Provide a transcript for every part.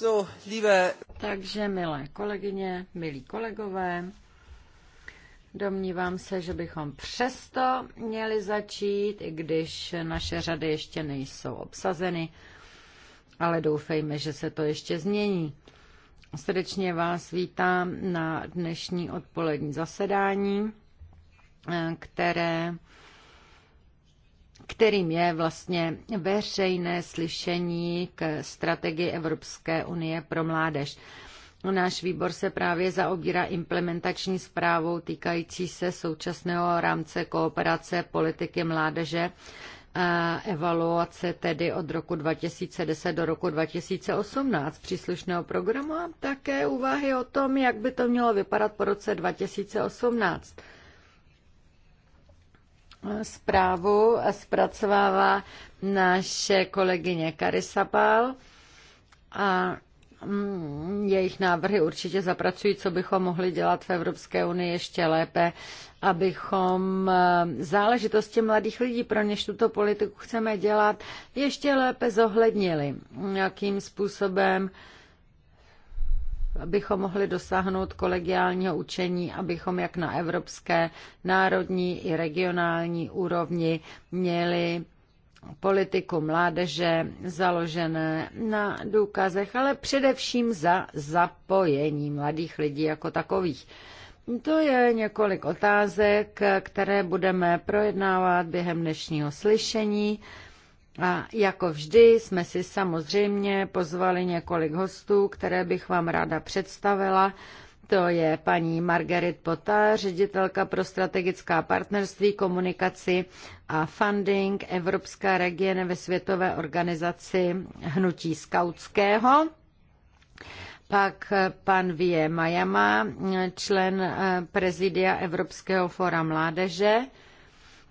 So, liebe... Takže, milé kolegyně, milí kolegové, domnívám se, že bychom přesto měli začít, i když naše řady ještě nejsou obsazeny, ale doufejme, že se to ještě změní. Srdečně vás vítám na dnešní odpolední zasedání, eh, které kterým je vlastně veřejné slyšení k strategii Evropské unie pro mládež. Náš výbor se právě zaobírá implementační zprávou týkající se současného rámce kooperace politiky mládeže evaluace tedy od roku 2010 do roku 2018 příslušného programu a také úvahy o tom, jak by to mělo vypadat po roce 2018. Zprávu zpracovává naše kolegyně Karisabal a mm, jejich návrhy určitě zapracují, co bychom mohli dělat v Evropské unii ještě lépe, abychom e, záležitosti mladých lidí, pro něž tuto politiku chceme dělat, ještě lépe zohlednili, jakým způsobem abychom mohli dosáhnout kolegiálního učení, abychom jak na evropské, národní i regionální úrovni měli politiku mládeže založené na důkazech, ale především za zapojení mladých lidí jako takových. To je několik otázek, které budeme projednávat během dnešního slyšení. A jako vždy jsme si samozřejmě pozvali několik hostů, které bych vám ráda představila. To je paní Margaret Pota, ředitelka pro strategická partnerství, komunikaci a funding Evropská region ve Světové organizaci Hnutí skautského. Pak pan Vie Majama, člen eh, prezidia Evropského fora mládeže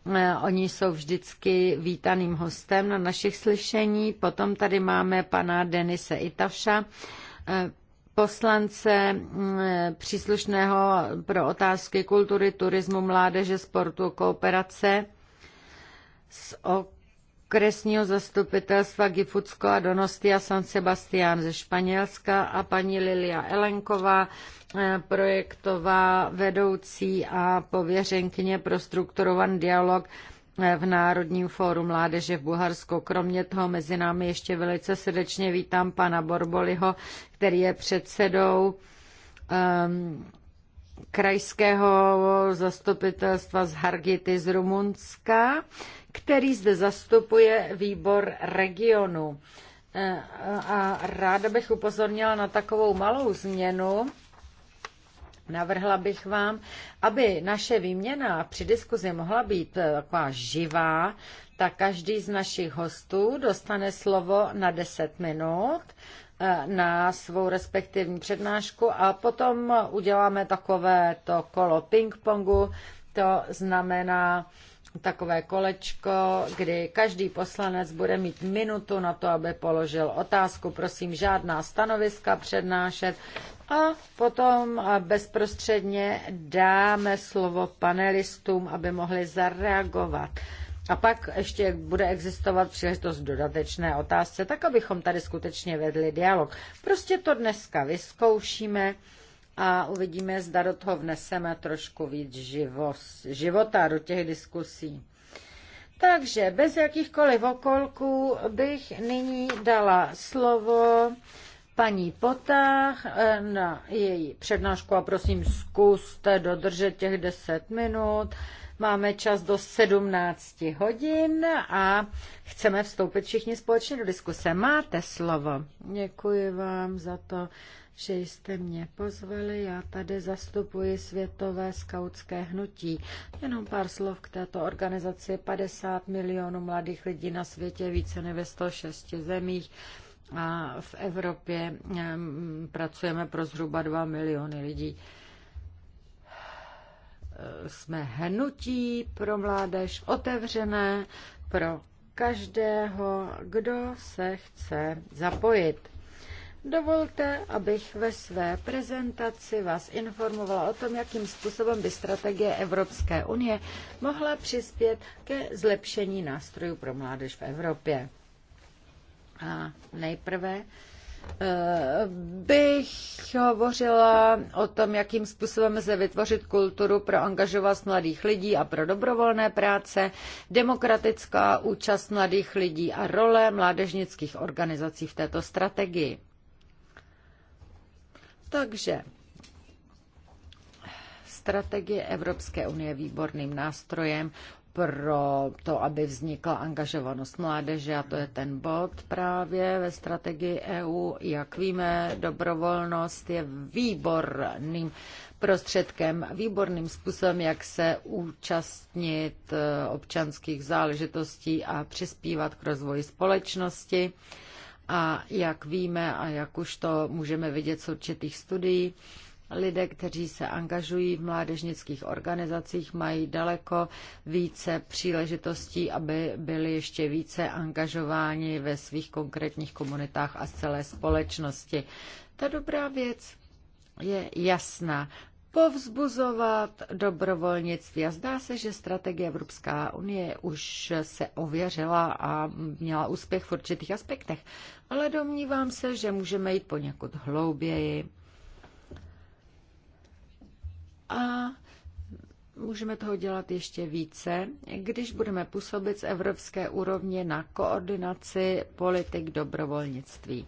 Eh, oni jsou vždycky vítaným hostem na našich slyšení. Potom tady máme pana Denise Itavša, eh, poslance mm, příslušného pro otázky kultury, turismu, mládeže, sportu, kooperace z okresního zastupitelstva Gifucko a Donosti a San Sebastián ze Španělska a paní Lilia Elenková, Eh, projektová vedoucí a pověřenkyně pro strukturovaný dialog eh, v Národním fóru mládeže v Bulharsku. Kromě toho mezi námi ještě velice srdečně vítám pana Borboliho, který je předsedou um, krajského zastupitelstva z Hargity z Rumunska, který zde zastupuje výbor regionu. Eh, a ráda bych upozornila na takovou malou změnu, Navrhla bych vám, aby naše výměna při diskuzi mohla být eh, taková živá, tak každý z našich hostů dostane slovo na 10 minut eh, na svou respektivní přednášku a potom uděláme takové to kolo ping-pongu, to znamená takové kolečko, kdy každý poslanec bude mít minutu na to, aby položil otázku. Prosím, žádná stanoviska přednášet. A potom bezprostředně dáme slovo panelistům, aby mohli zareagovat. A pak ještě bude existovat příležitost dodatečné otázce, tak abychom tady skutečně vedli dialog. Prostě to dneska vyzkoušíme a uvidíme, zda do toho vneseme trošku víc živost, života do těch diskusí. Takže bez jakýchkoliv okolků bych nyní dala slovo paní Potách eh, na její přednášku a prosím zkuste dodržet těch 10 minut. Máme čas do 17 hodin a chceme vstoupit všichni společně do diskuse. Máte slovo. Děkuji vám za to, že jste mě pozvali. Já tady zastupuji Světové skautské hnutí. Jenom pár slov k této organizaci. 50 milionů mladých lidí na světě, více než ve 106 zemích. A v Evropě pracujeme pro zhruba 2 miliony lidí jsme hnutí pro mládež otevřené pro každého, kdo se chce zapojit. Dovolte, abych ve své prezentaci vás informovala o tom, jakým způsobem by strategie Evropské unie mohla přispět ke zlepšení nástrojů pro mládež v Evropě. A nejprve eh, bych hovořila o tom, jakým způsobem se vytvořit kulturu pro angažovat mladých lidí a pro dobrovolné práce, demokratická účast mladých lidí a role mládežnických organizací v této strategii. Takže strategie Evropské unie výborným nástrojem pro to, aby vznikla angažovanost mládeže a to je ten bod právě ve strategii EU. Jak víme, dobrovolnost je výborným prostředkem, výborným způsobem, jak se účastnit eh, občanských záležitostí a přispívat k rozvoji společnosti. A jak víme a jak už to můžeme vidět z určitých studií, lidé, kteří se angažují v mládežnických organizacích, mají daleko více příležitostí, aby byli ještě více angažováni ve svých konkrétních komunitách a celé společnosti. Ta dobrá věc je jasná povzbuzovat dobrovolnictví. A zdá se, že strategie Evropská unie už se ověřila a měla úspěch v určitých aspektech. Ale domnívám se, že můžeme jít poněkud hlouběji. A můžeme toho dělat ještě více, když budeme působit z evropské úrovně na koordinaci politik dobrovolnictví.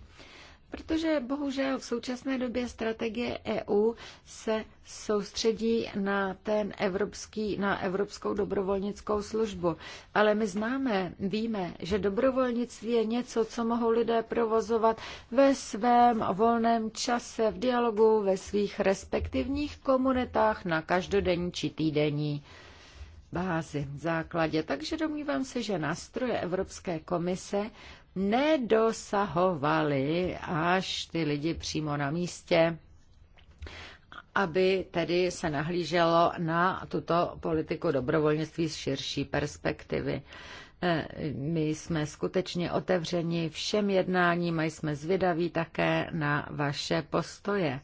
Protože bohužel v současné době strategie EU se soustředí na, ten evropský, na evropskou dobrovolnickou službu. Ale my známe, víme, že dobrovolnictví je něco, co mohou lidé provozovat ve svém volném čase, v dialogu, ve svých respektivních komunitách na každodenní či týdenní bázi, základě. Takže domnívám se, že nástroje Evropské komise nedosahovaly až ty lidi přímo na místě, aby tedy se nahlíželo na tuto politiku dobrovolnictví z širší perspektivy. Eh, my jsme skutečně otevřeni všem jednáním a jsme zvědaví také na vaše postoje.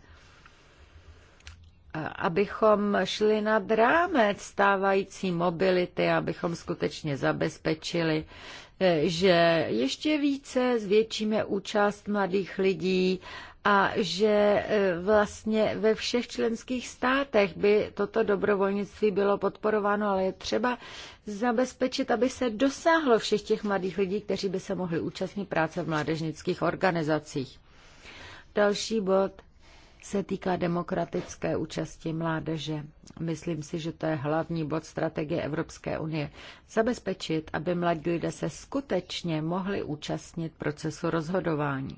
Eh, abychom šli nad rámec stávající mobility, abychom skutečně zabezpečili, že ještě více zvětšíme účast mladých lidí a že eh, vlastně ve všech členských státech by toto dobrovolnictví bylo podporováno, ale je třeba zabezpečit, aby se dosáhlo všech těch mladých lidí, kteří by se mohli účastnit práce v mládežnických organizacích. Další bod se týká demokratické účasti mládeže. Myslím si, že to je hlavní bod strategie Evropské unie. Zabezpečit, aby mladí lidé se skutečně mohli účastnit procesu rozhodování.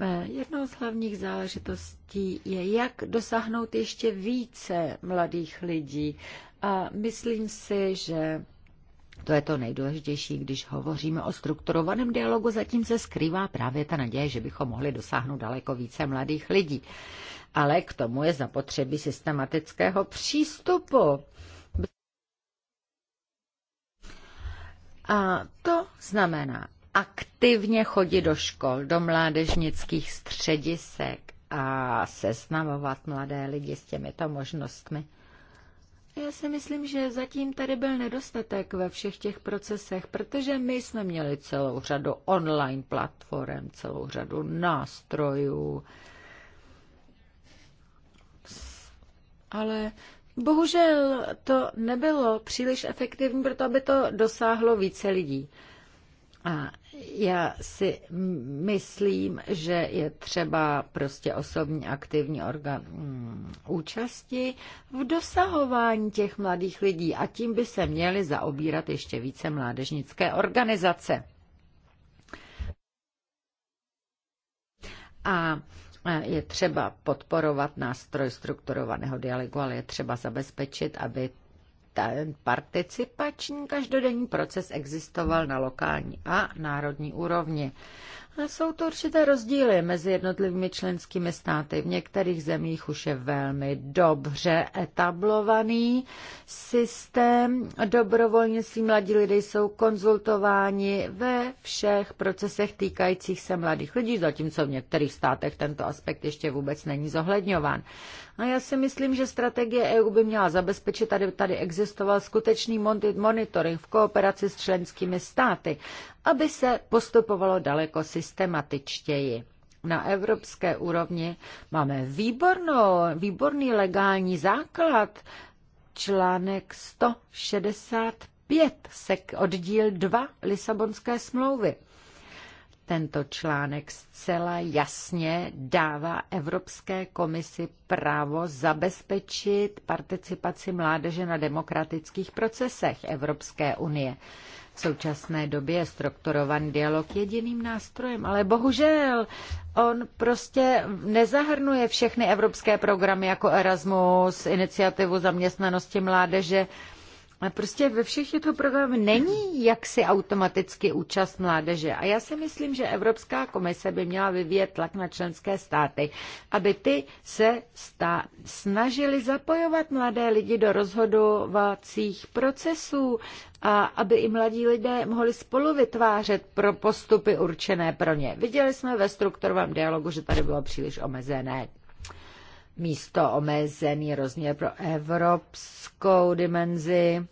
Eh, Jednou z hlavních záležitostí je, jak dosáhnout ještě více mladých lidí. A myslím si, že to je to nejdůležitější, když hovoříme o strukturovaném dialogu, zatím se skrývá právě ta naděje, že bychom mohli dosáhnout daleko více mladých lidí. Ale k tomu je zapotřebí systematického přístupu. A to znamená aktivně chodit do škol, do mládežnických středisek a seznamovat mladé lidi s těmito možnostmi. Já si myslím, že zatím tady byl nedostatek ve všech těch procesech, protože my jsme měli celou řadu online platform, celou řadu nástrojů, ale bohužel to nebylo příliš efektivní, proto aby to dosáhlo více lidí. A já si myslím, že je třeba prostě osobní aktivní orgán mm, účasti v dosahování těch mladých lidí a tím by se měly zaobírat ještě více mládežnické organizace. A e, je třeba podporovat nástroj strukturovaného dialogu, ale je třeba zabezpečit, aby ten participační každodenní proces existoval na lokální a národní úrovni. A jsou to určité rozdíly mezi jednotlivými členskými státy. V některých zemích už je velmi dobře etablovaný systém dobrovolnictví. Mladí lidé jsou konzultováni ve všech procesech týkajících se mladých lidí, zatímco v některých státech tento aspekt ještě vůbec není zohledňován. A já si myslím, že strategie EU by měla zabezpečit, aby tady existoval skutečný monitoring v kooperaci s členskými státy aby se postupovalo daleko systematičtěji. Na evropské úrovni máme výbornou, výborný legální základ, článek 165 sek oddíl 2 Lisabonské smlouvy. Tento článek zcela jasně dává Evropské komisi právo zabezpečit participaci mládeže na demokratických procesech Evropské unie. V současné době je strukturovaný dialog jediným nástrojem, ale bohužel on prostě nezahrnuje všechny evropské programy jako Erasmus, iniciativu zaměstnanosti mládeže a prostě ve všech těchto programech není jaksi automaticky účast mládeže. A já si myslím, že Evropská komise by měla vyvíjet tlak na členské státy, aby ty se stá- snažili zapojovat mladé lidi do rozhodovacích procesů a aby i mladí lidé mohli spolu vytvářet pro postupy určené pro ně. Viděli jsme ve strukturovém dialogu, že tady bylo příliš omezené místo omezený rozměr pro evropskou dimenzi.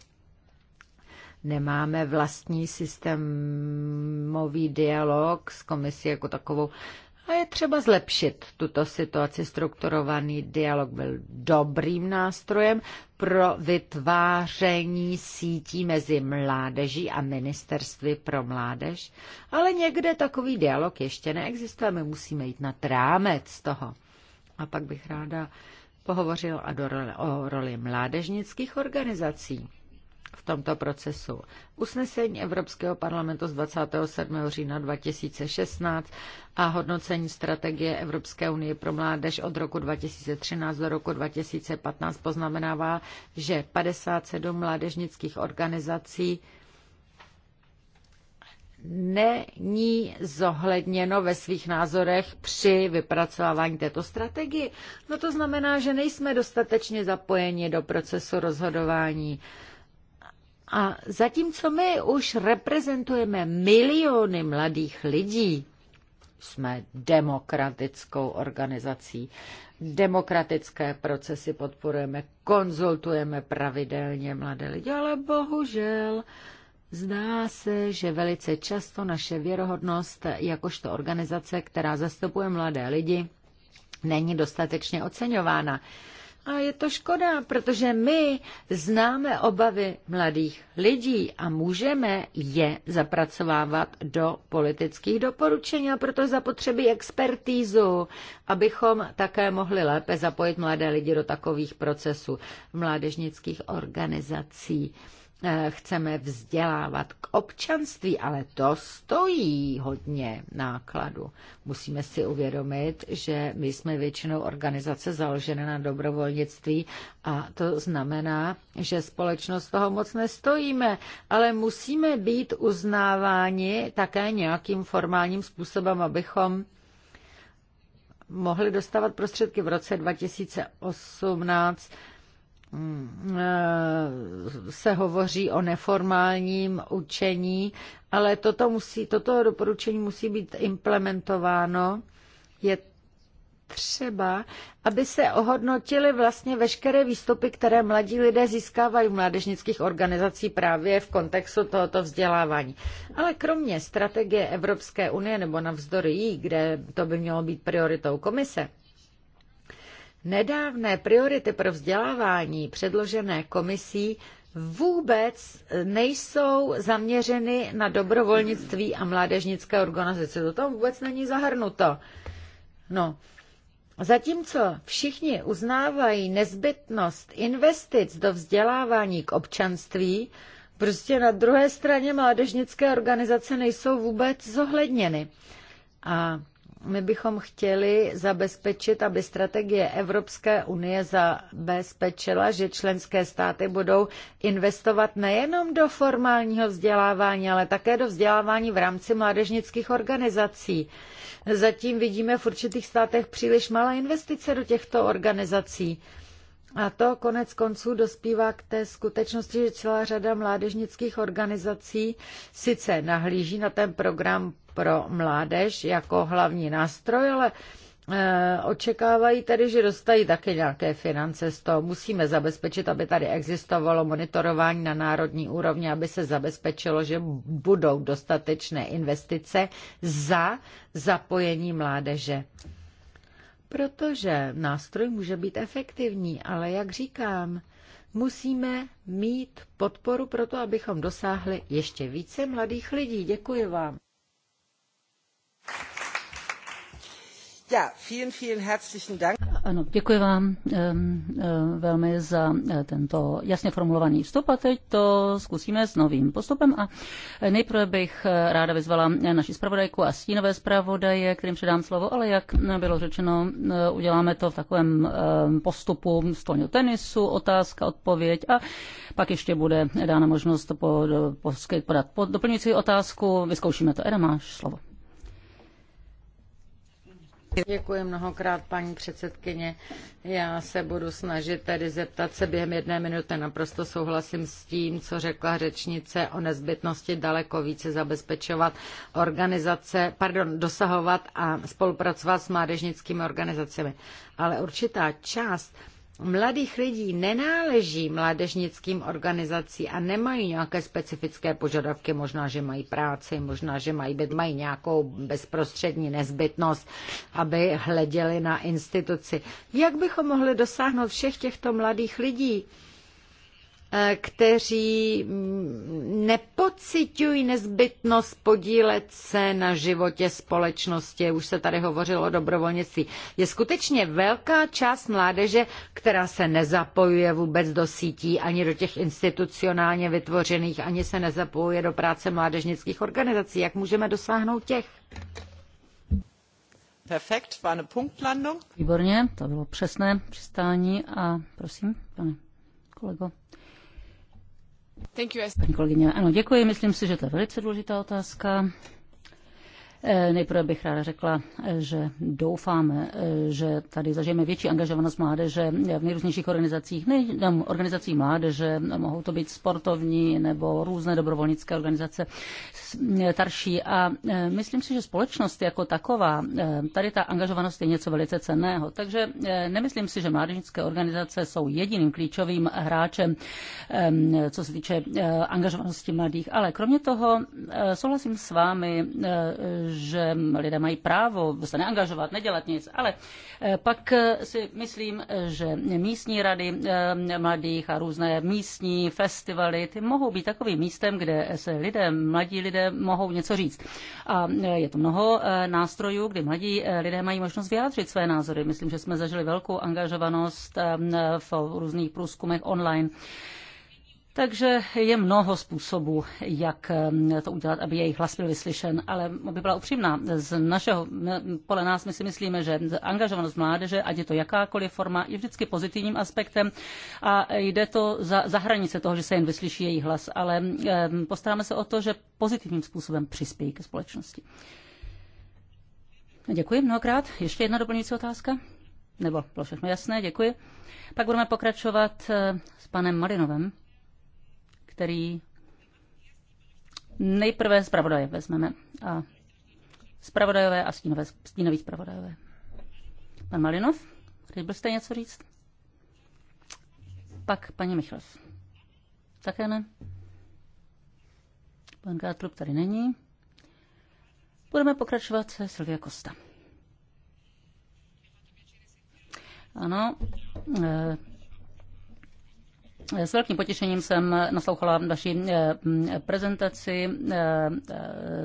Nemáme vlastní systémový dialog s komisí jako takovou. A je třeba zlepšit tuto situaci. Strukturovaný dialog byl dobrým nástrojem pro vytváření sítí mezi mládeží a ministerství pro mládež, ale někde takový dialog ještě neexistuje. My musíme jít na rámec toho. A pak bych ráda pohovořil o roli mládežnických organizací v tomto procesu. Usnesení Evropského parlamentu z 27. října 2016 a hodnocení strategie Evropské unie pro mládež od roku 2013 do roku 2015 poznamenává, že 57 mládežnických organizací není zohledněno ve svých názorech při vypracovávání této strategie. No to znamená, že nejsme dostatečně zapojeni do procesu rozhodování. A zatímco my už reprezentujeme miliony mladých lidí, jsme demokratickou organizací. Demokratické procesy podporujeme, konzultujeme pravidelně mladé lidi, ale bohužel Zdá se, že velice často naše věrohodnost jakožto organizace, která zastupuje mladé lidi, není dostatečně oceňována. A je to škoda, protože my známe obavy mladých lidí a můžeme je zapracovávat do politických doporučení a proto zapotřebí expertízu, abychom také mohli lépe zapojit mladé lidi do takových procesů mládežnických organizací Eh, chceme vzdělávat k občanství, ale to stojí hodně nákladu. Musíme si uvědomit, že my jsme většinou organizace založené na dobrovolnictví a to znamená, že společnost toho moc nestojíme, ale musíme být uznáváni také nějakým formálním způsobem, abychom mohli dostávat prostředky v roce 2018 Eh, se hovoří o neformálním učení, ale toto, musí, toto doporučení musí být implementováno. Je třeba, aby se ohodnotily vlastně veškeré výstupy, které mladí lidé získávají v mládežnických organizací právě v kontextu tohoto vzdělávání. Ale kromě strategie Evropské unie nebo navzdory jí, kde to by mělo být prioritou komise, Nedávné priority pro vzdělávání předložené komisí vůbec nejsou zaměřeny na dobrovolnictví a mládežnické organizace. To tam vůbec není zahrnuto. No, Zatímco všichni uznávají nezbytnost investic do vzdělávání k občanství, prostě na druhé straně mládežnické organizace nejsou vůbec zohledněny. A my bychom chtěli zabezpečit, aby strategie Evropské unie zabezpečila, že členské státy budou investovat nejenom do formálního vzdělávání, ale také do vzdělávání v rámci mládežnických organizací. Zatím vidíme v určitých státech příliš malé investice do těchto organizací. A to konec konců dospívá k té skutečnosti, že celá řada mládežnických organizací sice nahlíží na ten program pro mládež jako hlavní nástroj, ale eh, očekávají tedy, že dostají také nějaké finance z toho. Musíme zabezpečit, aby tady existovalo monitorování na národní úrovni, aby se zabezpečilo, že budou dostatečné investice za zapojení mládeže protože nástroj může být efektivní, ale jak říkám, musíme mít podporu pro to, abychom dosáhli ještě více mladých lidí. Děkuji vám děkuji vám velmi za eh, tento jasně formulovaný vstup a teď to zkusíme s novým postupem a nejprve bych eh, ráda vyzvala eh, naši zpravodajku a stínové zpravodaje, kterým předám slovo, ale jak bylo řečeno, uděláme to v takovém postupu stolního tenisu, otázka, odpověď a pak ještě bude dána možnost podat doplňující otázku, vyzkoušíme to. Eda, máš slovo. Děkuji mnohokrát, paní předsedkyně. Já se budu snažit tedy zeptat se během jedné minuty. Naprosto souhlasím s tím, co řekla řečnice o nezbytnosti daleko více zabezpečovat organizace, pardon, dosahovat a spolupracovat s mládežnickými organizacemi. Ale určitá část mladých lidí nenáleží mládežnickým organizací a nemají nějaké specifické požadavky, možná, že mají práci, možná, že mají, mají nějakou bezprostřední nezbytnost, aby hleděli na instituci. Jak bychom mohli dosáhnout všech těchto mladých lidí? Eh, kteří nepocitují nezbytnost podílet se na životě společnosti. Už se tady hovořilo o dobrovolnictví. Je skutečně velká část mládeže, která se nezapojuje vůbec do sítí, ani do těch institucionálně vytvořených, ani se nezapojuje do práce mládežnických organizací. Jak můžeme dosáhnout těch? Perfekt, war eine Punktlandung. Výborně, to bylo přesné přistání a prosím, pane kolego. Thank ano, děkuji. Myslím si, že to je velice důležitá otázka. Eh, nejprve bych ráda řekla, eh, že doufáme, eh, že tady zažijeme větší angažovanost mládeže v nejrůznějších organizacích, nejenom organizací mládeže, mohou to být sportovní nebo různé dobrovolnické organizace starší. A myslím si, že společnost jako taková, tady ta angažovanost je něco velice cenného. Takže nemyslím si, že mládežnické organizace jsou jediným klíčovým hráčem, co se týče angažovanosti mladých. Ale kromě toho souhlasím s vámi, že lidé mají právo se neangažovat, nedělat nic, ale eh, pak eh, si myslím, eh, že místní rady mladých a různé místní festivaly, ty mohou být takovým místem, kde se lidé, mladí lidé mohou něco říct. A je to mnoho nástrojů, kdy mladí lidé mají možnost vyjádřit své názory. Myslím, že jsme zažili velkou angažovanost v různých průzkumech online. Takže je mnoho způsobů, jak um, to udělat, aby jejich hlas byl vyslyšen, ale aby byla upřímná, z našeho pole nás my si myslíme, že angažovanost mládeže, ať je to jakákoliv forma, je vždycky pozitivním aspektem a jde to za, za hranice toho, že se jen vyslyší jejich hlas, ale um, postaráme se o to, že pozitivním způsobem přispějí ke společnosti. Děkuji mnohokrát. Ještě jedna doplňující otázka? Nebo bylo všechno jasné, děkuji. Pak budeme pokračovat uh, s panem Marinovem který nejprve zpravodaje vezmeme. A zpravodajové a stínové, stínový zpravodajové. Pan Malinov, chtěl byste něco říct? Pak paní Michlov. Také ne? Pan Gátlub tady není. Budeme pokračovat se Silvia Kosta. Ano, eh, s velkým potěšením jsem naslouchala vaší eh, prezentaci.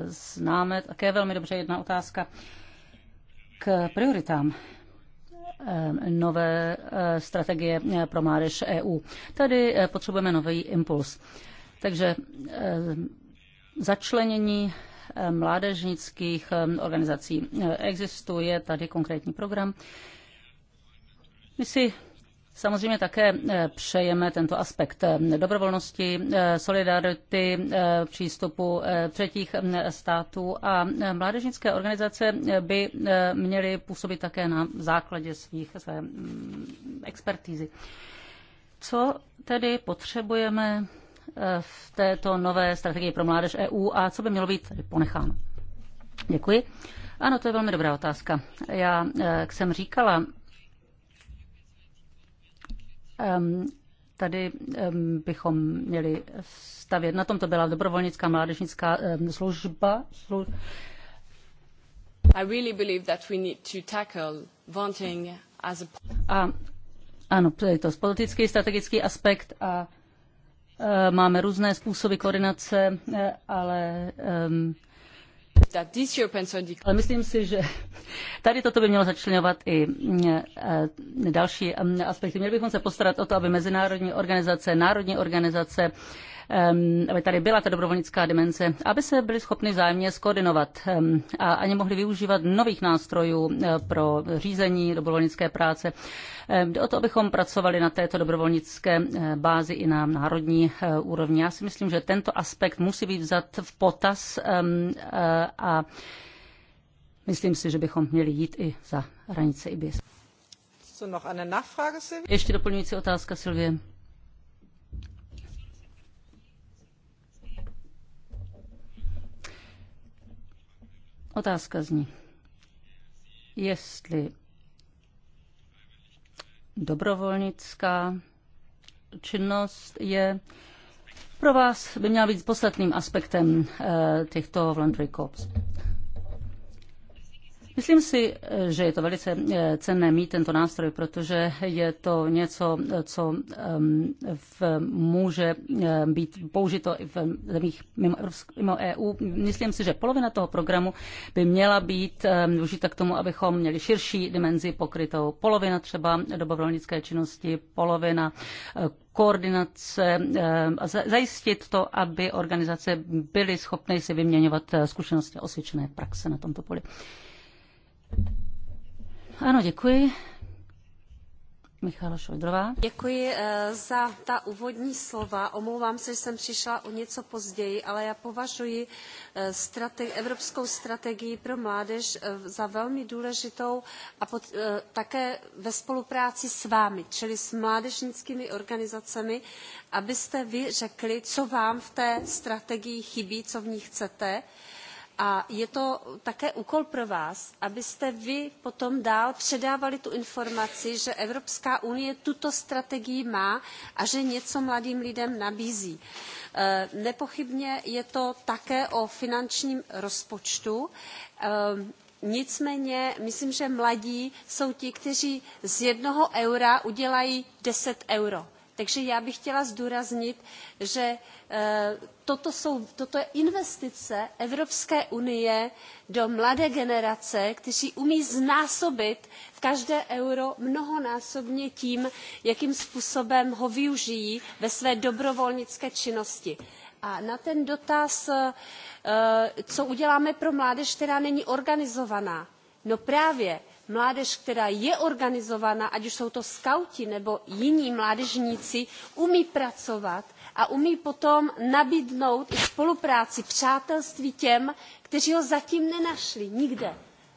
Známe eh, také velmi dobře jedna otázka k prioritám eh, nové strategie pro mládež EU. Tady potřebujeme nový impuls. Takže začlenění mládežnických organizací existuje, tady konkrétní program. My si Samozřejmě také eh, přejeme tento aspekt eh, dobrovolnosti, eh, solidarity, přístupu třetích států a mládežnické organizace by měly působit také na základě svých své mm, expertízy. Co tedy potřebujeme v této nové strategii pro mládež EU a co by mělo být ponecháno? Děkuji. Ano, to je velmi dobrá otázka. Já, jak jsem říkala, Ehm, tady ehm, bychom měli stavět. Na tom to byla dobrovolnická mládežnická ehm, služba. I really believe that we need to tackle wanting as a... a ano, je to politický, strategický aspekt a máme různé způsoby koordinace, e, ale um, ale myslím si, že tady toto by mělo začlenovat i eh, další mm, aspekty. Měli bychom se postarat o to, aby mezinárodní organizace, národní organizace aby tady byla ta dobrovolnická dimenze, aby se byli schopni zájemně skoordinovat a ani mohli využívat nových nástrojů eh, pro řízení dobrovolnické práce. Jde o to, abychom pracovali na této dobrovolnické eh, bázi i na národní eh, úrovni. Já si myslím, že tento aspekt musí být vzat v potaz a myslím si, že bychom měli jít i za hranice IBIS. Ještě doplňující otázka, Silvie. Otázka zní, jestli dobrovolnická činnost je pro vás by měla být posledným aspektem eh, těchto voluntary corps. Myslím si, že je to velice eh, cenné mít tento nástroj, protože je to něco, co ehm, v, může ehm, být použito i v zemích mimo, mimo EU. Myslím si, že polovina toho programu by měla být ehm, využita k tomu, abychom měli širší dimenzi pokrytou. Polovina třeba dobrovolnické činnosti, polovina eh, koordinace a zajistit to, aby organizace byly schopny si vyměňovat eh, zkušenosti a osvědčené praxe na tomto poli. Ano, děkuji. Michála Šojdrová. Děkuji eh, za ta úvodní slova. Omlouvám se, že jsem přišla o něco později, ale já považuji eh, strategi evropskou strategii pro mládež eh, za velmi důležitou a pod, také ve spolupráci s vámi, čili s mládežnickými organizacemi, abyste vy řekli, co vám v té strategii chybí, co v ní chcete. Uh, a je to také úkol pro vás abyste vy potom dál předávali tu informaci že evropská unie tuto strategii má a že něco mladým lidem nabízí. E, nepochybně je to také o finančním rozpočtu e, nicméně myslím že mladí jsou ti kteří z jednoho eura udělají deset eur takže já bych chtěla zdůraznit, že eh, toto, jsou, toto je investice Evropské unie do mladé generace, kteří umí znásobit v každé euro mnohonásobně tím, jakým způsobem ho využijí ve své dobrovolnické činnosti. A na ten dotaz, eh, co uděláme pro mládež, která není organizovaná. No právě, mládež která je organizovaná ať už jsou to skauti nebo jiní mládežníci umí pracovat a umí potom nabídnout i spolupráci přátelství těm kteří ho zatím nenašli nikde.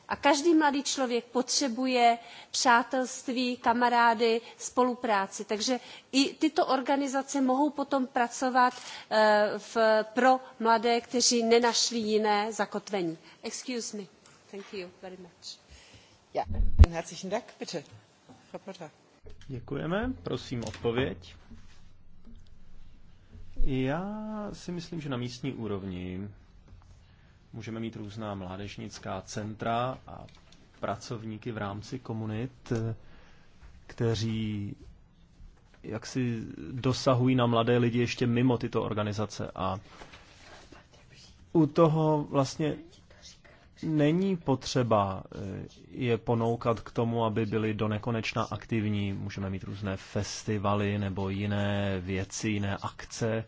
a každý mladý člověk potřebuje přátelství kamarády spolupráci takže i tyto organizace mohou potom pracovat eh, v, pro mladé kteří nenašli jiné zakotvení. excuse me. thank you very much. Děkujeme, prosím odpověď. Já si myslím, že na místní úrovni můžeme mít různá mládežnická centra a pracovníky v rámci komunit, kteří jak si dosahují na mladé lidi ještě mimo tyto organizace. A u toho vlastně není potřeba eh, je ponoukat k tomu, aby byli do nekonečna aktivní. Můžeme mít různé festivaly nebo jiné věci, jiné akce,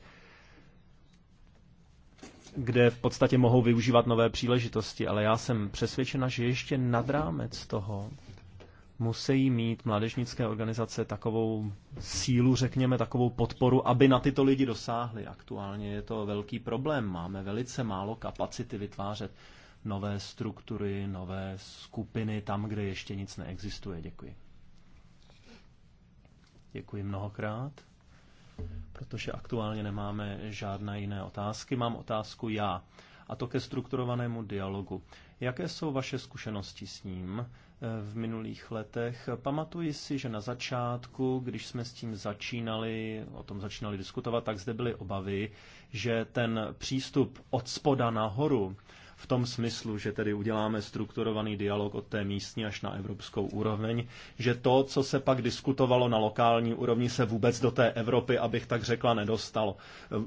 kde v podstatě mohou využívat nové příležitosti, ale já jsem přesvědčena, že ještě nad rámec toho musí mít mládežnické organizace takovou sílu, řekněme, takovou podporu, aby na tyto lidi dosáhly. Aktuálně je to velký problém. Máme velice málo kapacity vytvářet nové struktury, nové skupiny tam, kde ještě nic neexistuje. Děkuji. Děkuji mnohokrát, protože aktuálně nemáme žádné jiné otázky. Mám otázku já, a to ke strukturovanému dialogu. Jaké jsou vaše zkušenosti s ním eh, v minulých letech? Pamatuji si, že na začátku, když jsme s tím začínali, o tom začínali diskutovat, tak zde byly obavy, že ten přístup od spoda nahoru, v tom smyslu, že tedy uděláme strukturovaný dialog od té místní až na evropskou úroveň, že to, co se pak diskutovalo na lokální úrovni, se vůbec do té Evropy, abych tak řekla, nedostalo.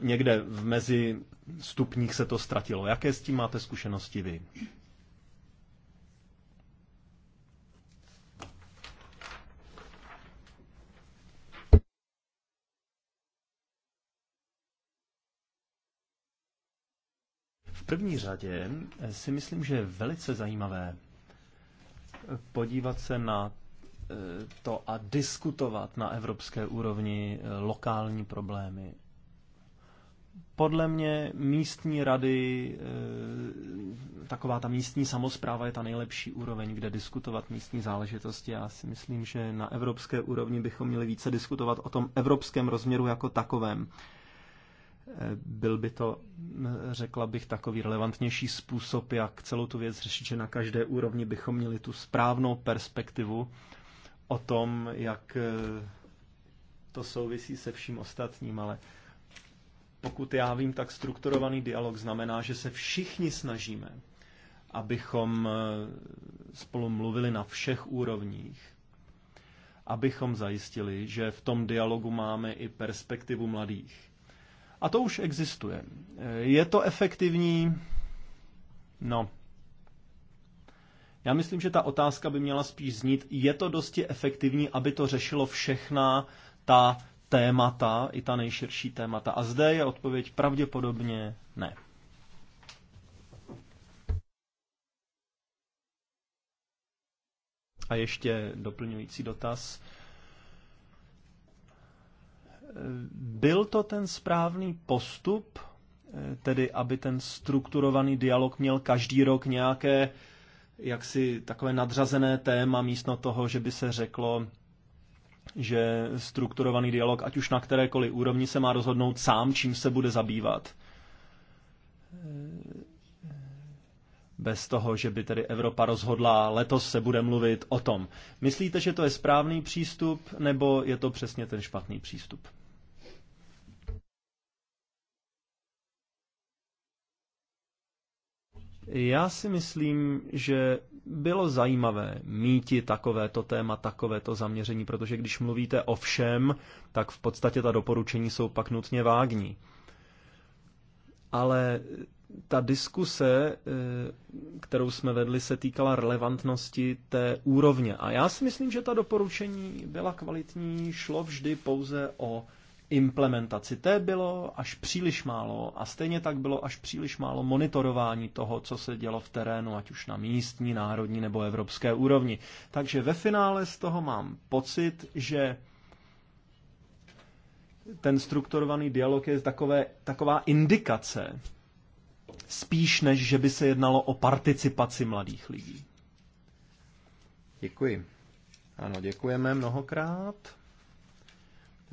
Někde v mezi stupních se to ztratilo. Jaké s tím máte zkušenosti vy? první řadě eh, si myslím, že je velice zajímavé eh, podívat se na eh, to a diskutovat na evropské úrovni lokální problémy. Podle mě místní rady, taková ta místní samozpráva je ta nejlepší úroveň, kde diskutovat místní záležitosti. Já si myslím, že na evropské úrovni bychom měli více diskutovat o tom evropském rozměru jako takovém byl by to, řekla bych, takový relevantnější způsob, jak celou tu věc řešit, že na každé úrovni bychom měli tu správnou perspektivu o tom, jak eh, to souvisí se vším ostatním, ale pokud já vím, tak strukturovaný dialog znamená, že se všichni snažíme, abychom eh, spolu mluvili na všech úrovních, abychom zajistili, že v tom dialogu máme i perspektivu mladých. A to už existuje. Je to efektivní? No. Já myslím, že ta otázka by měla spíš znít, je to dosti efektivní, aby to řešilo všechna ta témata, i ta nejširší témata. A zde je odpověď pravděpodobně ne. A ještě doplňující dotaz byl to ten správný postup, eh, tedy aby ten strukturovaný dialog měl každý rok nějaké jaksi takové nadřazené téma místo toho, že by se řeklo, že strukturovaný dialog, ať už na kterékoliv úrovni, se má rozhodnout sám, čím se bude zabývat. Eh, bez toho, že by tedy Evropa rozhodla, letos se bude mluvit o tom. Myslíte, že to je správný přístup, nebo je to přesně ten špatný přístup? Já si myslím, že bylo zajímavé míti takovéto téma, takovéto zaměření, protože když mluvíte o všem, tak v podstatě ta doporučení jsou pak nutně vágní. Ale ta diskuse, eh, kterou jsme vedli, se týkala relevantnosti té úrovně. A já si myslím, že ta doporučení byla kvalitní, šlo vždy pouze o implementaci. Té bylo až příliš málo a stejně tak bylo až příliš málo monitorování toho, co se dělo v terénu, ať už na místní, národní nebo evropské úrovni. Takže ve finále z toho mám pocit, že ten strukturovaný dialog je takové, taková indikace, spíš než že by se jednalo o participaci mladých lidí. Děkuji. Ano, děkujeme mnohokrát.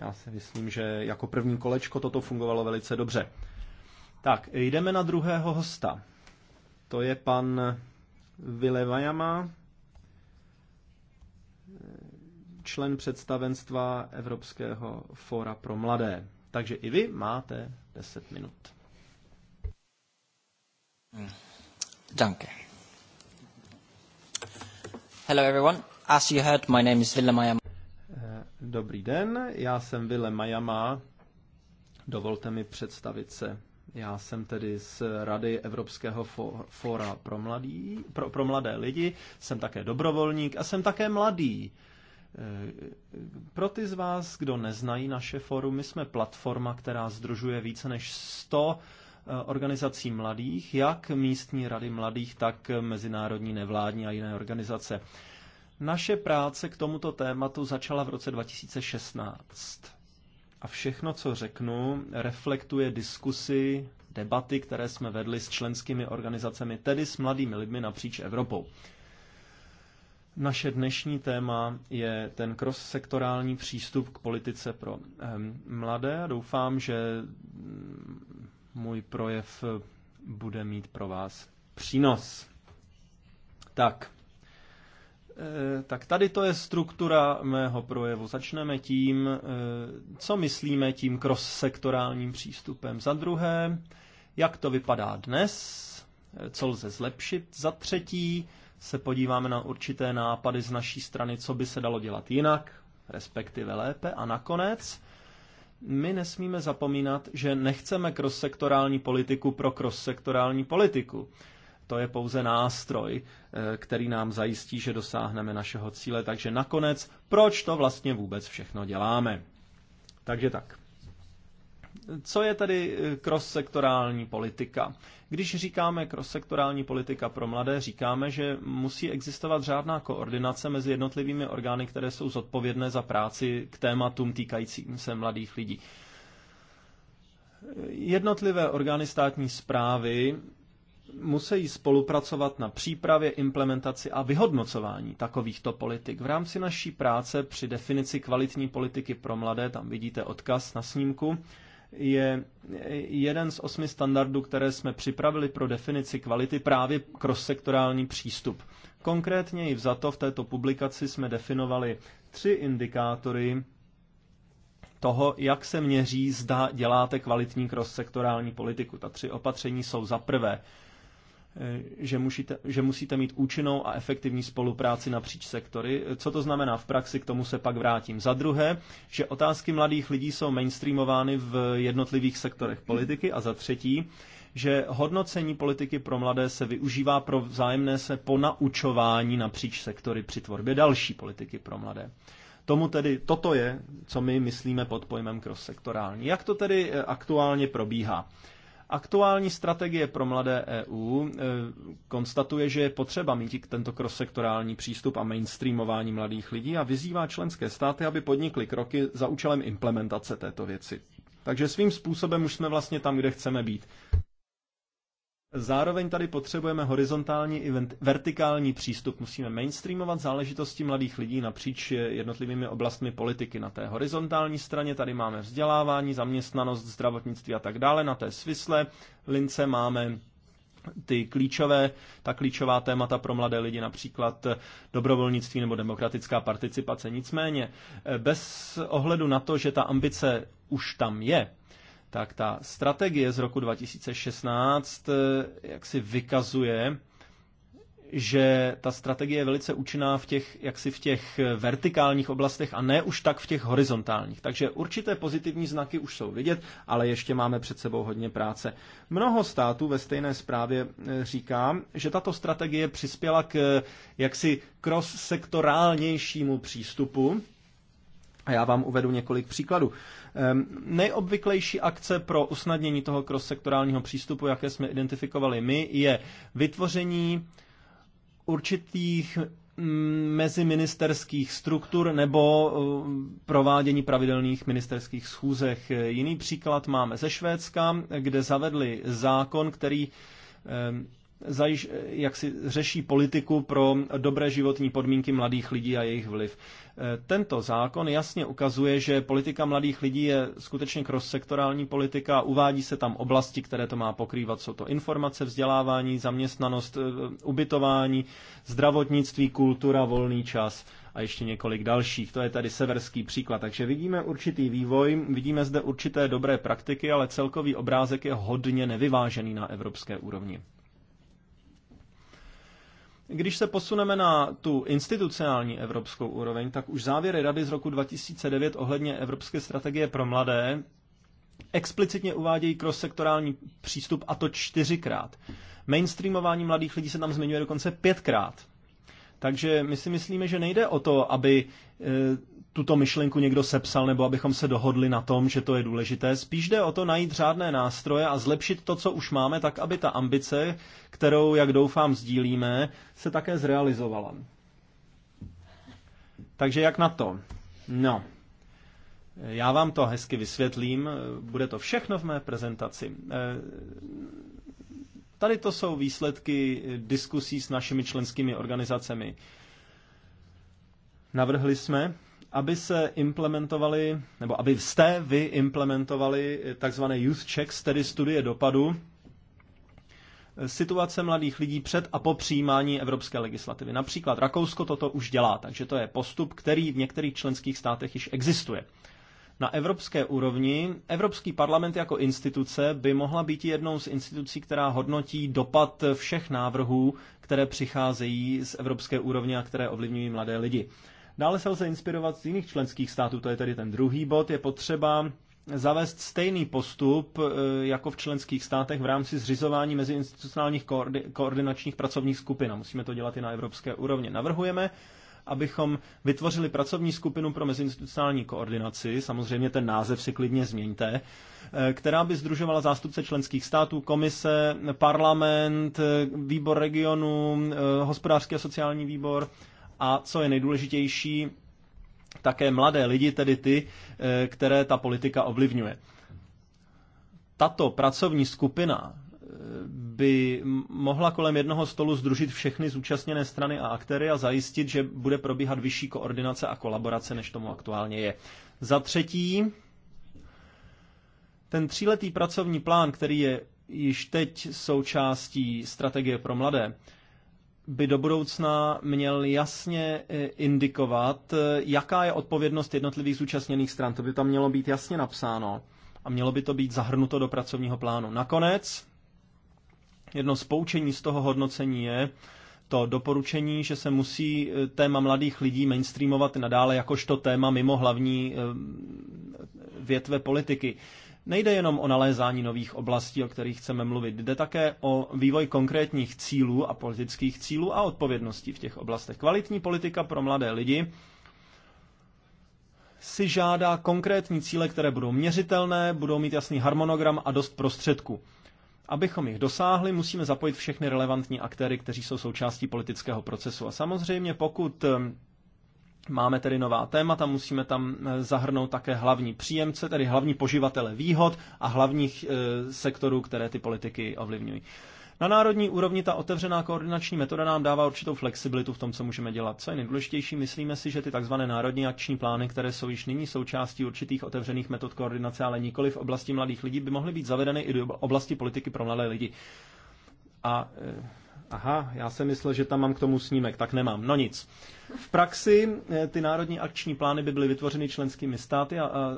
Já si myslím, že jako první kolečko toto fungovalo velice dobře. Tak, jdeme na druhého hosta. To je pan Vilevajama, člen představenstva Evropského fóra pro mladé. Takže i vy máte 10 minut. Danke. Hello everyone. As you heard, my name is am Dobrý den, já jsem Vile Majama. Dovolte mi představit se. Já jsem tedy z Rady Evropského fóra pro, pro, pro mladé lidi, jsem také dobrovolník a jsem také mladý. E, pro ty z vás, kdo neznají naše forum, my jsme platforma, která združuje více než 100 e, organizací mladých, jak místní rady mladých, tak mezinárodní nevládní a jiné organizace. Naše práce k tomuto tématu začala v roce 2016. A všechno, co řeknu, reflektuje diskusy, debaty, které jsme vedli s členskými organizacemi, tedy s mladými lidmi napříč Evropou. Naše dnešní téma je ten cross-sektorální přístup k politice pro ehm, mladé a doufám, že mm, můj projev bude mít pro vás přínos. Tak, Eh, tak tady to je struktura mého projevu. Začneme tím, eh, co myslíme tím cross-sektorálním přístupem. Za druhé, jak to vypadá dnes, eh, co lze zlepšit. Za třetí, se podíváme na určité nápady z naší strany, co by se dalo dělat jinak, respektive lépe. A nakonec, my nesmíme zapomínat, že nechceme cross-sektorální politiku pro cross-sektorální politiku to je pouze nástroj, eh, který nám zajistí, že dosáhneme našeho cíle. Takže nakonec, proč to vlastně vůbec všechno děláme? Takže tak. Co je tedy eh, cross-sektorální politika? Když říkáme cross-sektorální politika pro mladé, říkáme, že musí existovat řádná koordinace mezi jednotlivými orgány, které jsou zodpovědné za práci k tématům týkajícím se mladých lidí. Jednotlivé orgány státní zprávy musí spolupracovat na přípravě, implementaci a vyhodnocování takovýchto politik. V rámci naší práce při definici kvalitní politiky pro mladé, tam vidíte odkaz na snímku, je jeden z osmi standardů, které jsme připravili pro definici kvality právě cross-sektorální přístup. Konkrétně i vzato v této publikaci jsme definovali tři indikátory toho, jak se měří, zda děláte kvalitní cross-sektorální politiku. Ta tři opatření jsou za prvé Eh, že musíte, že musíte mít účinnou a efektivní spolupráci napříč sektory. Co to znamená v praxi, k tomu se pak vrátím. Za druhé, že otázky mladých lidí jsou mainstreamovány v jednotlivých sektorech politiky. A za třetí, že hodnocení politiky pro mladé se využívá pro vzájemné se ponaučování napříč sektory při tvorbě další politiky pro mladé. Tomu tedy toto je, co my myslíme pod pojmem cross-sektorální. Jak to tedy eh, aktuálně probíhá? Aktuální strategie pro mladé EU eh, konstatuje, že je potřeba mít tento krosektorální přístup a mainstreamování mladých lidí a vyzývá členské státy, aby podnikly kroky za účelem implementace této věci. Takže svým způsobem už jsme vlastně tam, kde chceme být. Zároveň tady potřebujeme horizontální i vertikální přístup. Musíme mainstreamovat záležitosti mladých lidí napříč jednotlivými oblastmi politiky. Na té horizontální straně tady máme vzdělávání, zaměstnanost, zdravotnictví a tak dále. Na té svisle lince máme ty klíčové, ta klíčová témata pro mladé lidi, například dobrovolnictví nebo demokratická participace. Nicméně, bez ohledu na to, že ta ambice už tam je, tak ta strategie z roku 2016 eh, jak si vykazuje, že ta strategie je velice účinná v těch, jaksi v těch eh, vertikálních oblastech a ne už tak v těch horizontálních. Takže určité pozitivní znaky už jsou vidět, ale ještě máme před sebou hodně práce. Mnoho států ve stejné zprávě eh, říká, že tato strategie přispěla k jaksi cross-sektorálnějšímu přístupu a já vám uvedu několik příkladů. Ehm, nejobvyklejší akce pro usnadnění toho cross-sektorálního přístupu, jaké jsme identifikovali my, je vytvoření určitých mm, meziministerských struktur nebo eh, provádění pravidelných ministerských schůzech. Jiný příklad máme ze Švédska, kde zavedli zákon, který ehm, zajiš, jak si řeší politiku pro dobré životní podmínky mladých lidí a jejich vliv. E, tento zákon jasně ukazuje, že politika mladých lidí je skutečně cross-sektorální politika, uvádí se tam oblasti, které to má pokrývat, jsou to informace, vzdělávání, zaměstnanost, e, ubytování, zdravotnictví, kultura, volný čas a ještě několik dalších. To je tady severský příklad. Takže vidíme určitý vývoj, vidíme zde určité dobré praktiky, ale celkový obrázek je hodně nevyvážený na evropské úrovni. Když se posuneme na tu institucionální evropskou úroveň, tak už závěry Rady z roku 2009 ohledně Evropské strategie pro mladé explicitně uvádějí cross-sektorální přístup a to čtyřikrát. Mainstreamování mladých lidí se tam zmiňuje dokonce pětkrát. Takže my si myslíme, že nejde o to, aby e, tuto myšlenku někdo sepsal nebo abychom se dohodli na tom, že to je důležité. Spíš jde o to najít řádné nástroje a zlepšit to, co už máme, tak aby ta ambice, kterou, jak doufám, sdílíme, se také zrealizovala. Takže jak na to? No, já vám to hezky vysvětlím, bude to všechno v mé prezentaci. E, Tady to jsou výsledky diskusí s našimi členskými organizacemi. Navrhli jsme, aby se implementovali, nebo aby jste vy implementovali takzvané youth checks, tedy studie dopadu, situace mladých lidí před a po přijímání evropské legislativy. Například Rakousko toto už dělá, takže to je postup, který v některých členských státech již existuje. Na evropské úrovni Evropský parlament jako instituce by mohla být jednou z institucí, která hodnotí dopad všech návrhů, které přicházejí z evropské úrovně a které ovlivňují mladé lidi. Dále se lze inspirovat z jiných členských států, to je tedy ten druhý bod. Je potřeba zavést stejný postup e, jako v členských státech v rámci zřizování meziinstitucionálních koordinačních pracovních skupin. A musíme to dělat i na evropské úrovni. Navrhujeme, abychom vytvořili pracovní skupinu pro mezinstitucionální koordinaci, samozřejmě ten název si klidně změňte, eh, která by združovala zástupce členských států, komise, parlament, eh, výbor regionu, eh, hospodářský a sociální výbor a co je nejdůležitější, také mladé lidi, tedy ty, které ta politika ovlivňuje. Tato pracovní skupina by mohla kolem jednoho stolu združit všechny zúčastněné strany a aktéry a zajistit, že bude probíhat vyšší koordinace a kolaborace, než tomu aktuálně je. Za třetí, ten tříletý pracovní plán, který je již teď součástí strategie pro mladé, by do budoucna měl jasně e, indikovat, e, jaká je odpovědnost jednotlivých zúčastněných stran. To by tam mělo být jasně napsáno a mělo by to být zahrnuto do pracovního plánu. Nakonec, Jedno z poučení z toho hodnocení je to doporučení, že se musí eh, téma mladých lidí mainstreamovat nadále jakožto téma mimo hlavní eh, větve politiky. Nejde jenom o nalézání nových oblastí, o kterých chceme mluvit, jde také o vývoj konkrétních cílů a politických cílů a odpovědností v těch oblastech. Kvalitní politika pro mladé lidi si žádá konkrétní cíle, které budou měřitelné, budou mít jasný harmonogram a dost prostředků. Abychom jich dosáhli, musíme zapojit všechny relevantní aktéry, kteří jsou součástí politického procesu. A samozřejmě, pokud eh, Máme tedy nová témata, musíme tam eh, zahrnout také hlavní příjemce, tedy hlavní poživatele výhod a hlavních eh, sektorů, které ty politiky ovlivňují. Na národní úrovni ta otevřená koordinační metoda nám dává určitou flexibilitu v tom, co můžeme dělat. Co je nejdůležitější, myslíme si, že ty tzv. národní akční plány, které jsou již nyní součástí určitých otevřených metod koordinace, ale nikoli v oblasti mladých lidí, by mohly být zavedeny i do oblasti politiky pro mladé lidi. A e, Aha, já jsem myslel, že tam mám k tomu snímek, tak nemám. No nic. V praxi eh, ty národní akční plány by byly vytvořeny členskými státy a, a eh,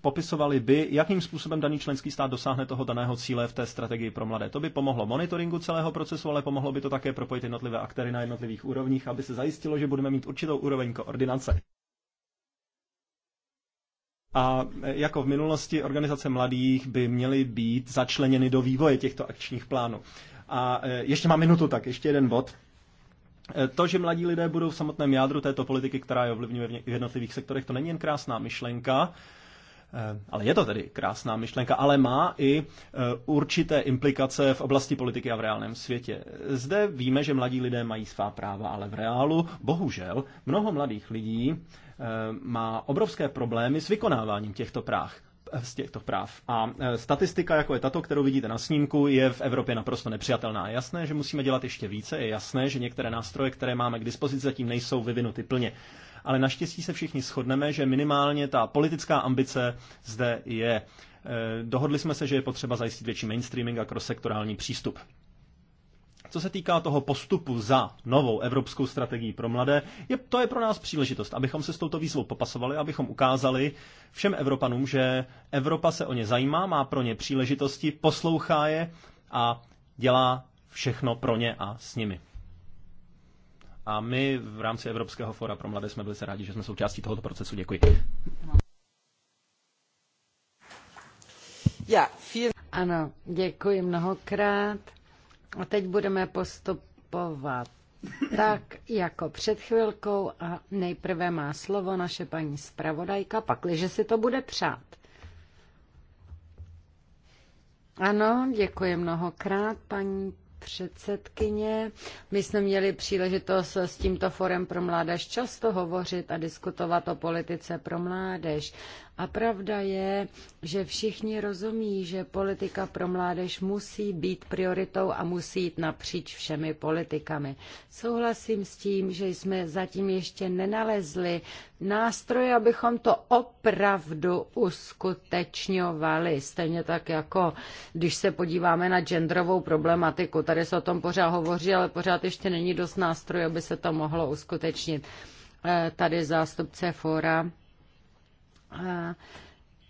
popisovaly by, jakým způsobem daný členský stát dosáhne toho daného cíle v té strategii pro mladé. To by pomohlo monitoringu celého procesu, ale pomohlo by to také propojit jednotlivé aktéry na jednotlivých úrovních, aby se zajistilo, že budeme mít určitou úroveň koordinace. A eh, jako v minulosti organizace mladých by měly být začleněny do vývoje těchto akčních plánů. A e, ještě mám minutu, tak ještě jeden bod. E, to, že mladí lidé budou v samotném jádru této politiky, která je ovlivňuje v jednotlivých sektorech, to není jen krásná myšlenka, e, ale je to tedy krásná myšlenka, ale má i určité implikace v oblasti politiky a v reálném světě. Zde víme, že mladí lidé mají svá práva, ale v reálu, bohužel, mnoho mladých lidí má obrovské problémy s vykonáváním těchto práv z těchto práv. A e, statistika, jako je tato, kterou vidíte na snímku, je v Evropě naprosto nepřijatelná. Je jasné, že musíme dělat ještě více, je jasné, že některé nástroje, které máme k dispozici, zatím nejsou vyvinuty plně. Ale naštěstí se všichni shodneme, že minimálně ta politická ambice zde je. E, dohodli jsme se, že je potřeba zajistit větší mainstreaming a cross-sektorální přístup. Co se týká toho postupu za novou evropskou strategii pro mladé, je, to je pro nás příležitost, abychom se s touto výzvou popasovali, abychom ukázali všem Evropanům, že Evropa se o ně zajímá, má pro ně příležitosti, poslouchá je a dělá všechno pro ně a s nimi. A my v rámci Evropského fora pro mladé jsme byli se rádi, že jsme součástí tohoto procesu. Děkuji. Ano, děkuji mnohokrát. A teď budeme postupovat tak jako před chvilkou a nejprve má slovo naše paní zpravodajka, pakliže si to bude přát. Ano, děkuji mnohokrát, paní předsedkyně. My jsme měli příležitost s tímto forem pro mládež často hovořit a diskutovat o politice pro mládež. A pravda je, že všichni rozumí, že politika pro mládež musí být prioritou a musí jít napříč všemi politikami. Souhlasím s tím, že jsme zatím ještě nenalezli nástroje, abychom to opravdu uskutečňovali. Stejně tak jako, když se podíváme na genderovou problematiku, tady se o tom pořád hovoří, ale pořád ještě není dost nástrojů, aby se to mohlo uskutečnit. E, tady zástupce fóra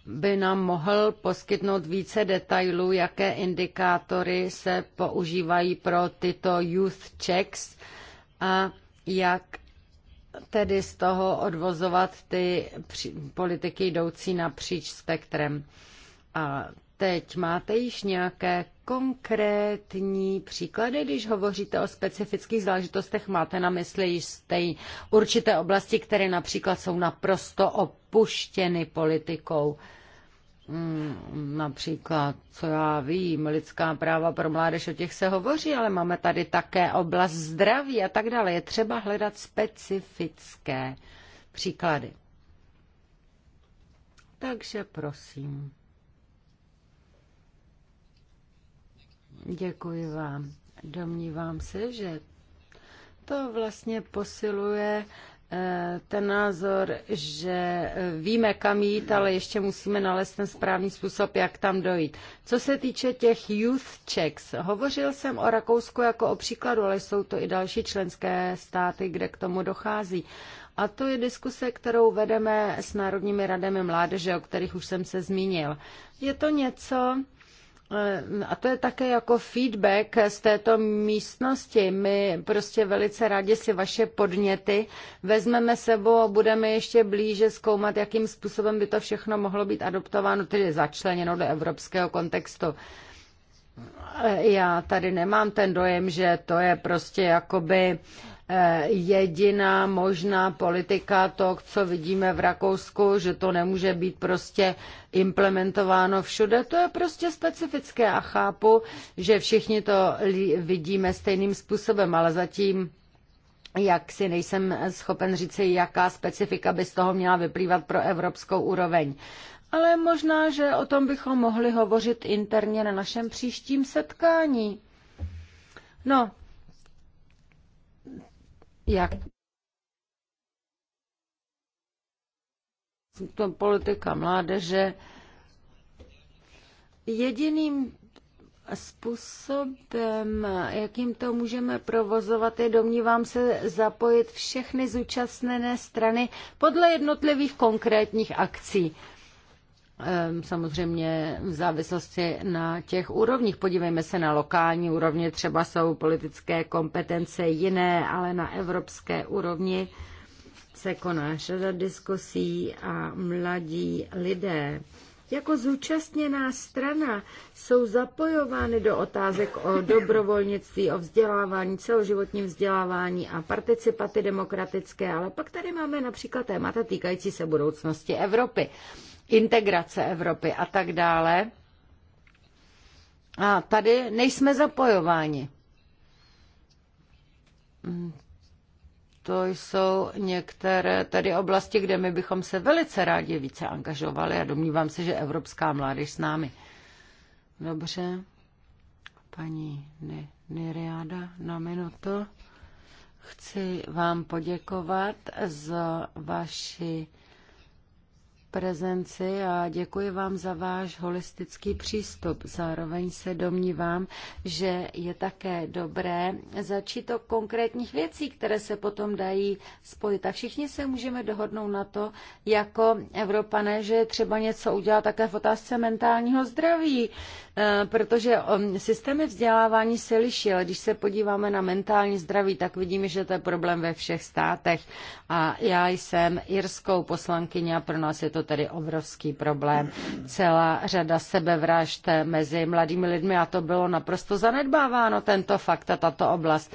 by nám mohl poskytnout více detailů, jaké indikátory se používají pro tyto youth checks a jak tedy z toho odvozovat ty politiky jdoucí napříč spektrem. A teď máte již nějaké konkrétní příklady, když hovoříte o specifických záležitostech, máte na mysli jisté určité oblasti, které například jsou naprosto opuštěny politikou. Hmm, například, co já vím, lidská práva pro mládež, o těch se hovoří, ale máme tady také oblast zdraví a tak dále. Je třeba hledat specifické příklady. Takže prosím. Děkuji vám. Domnívám se, že to vlastně posiluje eh, ten názor, že víme, kam jít, ale ještě musíme nalézt ten správný způsob, jak tam dojít. Co se týče těch youth checks, hovořil jsem o Rakousku jako o příkladu, ale jsou to i další členské státy, kde k tomu dochází. A to je diskuse, kterou vedeme s Národními radami mládeže, o kterých už jsem se zmínil. Je to něco, Eh, a to je také jako feedback z této místnosti. My prostě velice rádi si vaše podněty vezmeme sebou a budeme ještě blíže zkoumat, jakým způsobem by to všechno mohlo být adoptováno, tedy začleněno do evropského kontextu. Eh, já tady nemám ten dojem, že to je prostě jakoby uh, jediná možná politika, to, co vidíme v Rakousku, že to nemůže být prostě implementováno všude, to je prostě specifické a chápu, že všichni to vidíme stejným způsobem, ale zatím jak si nejsem schopen říci, jaká specifika by z toho měla vyplývat pro evropskou úroveň. Ale možná, že o tom bychom mohli hovořit interně na našem příštím setkání. No, jak to politika mládeže. Jediným způsobem, jakým to můžeme provozovat, je domnívám se zapojit všechny zúčastněné strany podle jednotlivých konkrétních akcí. Ehm, samozřejmě v závislosti na těch úrovních. Podívejme se na lokální úrovně, třeba jsou politické kompetence jiné, ale na evropské úrovni se koná řada diskusí a mladí lidé jako zúčastněná strana jsou zapojovány do otázek o dobrovolnictví, o vzdělávání, celoživotním vzdělávání a participaty demokratické, ale pak tady máme například témata týkající se budoucnosti Evropy integrace Evropy a tak dále. A tady nejsme zapojováni. Mm, to jsou některé tady oblasti, kde my bychom se velice rádi více angažovali a domnívám se, že evropská mládež s námi. Dobře, paní Niriáda na minutu. Chci vám poděkovat za vaši prezenci a děkuji vám za váš holistický přístup. Zároveň se domnívám, že je také dobré začít o konkrétních věcí, které se potom dají spojit. A všichni se můžeme dohodnout na to, jako Evropané, že je třeba něco udělat také v otázce mentálního zdraví Eh, protože um, systémy vzdělávání se liší, ale když se podíváme na mentální zdraví, tak vidíme, že to je problém ve všech státech. A já jsem irskou poslankyně a pro nás je to tedy obrovský problém. Celá řada sebevražd mezi mladými lidmi a to bylo naprosto zanedbáváno, tento fakt a tato oblast.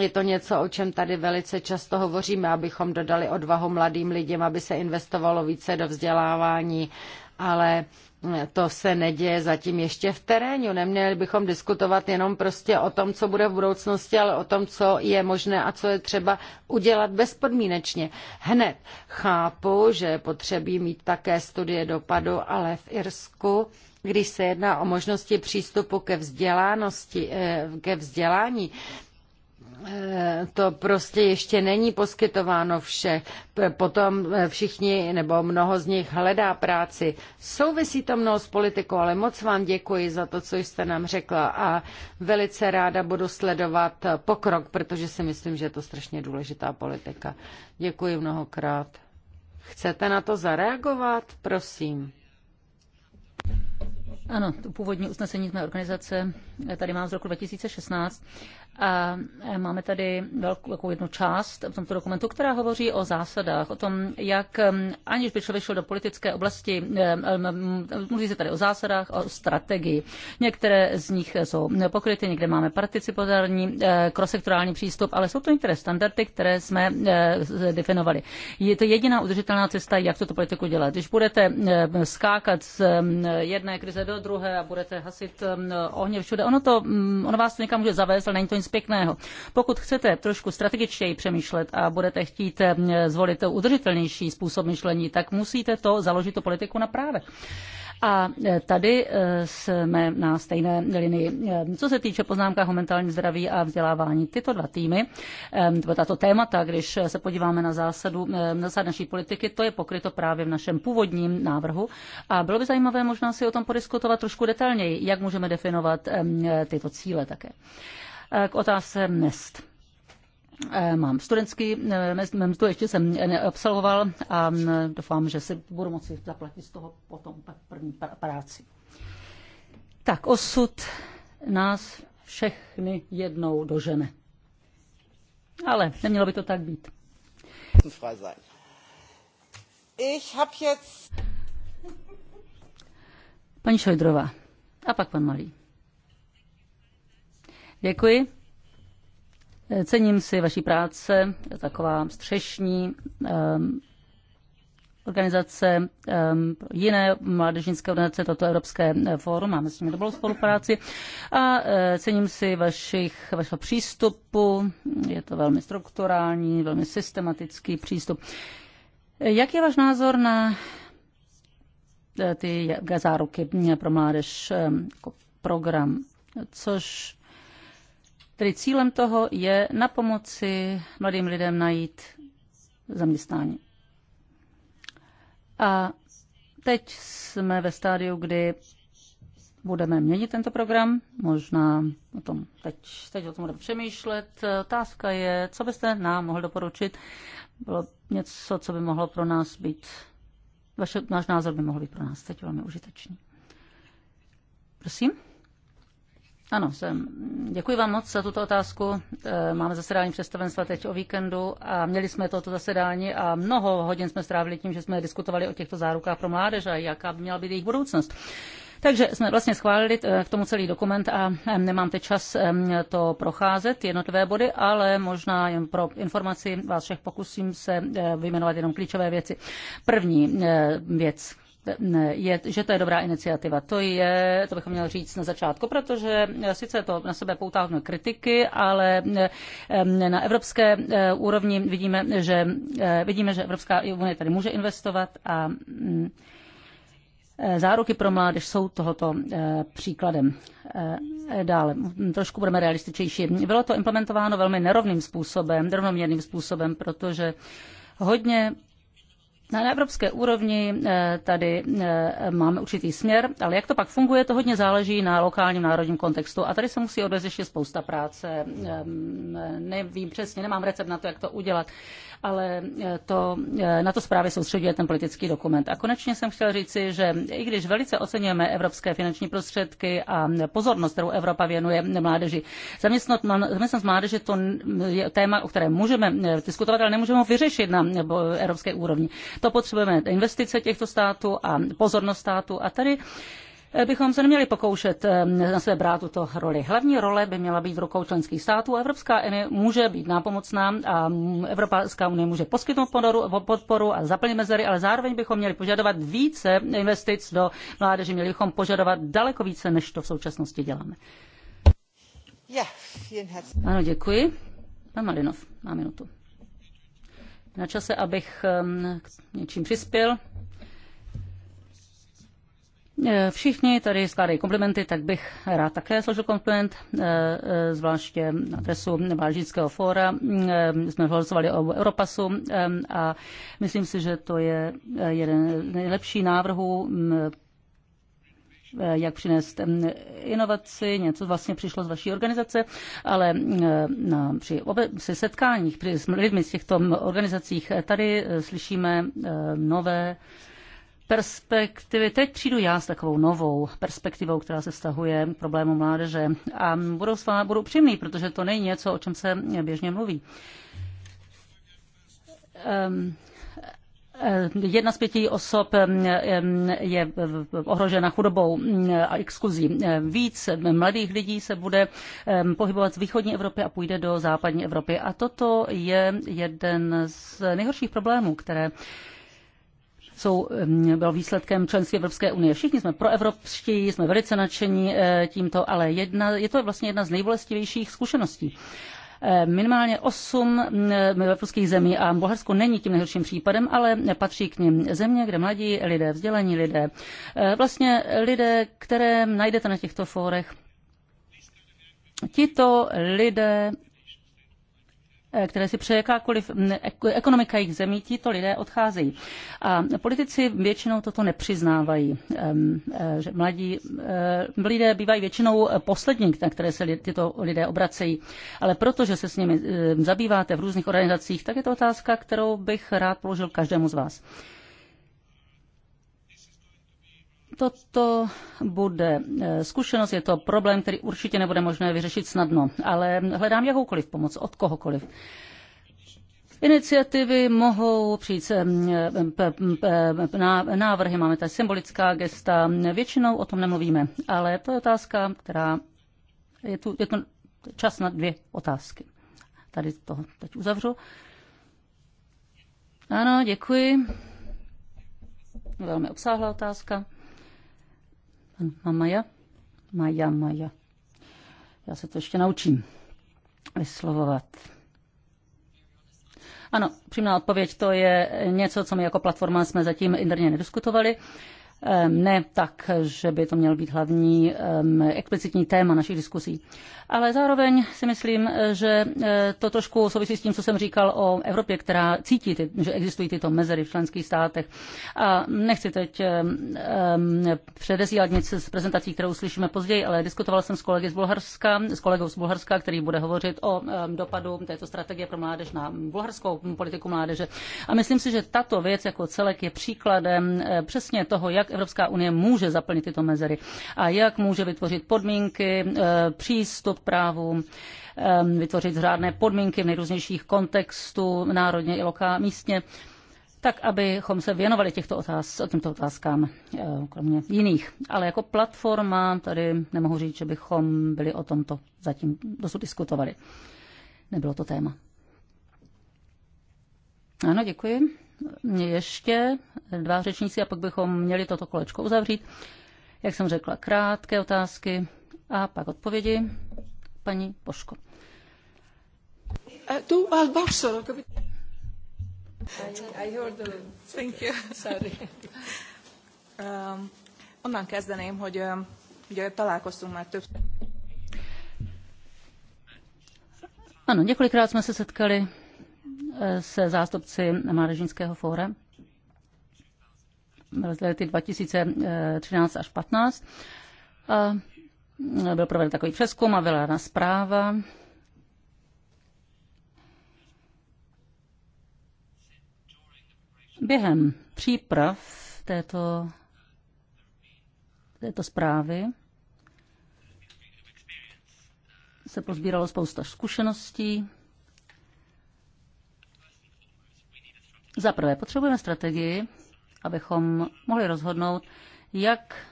Je to něco, o čem tady velice často hovoříme, abychom dodali odvahu mladým lidem, aby se investovalo více do vzdělávání, ale to se neděje zatím ještě v terénu. Neměli bychom diskutovat jenom prostě o tom, co bude v budoucnosti, ale o tom, co je možné a co je třeba udělat bezpodmínečně. Hned chápu, že potřebí mít také studie dopadu, ale v Irsku když se jedná o možnosti přístupu ke, vzdělánosti, eh, ke vzdělání, Eh, to prostě ještě není poskytováno vše. Potom eh, všichni nebo mnoho z nich hledá práci. Souvisí to mnoho s politikou, ale moc vám děkuji za to, co jste nám řekla a velice ráda budu sledovat eh, pokrok, protože si myslím, že je to strašně důležitá politika. Děkuji mnohokrát. Chcete na to zareagovat? Prosím. Ano, to původní usnesení mé organizace tady mám z roku 2016 a e, máme tady velkou jednu část v tomto dokumentu, která hovoří o zásadách, o tom, jak e, aniž by člověk šel do politické oblasti, e, mluví se tady o zásadách, o strategii. Některé z nich jsou pokryty, někde máme participatorní, krosektorální přístup, ale jsou to některé standardy, které jsme definovali. Je to jediná udržitelná cesta, jak tuto politiku dělat. Když budete skákat z jedné krize do druhé a budete hasit ohně všude, ono, to, ono vás to někam může zavést, ale není to nic pěkného. Pokud chcete trošku strategičtěji přemýšlet a budete chtít eh, zvolit udržitelnější způsob myšlení, tak musíte to založit tu politiku na právě. A eh, tady eh, jsme na stejné linii. Co se týče poznámka o mentálním zdraví a vzdělávání, tyto dva týmy, tato témata, když se podíváme na zásadu, na zásad naší politiky, to je pokryto právě v našem původním návrhu. A bylo by zajímavé možná si o tom podiskutovat trošku detailněji, jak můžeme definovat tyto cíle také. Eh, k otázce měst eh, mám studentský eh, mzdu, ještě jsem neobsahoval a doufám, že si budu moci zaplatit z toho potom první práci. Tak osud nás všechny jednou dožene. Ale nemělo by to tak být. Paní Šojdrová a pak pan Malý. Děkuji. Cením si vaší práce, taková střešní um, organizace, um, jiné mládežnické organizace, toto Evropské eh, fórum, máme s nimi dobrou spolupráci a uh, cením si vašich, vašeho přístupu, je to velmi strukturální, velmi systematický přístup. Jak je váš názor na eh, ty záruky pro mládež ehm, jako program, což Tedy cílem toho je na pomoci mladým lidem najít zaměstnání. A teď jsme ve stádiu, kdy budeme měnit tento program, možná o tom teď, teď o tom budeme přemýšlet. Otázka je, co byste nám mohl doporučit, bylo něco, co by mohlo pro nás být, vaše, náš názor by mohl být pro nás teď velmi užitečný. Prosím. Ano, jsem. Děkuji vám moc za tuto otázku. Eh, máme zasedání představenstva teď o víkendu a měli jsme toto zasedání a mnoho hodin jsme strávili tím, že jsme diskutovali o těchto zárukách pro mládež a jaká by měla být jejich budoucnost. Takže jsme vlastně schválili eh, k tomu celý dokument a eh, nemám teď čas to procházet, jednotlivé body, ale možná jen pro informaci vás všech pokusím se vyjmenovat jenom klíčové věci. První věc, je, že to je dobrá iniciativa. To je, to bychom měli říct na začátku, protože eh, sice to na sebe poutá hodně kritiky, ale eh, na evropské eh, úrovni vidíme, že, vidíme, že Evropská unie tady může investovat a mm, Záruky pro mládež jsou tohoto příkladem. Dále, mm, trošku budeme realističejší. Bylo to implementováno velmi nerovným způsobem, nerovnoměrným způsobem, protože hodně na evropské úrovni eh, tady eh, máme určitý směr, ale jak to pak funguje, to hodně záleží na lokálním národním kontextu. A tady se musí odvést ještě spousta práce. Ehm, nevím přesně, nemám recept na to, jak to udělat ale e, to, e, na to zprávě soustředuje ten politický dokument. A konečně jsem chtěl říci, že i když velice oceňujeme evropské finanční prostředky a pozornost, kterou Evropa věnuje mládeži, zaměstnanost mládeže to je téma, o kterém můžeme e, diskutovat, ale nemůžeme ho vyřešit na evropské úrovni. To potřebujeme investice těchto států a pozornost států. A tady bychom se neměli pokoušet eh, na sebe brát tuto roli. Hlavní role by měla být v rukou členských států Evropská unie může být nápomocná a Evropská unie může poskytnout podporu a zaplnit mezery, ale zároveň bychom měli požadovat více investic do mládeže, měli bychom požadovat daleko více, než to v současnosti děláme. Ano, děkuji. Pan Malinov, má minutu. Na čase, abych ehm, něčím přispěl Eh, všichni tady skládají komplimenty, tak bych rád také složil kompliment, eh, eh, zvláště na adresu Vážického fóra. Jsme hlasovali o Europasu a myslím si, že to je jeden z nejlepších návrhů mm, jak přinést mm, inovaci, něco vlastně přišlo z vaší organizace, ale na, při obe, setkáních při, s lidmi z těchto organizacích tady slyšíme nové perspektivy. Teď přijdu já s takovou novou perspektivou, která se vztahuje k problému mládeže. A budu s vámi budu upřímný, protože to není něco, o čem se běžně mluví. Um, Jedna z pěti osob ehm, je ohrožena chudobou mm, a exkluzí. Víc mladých lidí se bude pohybovat z východní Evropy a půjde do západní Evropy. A toto je jeden z nejhorších problémů, které jsou, bylo výsledkem členství Evropské unie. Všichni jsme proevropští, jsme velice nadšení eh, tímto, ale jedna, je to vlastně jedna z nejbolestivějších zkušeností eh, minimálně osm eh, evropských zemí a Bulharsko není tím nejhorším případem, ale patří k nim země, kde mladí lidé, vzdělaní lidé, vlastně lidé, které najdete na těchto fórech, Tito lidé Eh, které si přeje jakákoliv ekonomika jejich zemí, tito lidé odcházejí. A politici většinou toto nepřiznávají, eh, že mladí eh, lidé bývají většinou poslední, na které se tyto lidé obracejí. Ale protože se s nimi zabýváte v různých organizacích, tak je to otázka, kterou bych rád položil každému z vás. Toto bude e, zkušenost, je to problém, který určitě nebude možné vyřešit snadno, ale hledám jakoukoliv pomoc od kohokoliv. Iniciativy mohou přijít e, e, návrhy, máme tady symbolická gesta, většinou o tom nemluvíme, ale to je otázka, která je tu je tu čas na dvě otázky. Tady to teď uzavřu. Ano, děkuji. Velmi obsáhlá otázka. Pan Maja? Maja, Maja. Já se to ještě naučím vyslovovat. Ano, přímá odpověď to je něco, co my jako platforma jsme zatím interně nediskutovali ne tak, že by to měl být hlavní explicitní téma našich diskusí. Ale zároveň si myslím, že e, to trošku souvisí s tím, co jsem říkal o Evropě, která cítí, ty, že existují tyto mezery v členských státech. A nechci teď předezílat nic z prezentací, kterou slyšíme později, ale diskutoval jsem s kolegy z Bulharska, s kolegou z Bulharska, který bude hovořit o dopadu této strategie pro mládež na bulharskou politiku mládeže. A myslím si, že tato věc jako celek je příkladem e, přesně toho, jak Evropská unie může zaplnit tyto mezery a jak může vytvořit podmínky, eh, přístup právům, eh, vytvořit řádné podmínky v nejrůznějších kontextů, národně i lokálně, místně, tak abychom se věnovali těchto otáz, těmto otázkám, eh, kromě jiných. Ale jako platforma tady nemohu říct, že bychom byli o tomto zatím dosud diskutovali. Nebylo to téma. Ano, děkuji ještě dva řečníci a pak bychom měli toto kolečko uzavřít. Jak jsem řekla, krátké otázky a pak odpovědi. Paní Poško. onnan kezdeném, hogy um, ugye találkoztunk már többször. Ano, několikrát jsme se setkali se zástupci Mládežnického fóra v lety 2013 až 15. A byl proveden takový přeskum a byla na zpráva. Během příprav této, této zprávy se pozbíralo spousta zkušeností, Za prvé, potřebujeme strategii, abychom mohli rozhodnout, jak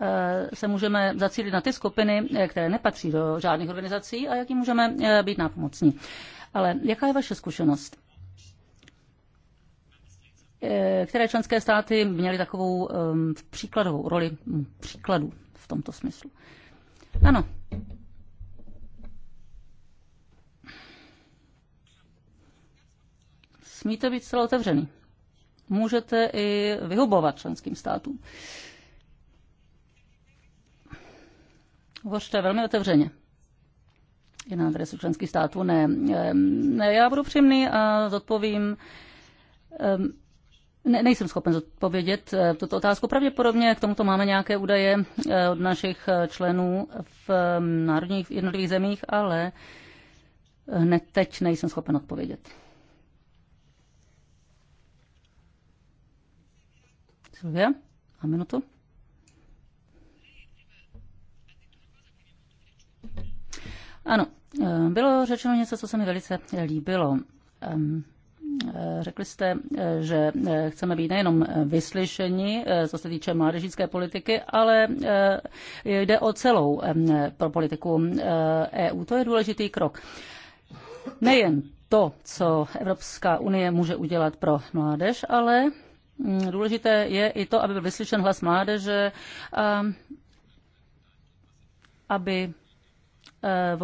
eh, se můžeme zacílit na ty skupiny, eh, které nepatří do žádných organizací a jak jim můžeme eh, být nápomocní. Ale jaká je vaše zkušenost? Které členské státy měly takovou příkladovou roli příkladu v tomto smyslu? Ano, Smíte být celé otevřený. Můžete i vyhubovat členským státům. Hovořte velmi otevřeně. I na adresu členských států ne. ne já budu přímný a zodpovím. Ne, nejsem schopen zodpovědět eh, tuto otázku. Pravděpodobně k tomuto máme nějaké údaje eh, od našich eh, členů v národních jednotlivých zemích, ale hned teď nejsem schopen odpovědět. Silvia, a minutu. Ano, eh, bylo řečeno něco, co se mi velice líbilo. Eh, řekli jste, eh, že chceme být nejenom vyslyšeni, co se týče mládežnické politiky, ale jde o celou pro politiku EU. E to je důležitý krok. Nejen to, co Evropská unie může udělat pro mládež, ale Mm, důležité je i to, aby byl vyslyšen hlas mládeže, ehm, aby eh,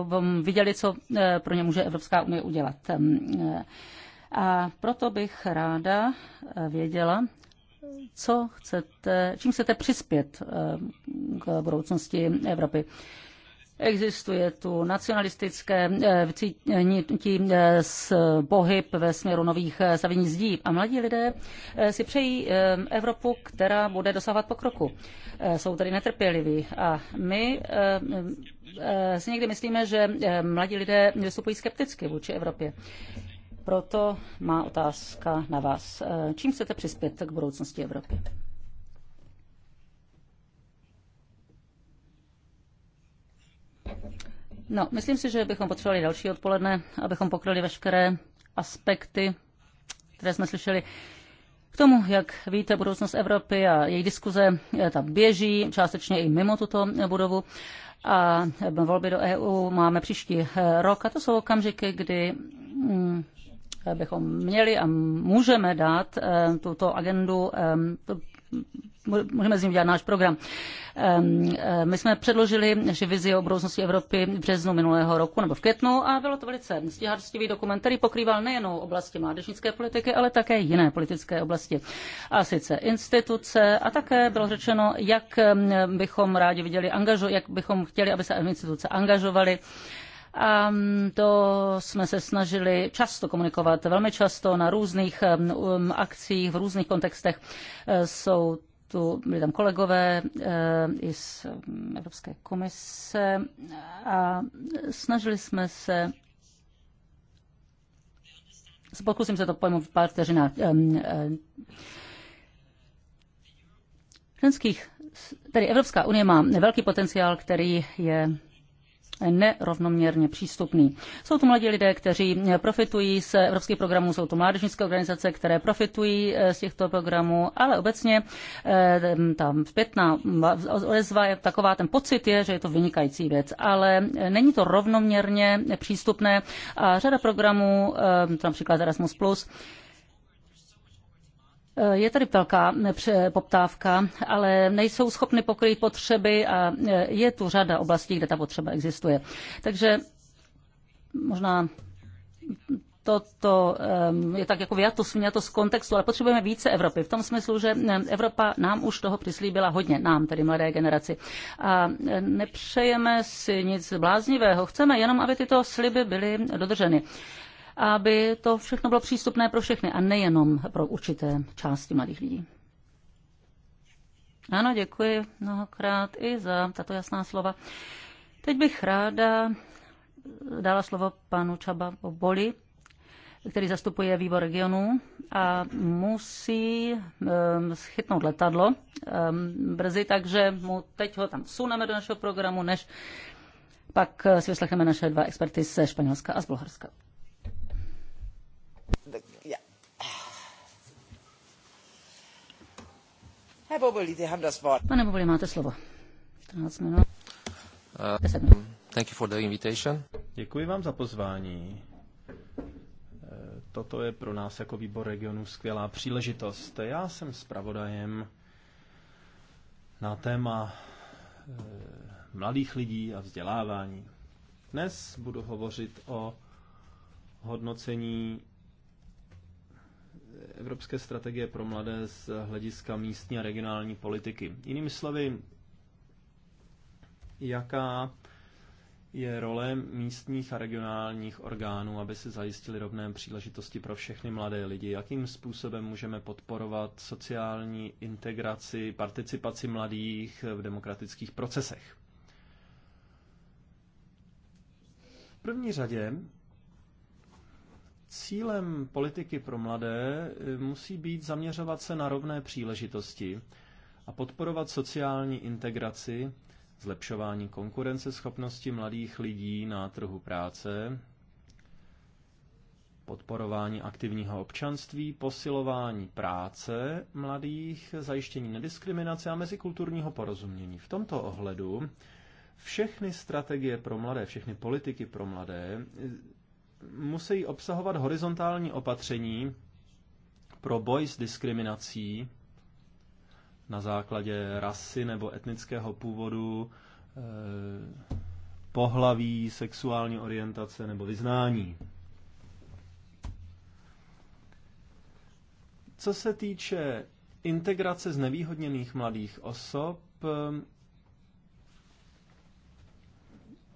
viděli, co eh, pro ně může Evropská unie udělat. Ehm, eh, a proto bych ráda věděla, co chcete, čím chcete přispět k budoucnosti Evropy. Existuje tu nacionalistické eh, cítí z eh, pohyb ve směru nových eh, stavění zdí a mladí lidé si přejí Evropu, která bude dosahovat pokroku. Jsou tady netrpěliví a my si někdy myslíme, že mladí lidé vystupují skepticky vůči Evropě. Proto má otázka na vás. Čím chcete přispět k budoucnosti Evropy? No, myslím si, že bychom potřebovali další odpoledne, abychom pokryli veškeré aspekty, které jsme slyšeli. K tomu, jak víte, budoucnost Evropy a její diskuze eh, tam běží, částečně i mimo tuto eh, budovu. A eh, volby do EU máme příští rok a to jsou okamžiky, kdy mm, bychom měli a můžeme dát tuto agendu můžeme z ní udělat náš program. Eh, my jsme předložili naši vizi o budoucnosti Evropy v březnu minulého roku nebo v květnu a bylo to velice stíhačtivý dokument, který pokrýval nejen oblasti mládežnické politiky, ale také jiné politické oblasti. A sice instituce a také bylo řečeno, jak bychom rádi viděli, angažo, jak bychom chtěli, aby se instituce angažovaly a to jsme se snažili často komunikovat, velmi často na různých akcích, v různých kontextech. Eh, jsou tu byli tam kolegové eh, i z mm, Evropské komise a snažili jsme se Pokusím se to pojmout v pár vteřinách. Ženských, eh, tedy Evropská unie má velký potenciál, který je nerovnoměrně přístupný. Jsou to mladí lidé, kteří profitují z evropských programů, jsou to mládežnické organizace, které profitují eh, z těchto programů, ale obecně eh, ta zpětná odezva je taková, ten pocit je, že je to vynikající věc, ale eh, není to rovnoměrně přístupné a řada programů, například Erasmus+, je tady velká poptávka, ale nejsou schopny pokryt potřeby a je tu řada oblastí, kde ta potřeba existuje. Takže možná toto je tak jako vyjato, to z kontextu, ale potřebujeme více Evropy. V tom smyslu, že Evropa nám už toho přislíbila hodně, nám, tedy mladé generaci. A nepřejeme si nic bláznivého, chceme jenom, aby tyto sliby byly dodrženy aby to všechno bylo přístupné pro všechny a nejenom pro určité části mladých lidí. Ano, děkuji mnohokrát i za tato jasná slova. Teď bych ráda dala slovo panu Čaba Boli, který zastupuje výbor regionu a musí um, schytnout letadlo um, brzy, takže mu teď ho tam suneme do našeho programu, než pak si vyslechneme naše dva experty ze Španělska a z Bulharska. Pane Boboli, no, máte slovo. Eh, thank you for the invitation. Děkuji vám za pozvání. Eh, toto je pro nás jako výbor regionů skvělá příležitost. Já jsem zpravodajem na téma eh, mladých lidí a vzdělávání. Dnes budu hovořit o hodnocení evropské strategie pro mladé z hlediska místní a regionální politiky. Jinými slovy, jaká je role místních a regionálních orgánů, aby se zajistili rovné příležitosti pro všechny mladé lidi. Jakým způsobem můžeme podporovat sociální integraci, participaci mladých v demokratických procesech? V první řadě Cílem politiky pro mladé eh, musí být zaměřovat se na rovné příležitosti a podporovat sociální integraci, zlepšování konkurenceschopnosti mladých lidí na trhu práce, podporování aktivního občanství, posilování práce mladých, zajištění nediskriminace a mezikulturního porozumění. V tomto ohledu všechny strategie pro mladé, všechny politiky pro mladé eh, musí obsahovat horizontální opatření pro boj s diskriminací na základě rasy nebo etnického původu, eh, pohlaví, sexuální orientace nebo vyznání. Co se týče integrace znevýhodněných mladých osob,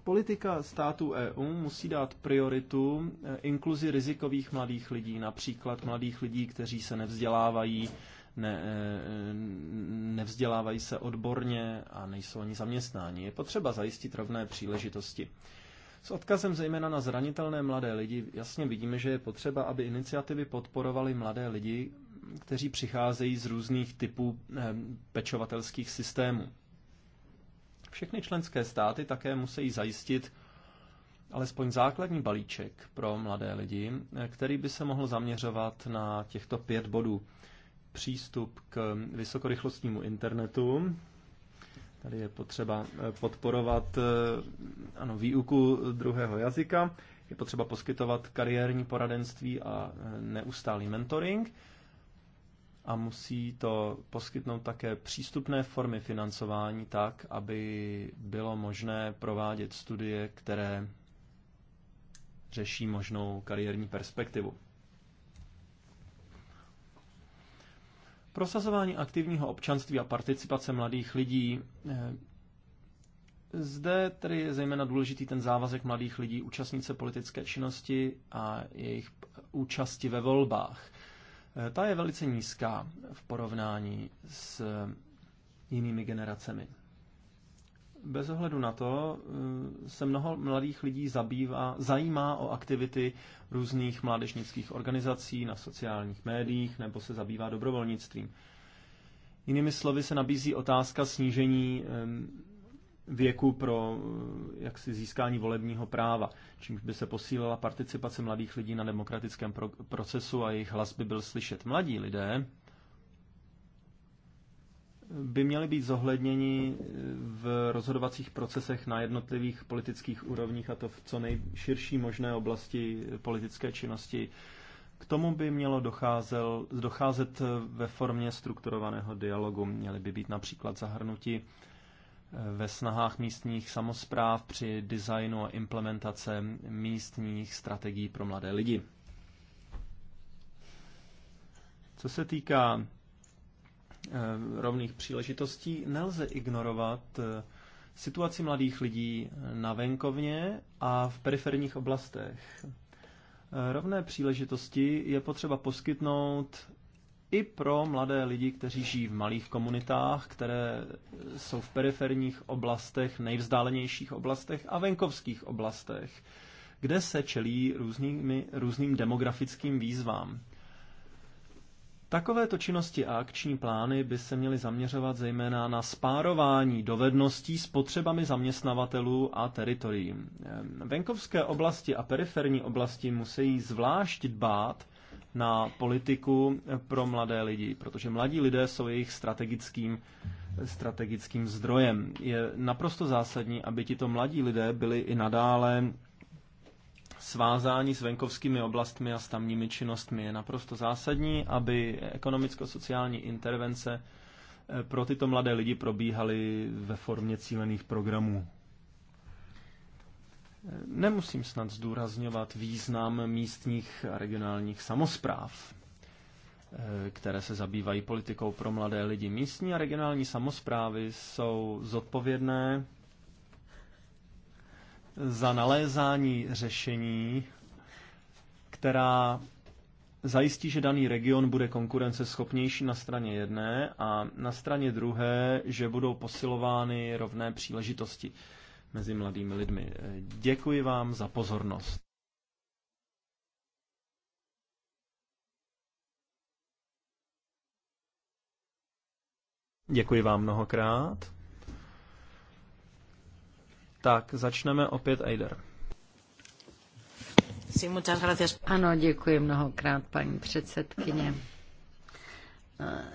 Politika států EU musí dát prioritu eh, inkluzi rizikových mladých lidí, například mladých lidí, kteří se nevzdělávají, ne, eh, nevzdělávají se odborně a nejsou ani zaměstnáni. Je potřeba zajistit rovné příležitosti. S odkazem zejména na zranitelné mladé lidi jasně vidíme, že je potřeba, aby iniciativy podporovaly mladé lidi, kteří přicházejí z různých typů eh, pečovatelských systémů. Všechny členské státy také musí zajistit alespoň základní balíček pro mladé lidi, který by se mohl zaměřovat na těchto pět bodů. Přístup k vysokorychlostnímu internetu, tady je potřeba eh, podporovat eh, ano, výuku druhého jazyka, je potřeba poskytovat kariérní poradenství a eh, neustálý mentoring, a musí to poskytnout také přístupné formy financování tak, aby bylo možné provádět studie, které řeší možnou kariérní perspektivu. Prosazování aktivního občanství a participace mladých lidí. Eh, zde tedy je zejména důležitý ten závazek mladých lidí účastnit se politické činnosti a jejich účasti ve volbách. Eh, ta je velice nízká v porovnání s eh, jinými generacemi. Bez ohledu na to eh, se mnoho mladých lidí zabývá, zajímá o aktivity různých mládežnických organizací na sociálních médiích nebo se zabývá dobrovolnictvím. Jinými slovy se nabízí otázka snížení věku pro eh, jaksi získání volebního práva, čímž by se posílila participace mladých lidí na demokratickém pro procesu a jejich hlas by byl slyšet. Mladí lidé by měli být zohledněni eh, v rozhodovacích procesech na jednotlivých politických úrovních a to v co nejširší možné oblasti eh, politické činnosti. K tomu by mělo docházel, docházet ve formě strukturovaného dialogu. Měly by být například zahrnuti ve snahách místních samozpráv při designu a implementace místních strategií pro mladé lidi. Co se týká eh, rovných příležitostí, nelze ignorovat eh, situaci mladých lidí na venkovně a v periferních oblastech. Eh, rovné příležitosti je potřeba poskytnout i pro mladé lidi, kteří žijí v malých komunitách, které jsou v periferních oblastech, nejvzdálenějších oblastech a venkovských oblastech, kde se čelí různými, různým demografickým výzvám. Takovéto činnosti a akční plány by se měly zaměřovat zejména na spárování dovedností s potřebami zaměstnavatelů a teritorií. Venkovské oblasti a periferní oblasti musí zvlášť dbát na politiku pro mladé lidi, protože mladí lidé jsou jejich strategickým, strategickým zdrojem. Je naprosto zásadní, aby tito mladí lidé byli i nadále svázání s venkovskými oblastmi a s tamními činnostmi. Je naprosto zásadní, aby ekonomicko-sociální intervence eh, pro tyto mladé lidi probíhaly ve formě cílených programů. Nemusím snad zdůrazňovat význam místních a regionálních samozpráv, eh, které se zabývají politikou pro mladé lidi. Místní a regionální samozprávy jsou zodpovědné za nalézání řešení, která zajistí, že daný region bude konkurenceschopnější na straně jedné a na straně druhé, že budou posilovány rovné příležitosti mezi mladými lidmi. Děkuji vám za pozornost. Děkuji vám mnohokrát. Tak, začneme opět Eider. Ano, děkuji mnohokrát, paní předsedkyně.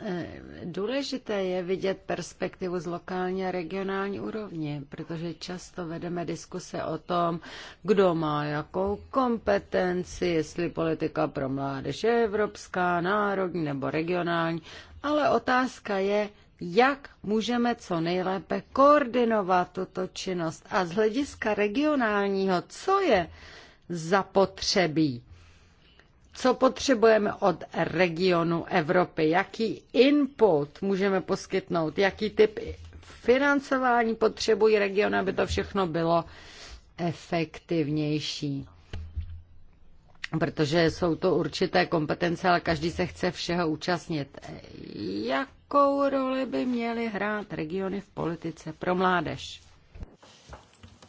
Eh, důležité je vidět perspektivu z lokální a regionální úrovně, protože často vedeme diskuse o tom, kdo má jakou kompetenci, jestli politika pro mládež je evropská, národní nebo regionální, ale otázka je, jak můžeme co nejlépe koordinovat tuto činnost a z hlediska regionálního, co je zapotřebí co potřebujeme od regionu Evropy, jaký input můžeme poskytnout, jaký typ financování potřebují regiony, aby to všechno bylo efektivnější. Protože jsou to určité kompetence, ale každý se chce všeho účastnit. Jakou roli by měly hrát regiony v politice pro mládež?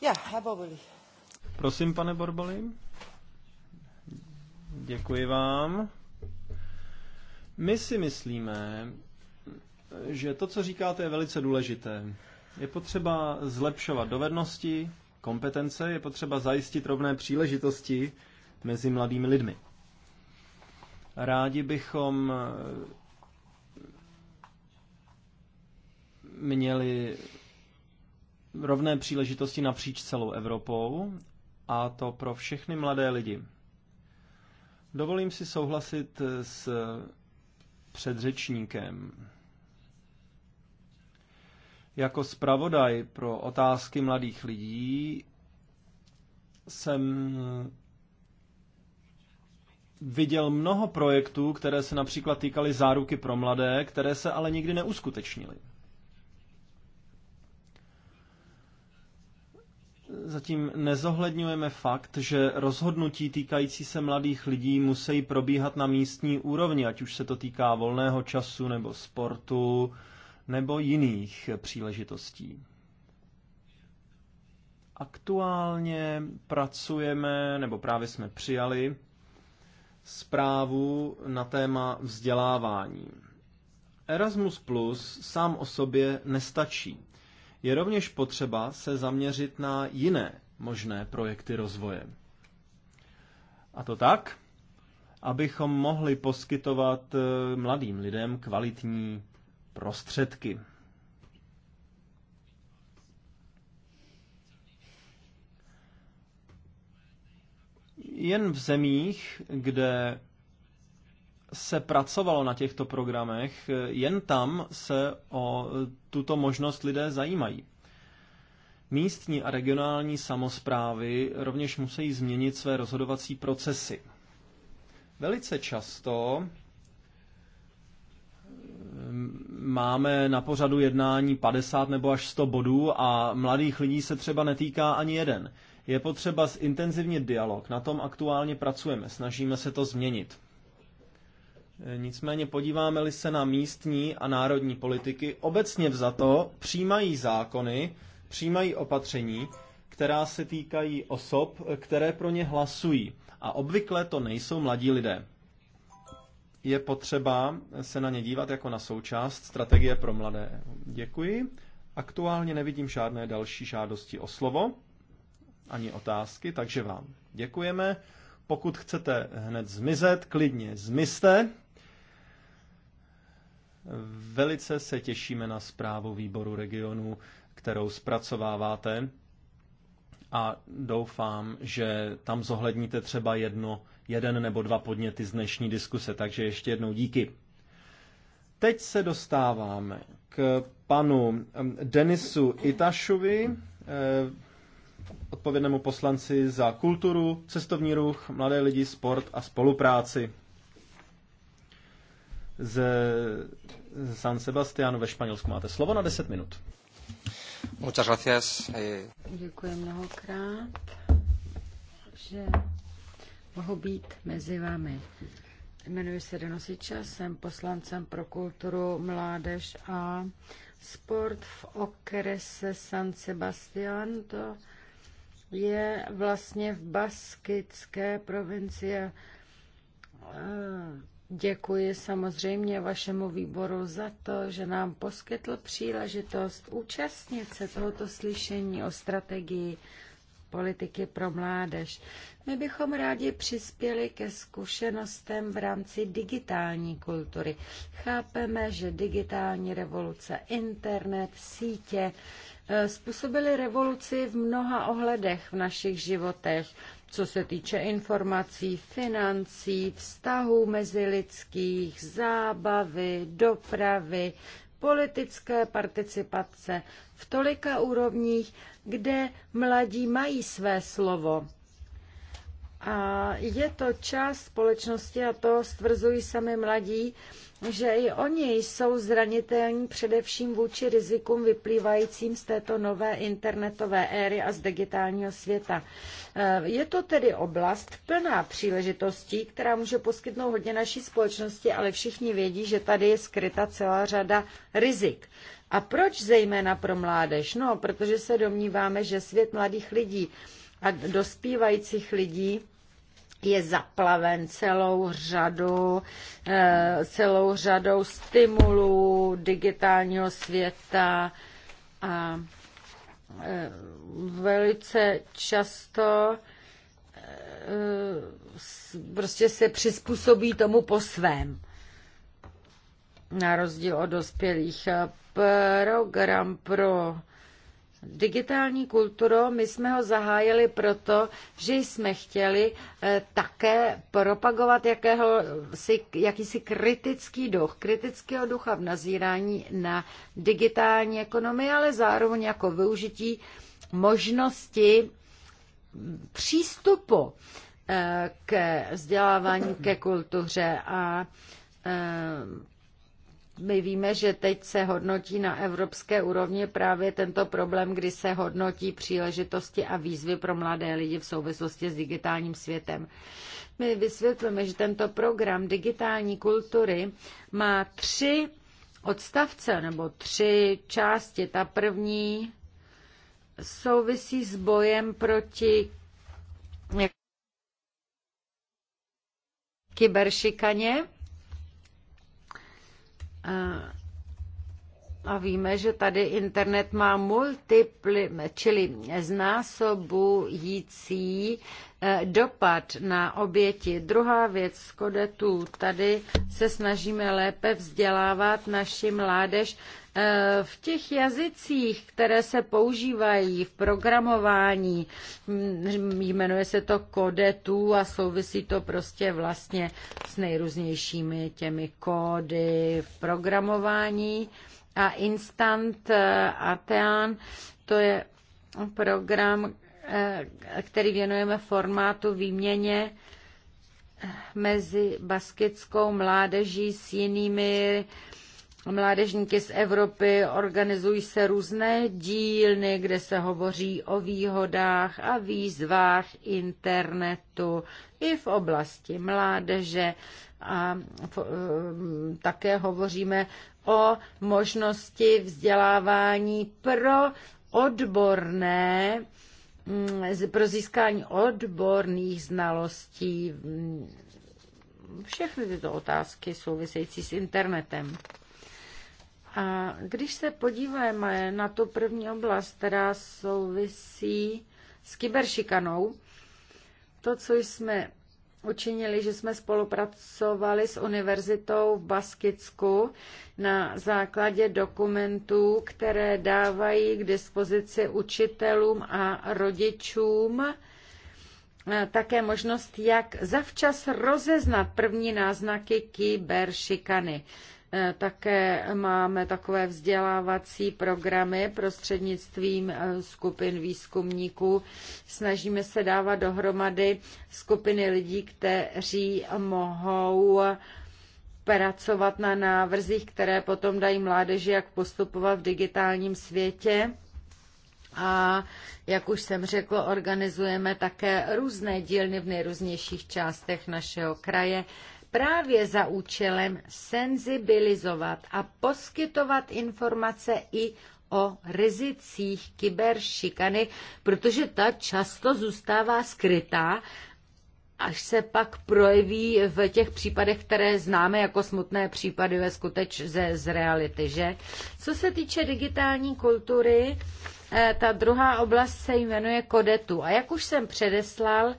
Já, Prosím, pane Borboli. Děkuji vám. My si myslíme, že to, co říkáte, je velice důležité. Je potřeba zlepšovat dovednosti, kompetence, je potřeba zajistit rovné příležitosti mezi mladými lidmi. Rádi bychom eh, měli rovné příležitosti napříč celou Evropou, a to pro všechny mladé lidi. Dovolím si souhlasit s předřečníkem. Jako zpravodaj pro otázky mladých lidí jsem viděl mnoho projektů, které se například týkaly záruky pro mladé, které se ale nikdy neuskutečnily. zatím nezohledňujeme fakt, že rozhodnutí týkající se mladých lidí musí probíhat na místní úrovni, ať už se to týká volného času nebo sportu nebo jiných příležitostí. Aktuálně pracujeme, nebo právě jsme přijali, zprávu na téma vzdělávání. Erasmus Plus sám o sobě nestačí. Je rovněž potřeba se zaměřit na jiné možné projekty rozvoje. A to tak, abychom mohli poskytovat eh, mladým lidem kvalitní prostředky. Jen v zemích, kde se pracovalo na těchto programech, jen tam se o tuto možnost lidé zajímají. Místní a regionální samozprávy rovněž musí změnit své rozhodovací procesy. Velice často ehm, máme na pořadu jednání 50 nebo až 100 bodů a mladých lidí se třeba netýká ani jeden. Je potřeba zintenzivnit dialog, na tom aktuálně pracujeme, snažíme se to změnit. Nicméně podíváme-li se na místní a národní politiky, obecně vzato přijímají zákony, přijímají opatření, která se týkají osob, které pro ně hlasují. A obvykle to nejsou mladí lidé. Je potřeba se na ně dívat jako na součást strategie pro mladé. Děkuji. Aktuálně nevidím žádné další žádosti o slovo ani otázky, takže vám děkujeme. Pokud chcete hned zmizet, klidně zmizte. Velice se těšíme na zprávu výboru regionu, kterou zpracováváte a doufám, že tam zohledníte třeba jedno, jeden nebo dva podněty z dnešní diskuse, takže ještě jednou díky. Teď se dostáváme k panu Denisu Itašovi, eh, odpovědnému poslanci za kulturu, cestovní ruch, mladé lidi, sport a spolupráci z San Sebastianu ve Španělsku. Máte slovo na 10 minut. Muchas gracias. Eh, Děkuji mnohokrát, že mohu být mezi vámi. Jmenuji se Denosiča, jsem poslancem pro kulturu, mládež a sport v okrese San Sebastián. To je vlastně v baskické provincii eh, Děkuji samozřejmě vašemu výboru za to, že nám poskytl příležitost účastnit se tohoto slyšení o strategii politiky pro mládež. My bychom rádi přispěli ke zkušenostem v rámci digitální kultury. Chápeme, že digitální revoluce, internet, sítě eh, způsobily revoluci v mnoha ohledech v našich životech co se týče informací, financí, vztahů mezilidských, zábavy, dopravy, politické participace v tolika úrovních, kde mladí mají své slovo. A je to část společnosti, a to stvrzují sami mladí, že i oni jsou zranitelní především vůči rizikům vyplývajícím z této nové internetové éry a z digitálního světa. E, je to tedy oblast plná příležitostí, která může poskytnout hodně naší společnosti, ale všichni vědí, že tady je skryta celá řada rizik. A proč zejména pro mládež? No, protože se domníváme, že svět mladých lidí a dospívajících lidí je zaplaven celou řadou, eh, celou řadou stimulů digitálního světa a eh, velice často eh, prostě se přizpůsobí tomu po svém. Na rozdíl od dospělých program pro Digitální kulturu my jsme ho zahájili proto, že jsme chtěli eh, také propagovat jakého, jakýsi kritický duch, kritického ducha v nazírání na digitální ekonomii, ale zároveň jako využití možnosti přístupu eh, ke vzdělávání, ke kultuře a eh, my víme, že teď se hodnotí na evropské úrovni právě tento problém, kdy se hodnotí příležitosti a výzvy pro mladé lidi v souvislosti s digitálním světem. My vysvětlíme, že tento program digitální kultury má tři odstavce nebo tři části. Ta první souvisí s bojem proti kyberšikaně. A a víme, že tady internet má multiply, čili znásobující eh, dopad na oběti. Druhá věc z kodetů. Tady se snažíme lépe vzdělávat naši mládež eh, v těch jazycích, které se používají v programování. Hm, jmenuje se to kodetů a souvisí to prostě vlastně s nejrůznějšími těmi kódy v programování a Instant eh, ATEAN, to je program, eh, který věnujeme formátu výměně eh, mezi baskickou mládeží s jinými mládežníky z Evropy. Organizují se různé dílny, kde se hovoří o výhodách a výzvách internetu i v oblasti mládeže. A také hovoříme o možnosti vzdělávání pro odborné, mm, pro získání odborných znalostí. Všechny tyto otázky související s internetem. A když se podíváme na tu první oblast, která souvisí s kyberšikanou, to, co jsme učinili, že jsme spolupracovali s univerzitou v Baskicku na základě dokumentů, které dávají k dispozici učitelům a rodičům e, také možnost, jak zavčas rozeznat první náznaky kyberšikany. šikany. Eh, také máme takové vzdělávací programy prostřednictvím eh, skupin výzkumníků. Snažíme se dávat dohromady skupiny lidí, kteří mohou pracovat na návrzích, které potom dají mládeži, jak postupovat v digitálním světě. A jak už jsem řekl, organizujeme také různé dílny v nejrůznějších částech našeho kraje, právě za účelem senzibilizovat a poskytovat informace i o rizicích kyberšikany, protože ta často zůstává skrytá, až se pak projeví v těch případech, které známe jako smutné případy ve skuteč ze, z reality, že? Co se týče digitální kultury, eh, ta druhá oblast se jmenuje kodetu. A jak už jsem předeslal,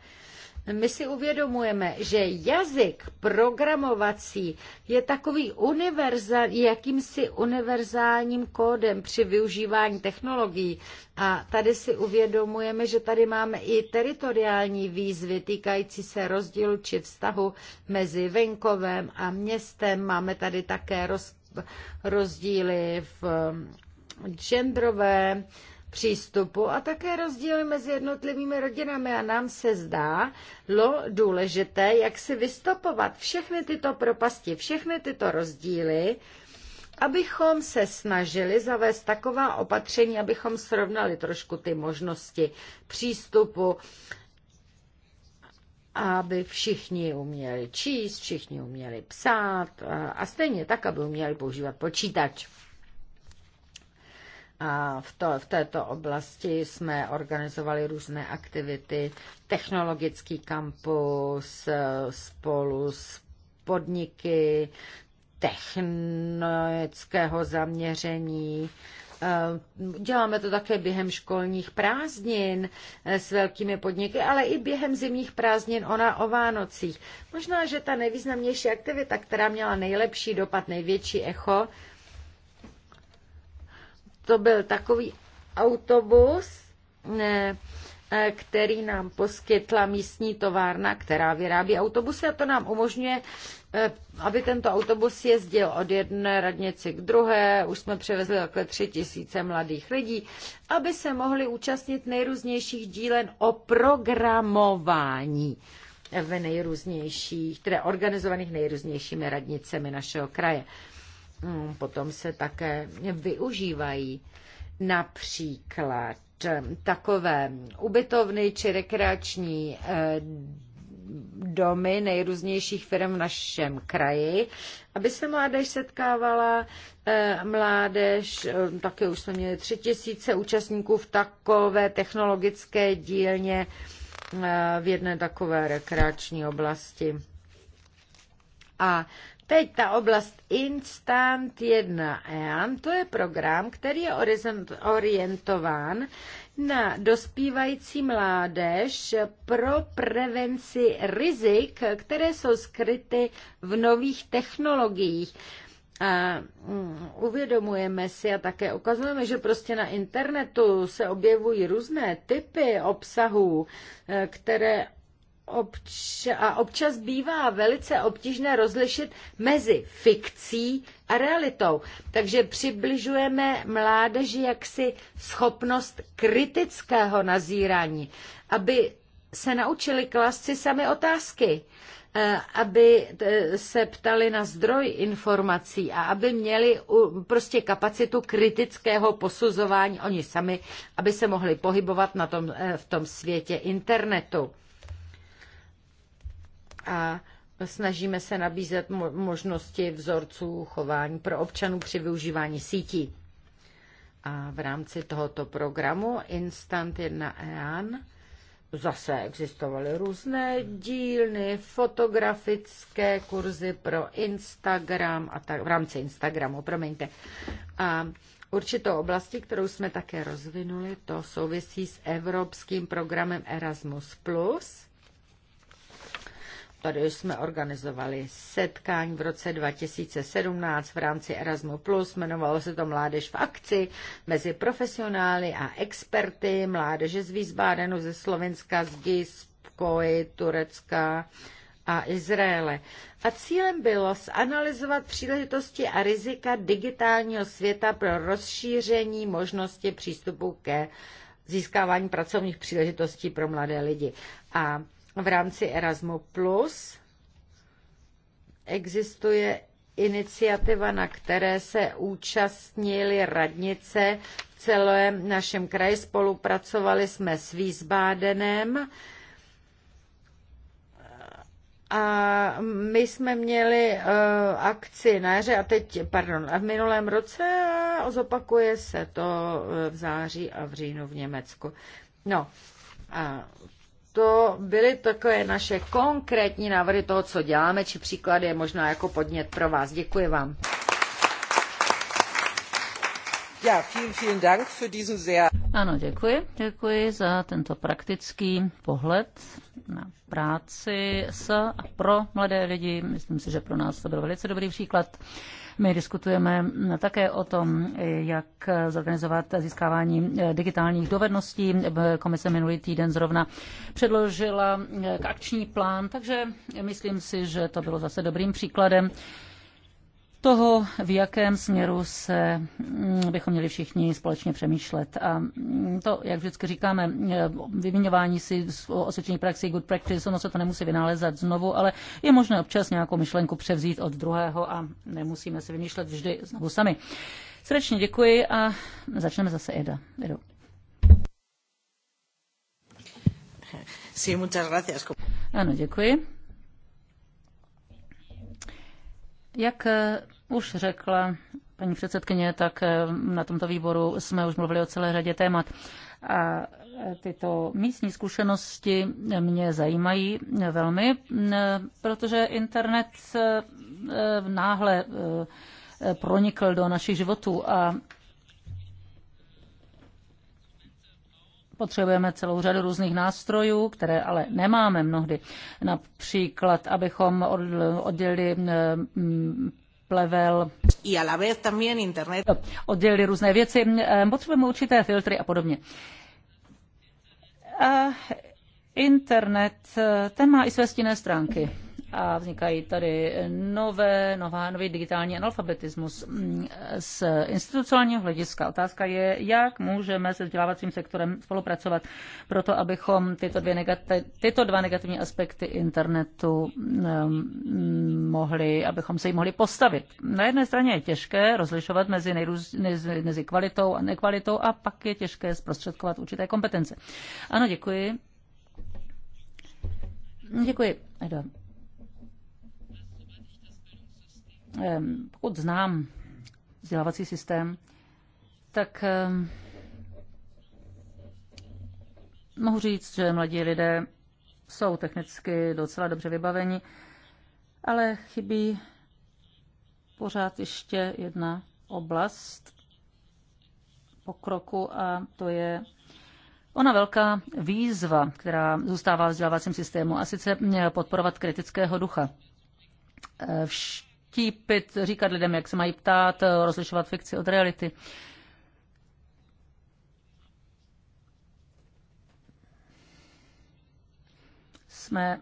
my si uvědomujeme, že jazyk programovací je takový univerzál, jakýmsi univerzálním kódem při využívání technologií. A tady si uvědomujeme, že tady máme i teritoriální výzvy týkající se rozdílu či vztahu mezi venkovem a městem. Máme tady také roz, rozdíly v genderové, přístupu a také rozdíly mezi jednotlivými rodinami a nám se zdá lo důležité, jak si vystopovat všechny tyto propasti, všechny tyto rozdíly, abychom se snažili zavést taková opatření, abychom srovnali trošku ty možnosti přístupu, aby všichni uměli číst, všichni uměli psát a stejně tak, aby uměli používat počítač. A v, to, v této oblasti jsme organizovali různé aktivity, technologický kampus e, spolu s podniky technického zaměření. E, děláme to také během školních prázdnin e, s velkými podniky, ale i během zimních prázdnin ona o Vánocích. Možná, že ta nejvýznamnější aktivita, která měla nejlepší dopad, největší echo, to byl takový autobus, e, který nám poskytla místní továrna, která vyrábí autobusy a to nám umožňuje, e, aby tento autobus jezdil od jedné radnice k druhé, už jsme převezli takhle tři tisíce mladých lidí, aby se mohli účastnit nejrůznějších dílen o programování v nejrůznějších, tedy organizovaných nejrůznějšími radnicemi našeho kraje. Mm, potom se také využívají například mm, takové ubytovny či rekreační eh, domy nejrůznějších firm v našem kraji, aby se mládež setkávala. Eh, mládež, eh, také už jsme měli tři tisíce účastníků v takové technologické dílně v jedné takové rekreační oblasti. A Teď ta oblast Instant 1 EAN, to je program, který je orientován na dospívající mládež pro prevenci rizik, které jsou skryty v nových technologiích. A mm, uvědomujeme si a také ukazujeme, že prostě na internetu se objevují různé typy obsahů, e, které obč- a občas bývá velice obtížné rozlišit mezi fikcí a realitou. Takže přibližujeme mládeži jaksi schopnost kritického nazírání, aby se naučili klást si sami otázky, eh, aby eh, se ptali na zdroj informací a aby měli prostě kapacitu kritického posuzování oni sami, aby se mohli pohybovat na tom, eh, v tom světě internetu a snažíme se nabízet možnosti vzorců chování pro občanů při využívání sítí. A v rámci tohoto programu Instant 1 EAN zase existovaly různé dílny, fotografické kurzy pro Instagram a tak v rámci Instagramu, promiňte. A určitou oblastí, kterou jsme také rozvinuli, to souvisí s evropským programem Erasmus+, Tady jsme organizovali setkání v roce 2017 v rámci Erasmu+, jmenovalo se to Mládež v akci, mezi profesionály a experty, mládeže z Výzbádenu, ze Slovenska, z GIS, Koji, Turecka a Izraele. A cílem bylo zanalizovat příležitosti a rizika digitálního světa pro rozšíření možnosti přístupu ke získávání pracovních příležitostí pro mladé lidi. A v rámci Erasmu+, Plus existuje iniciativa, na které se účastnili radnice v celém našem kraji. Spolupracovali jsme s Výzbádenem a my jsme měli uh, akci na jaře a teď, pardon, a v minulém roce a zopakuje se to eh, v září a v říjnu v Německu. No, a to byly takové naše konkrétní návrhy toho, co děláme, či příklady je možná jako podnět pro vás. Děkuji vám. Ja, vielen, vielen Dank für diesen sehr... Ano, děkuji. Děkuji za tento praktický pohled na práci s a pro mladé lidi. Myslím si, že pro nás to byl velice dobrý příklad. My diskutujeme také o tom, jak zorganizovat získávání digitálních dovedností. Komise minulý týden zrovna předložila akční plán, takže myslím si, že to bylo zase dobrým příkladem toho, v jakém směru se mm, bychom měli všichni společně přemýšlet. A mm, to, jak vždycky říkáme, vyměňování si osvědčení praxi, good practice, ono se to nemusí vynálezat znovu, ale je možné občas nějakou myšlenku převzít od druhého a nemusíme si vymýšlet vždy znovu sami. Srdečně děkuji a začneme zase Eda. Edu. Ano, děkuji. Jak už řekla paní předsedkyně, tak eh, na tomto výboru jsme už mluvili o celé řadě témat. A eh, tyto místní zkušenosti mě zajímají eh, velmi, mm, protože internet náhle pronikl do našich životů a Potřebujeme celou řadu různých nástrojů, které ale nemáme mnohdy. Například, abychom oddělili mm, plevel. I a la vez también internet. Oddělili různé věci, potřebujeme určité filtry a podobně. A internet, eh, ten má i své stinné stránky a vznikají tady nové, nová, nový digitální analfabetismus. Mm, z institucionálního hlediska otázka je, jak můžeme se vzdělávacím sektorem spolupracovat proto, abychom tyto, dvě negati- tyto dva negativní aspekty internetu mm, mohli, abychom se jim mohli postavit. Na jedné straně je těžké rozlišovat mezi, nejrůz, mezi kvalitou a nekvalitou a pak je těžké zprostředkovat určité kompetence. Ano, děkuji. Děkuji, Edo. Ehm, pokud znám vzdělávací systém, tak ehm, mohu říct, že mladí lidé jsou technicky docela dobře vybaveni, ale chybí pořád ještě jedna oblast pokroku a to je ona velká výzva, která zůstává v vzdělávacím systému a sice podporovat kritického ducha. Ehm, vtípit, říkat lidem, jak se mají ptát, rozlišovat fikci od reality. Jsme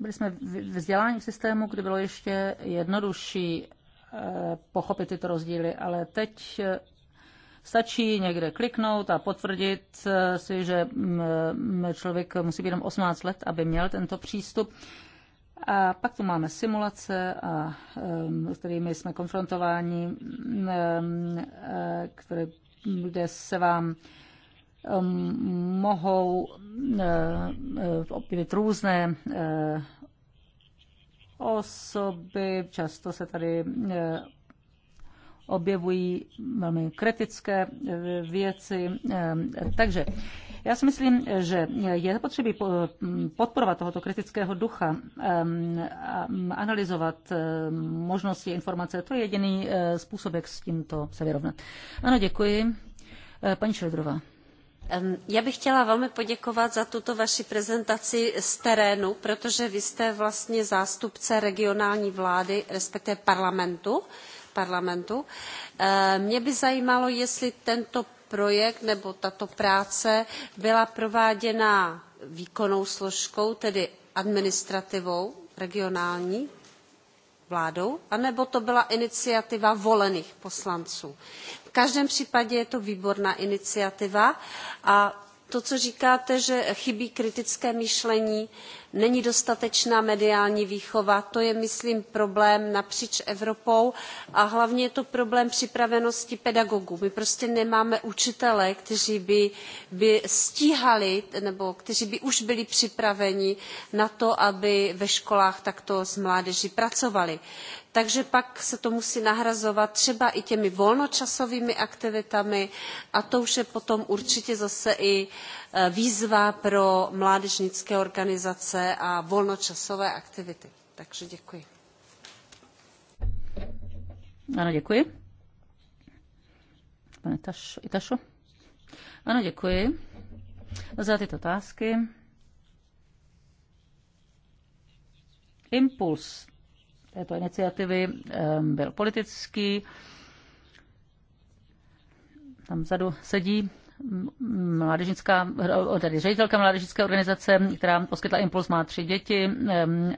byli jsme vzdělání v systému, kdy bylo ještě jednodušší eh, pochopit tyto rozdíly, ale teď eh, stačí někde kliknout a potvrdit eh, si, že mm, člověk musí být jenom 18 let, aby měl tento přístup. A pak tu máme simulace, a, s kterými jsme konfrontováni, eh, které, kde se vám mohou eh, eh, objevit různé osoby, často se tady objevují velmi kritické věci. Takže já si myslím, že je potřeba podporovat tohoto kritického ducha a analyzovat možnosti informace. To je jediný eh, způsob, jak s tímto se vyrovnat. Ano, děkuji. Eh, paní Šeldrová. Já bych chtěla velmi poděkovat za tuto vaši prezentaci z terénu, protože vy jste vlastně zástupce regionální vlády, respektive parlamentu parlamentu. Eh, mě by zajímalo, jestli tento projekt nebo tato práce byla prováděna výkonnou složkou, tedy administrativou regionální, vládou, anebo to byla iniciativa volených poslanců. V každém případě je to výborná iniciativa a to, co říkáte, že chybí kritické myšlení, Není dostatečná mediální výchova, to je, myslím, problém napříč Evropou a hlavně je to problém připravenosti pedagogů. My prostě nemáme učitele, kteří by, by stíhali nebo kteří by už byli připraveni na to, aby ve školách takto s mládeží pracovali takže pak se to musí nahrazovat třeba i těmi volnočasovými aktivitami a to už je potom určitě zase i Eh, výzva pro mládežnické organizace a volnočasové aktivity. Takže děkuji. Ano, děkuji. Pane Taš, Itašo? Ano, děkuji za tyto otázky. Impuls této iniciativy ehm, byl politický. Tam vzadu sedí mládežnická, tedy ředitelka mládežnické organizace, která poskytla impuls, má tři děti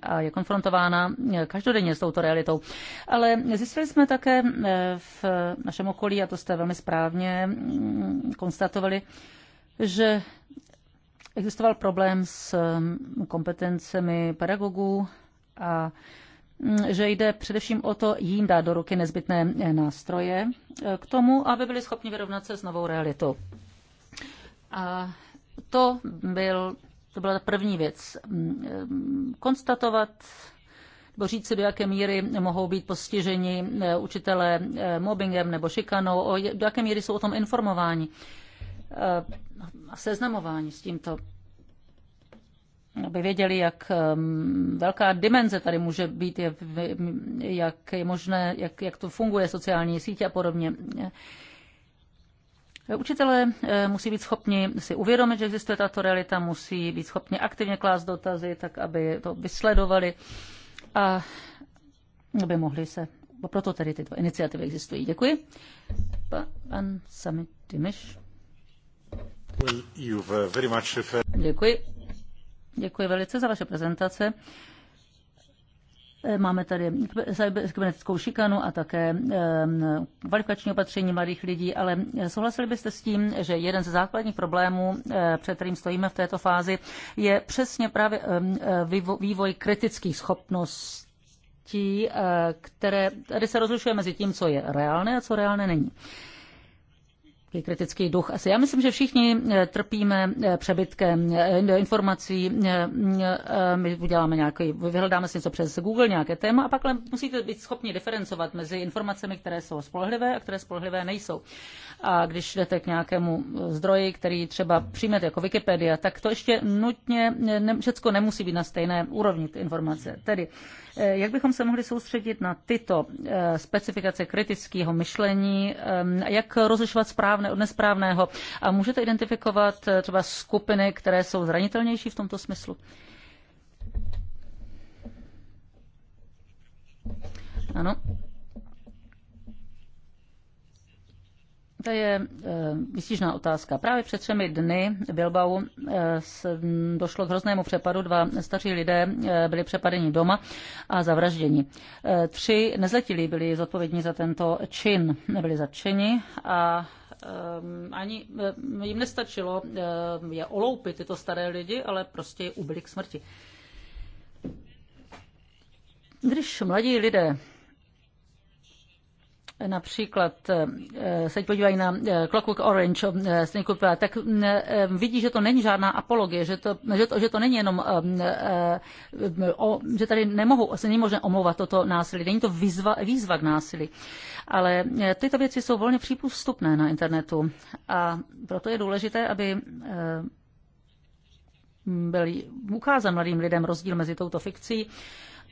a je konfrontována eh, každodenně s touto realitou. Ale zjistili jsme také eh, v našem okolí, a to jste velmi správně mm, konstatovali, že existoval problém s kompetencemi pedagogů a mm, že jde především o to jim dát do ruky nezbytné eh, nástroje k tomu, aby byli schopni vyrovnat se s novou realitou. A to, byl, to byla ta první věc. Konstatovat nebo si, do jaké míry mohou být postiženi eh, učitelé eh, mobbingem nebo šikanou, o, do jaké míry jsou o tom informováni eh, a seznamování s tímto aby věděli, jak ehm, velká dimenze tady může být, jak je možné, jak, jak to funguje, sociální sítě a podobně. Učitelé eh, musí být schopni si uvědomit, že existuje tato realita, musí být schopni aktivně klást dotazy, tak aby to vysledovali a aby mohli se. proto tedy tyto iniciativy existují. Děkuji. Pan Sami Dimiš. Eh, eh, Děkuji. Děkuji velice za vaše prezentace. Eh, máme tady kybernetickou šikanu a také kvalifikační opatření mladých lidí, ale souhlasili byste s tím, že jeden ze základních problémů, eh, před kterým stojíme v této fázi, je přesně právě eh, vývoj kritických schopností, které tady se rozlišuje mezi tím, co je reálné a co reálné není kritický duch asi. Já myslím, že všichni eh, trpíme eh, přebytkem eh, informací. My uděláme nějaký, vyhledáme si něco přes Google, nějaké téma a pak musíte být schopni diferencovat mezi informacemi, které jsou spolehlivé a které spolehlivé nejsou. A když jdete k nějakému zdroji, který třeba přijmete jako Wikipedia, tak to ještě nutně, ne, všechno nemusí být na stejné úrovni ty informace. Tedy, jak bychom se mohli soustředit na tyto specifikace kritického myšlení, jak rozlišovat správně správné od nesprávného. A můžete identifikovat eh, třeba skupiny, které jsou zranitelnější v tomto smyslu? Ano. To je eh, výstižná otázka. Právě před třemi dny v Bilbao eh, hm, došlo k hroznému přepadu. Dva staří lidé byli přepadeni doma a zavražděni. Tři nezletilí byli zodpovědní za tento čin, byli zatčeni a Ehm, ani ehm, jim nestačilo ehm, je oloupit tyto staré lidi, ale prostě je ubili k smrti. Když mladí lidé například eh, eh, se podívají na eh, Clockwork Orange, Kupera, tak mm, vidí, že to není žádná apologie, že to, že to, že to není jenom, mm, že tady nemohou, se není možné omlouvat toto násilí, není to výzva, výzva k násilí. Ale tyto věci jsou volně přípustupné na internetu a proto je důležité, aby byl ukázán mladým lidem rozdíl mezi touto fikcí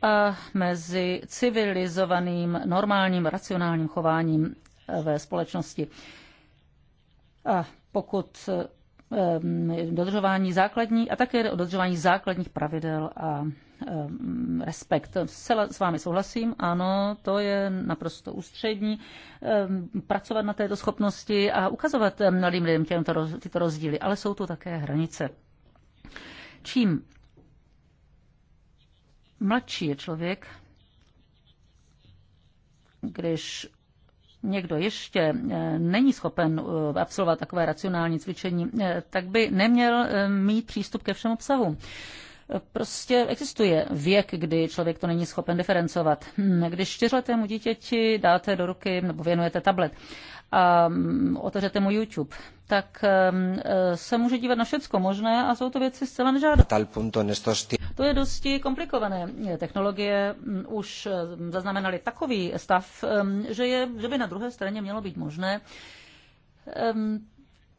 a mezi civilizovaným, normálním, racionálním chováním eh, ve společnosti. A pokud eh, mm, dodržování základní a také dodržování základních pravidel a eh, respekt. s vámi souhlasím, ano, to je naprosto ústřední. Pracovat na této schopnosti a ukazovat mladým lidem těmto, tyto rozdíly, ale jsou tu také hranice. Čím mladší je člověk, když někdo ještě eh, není schopen eh, absolvovat takové racionální cvičení, eh, tak by neměl mít přístup ke všem obsahu. Prostě existuje věk, kdy člověk to není schopen diferencovat. Hm, když čtyřletému dítěti dáte do ruky nebo věnujete tablet a mm, otevřete mu YouTube, tak eh, se může dívat na všecko možné a jsou to věci zcela nežádné. To je dosti komplikované. Technologie mm, už eh, zaznamenaly takový stav, že, je, že by na druhé straně mělo být možné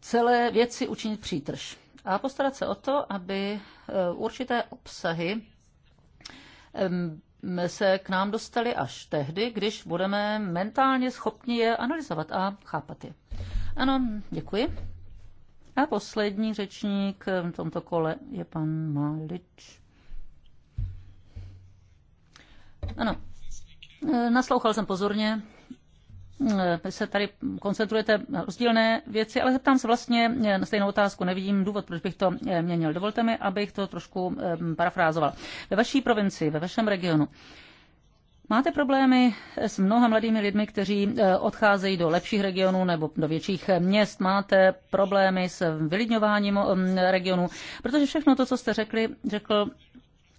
celé věci učinit přítrž a postarat se o to, aby eh, určité obsahy se k nám dostaly až tehdy, když budeme mentálně schopni je analyzovat a chápat je. Ano, děkuji. A poslední řečník v tomto kole je pan Malič. Ano, e, naslouchal jsem pozorně. Vy e, se tady koncentrujete na rozdílné věci, ale zeptám se vlastně e, na stejnou otázku. Nevidím důvod, proč bych to měnil. Dovolte mi, abych to trošku parafrázoval. Ve vaší provincii, ve vašem regionu, Máte problémy s mnoha mladými lidmi, kteří eh, odcházejí do lepších regionů nebo do větších eh, měst. Máte problémy s vylidňováním eh, regionů, protože všechno to, co jste řekli, řekl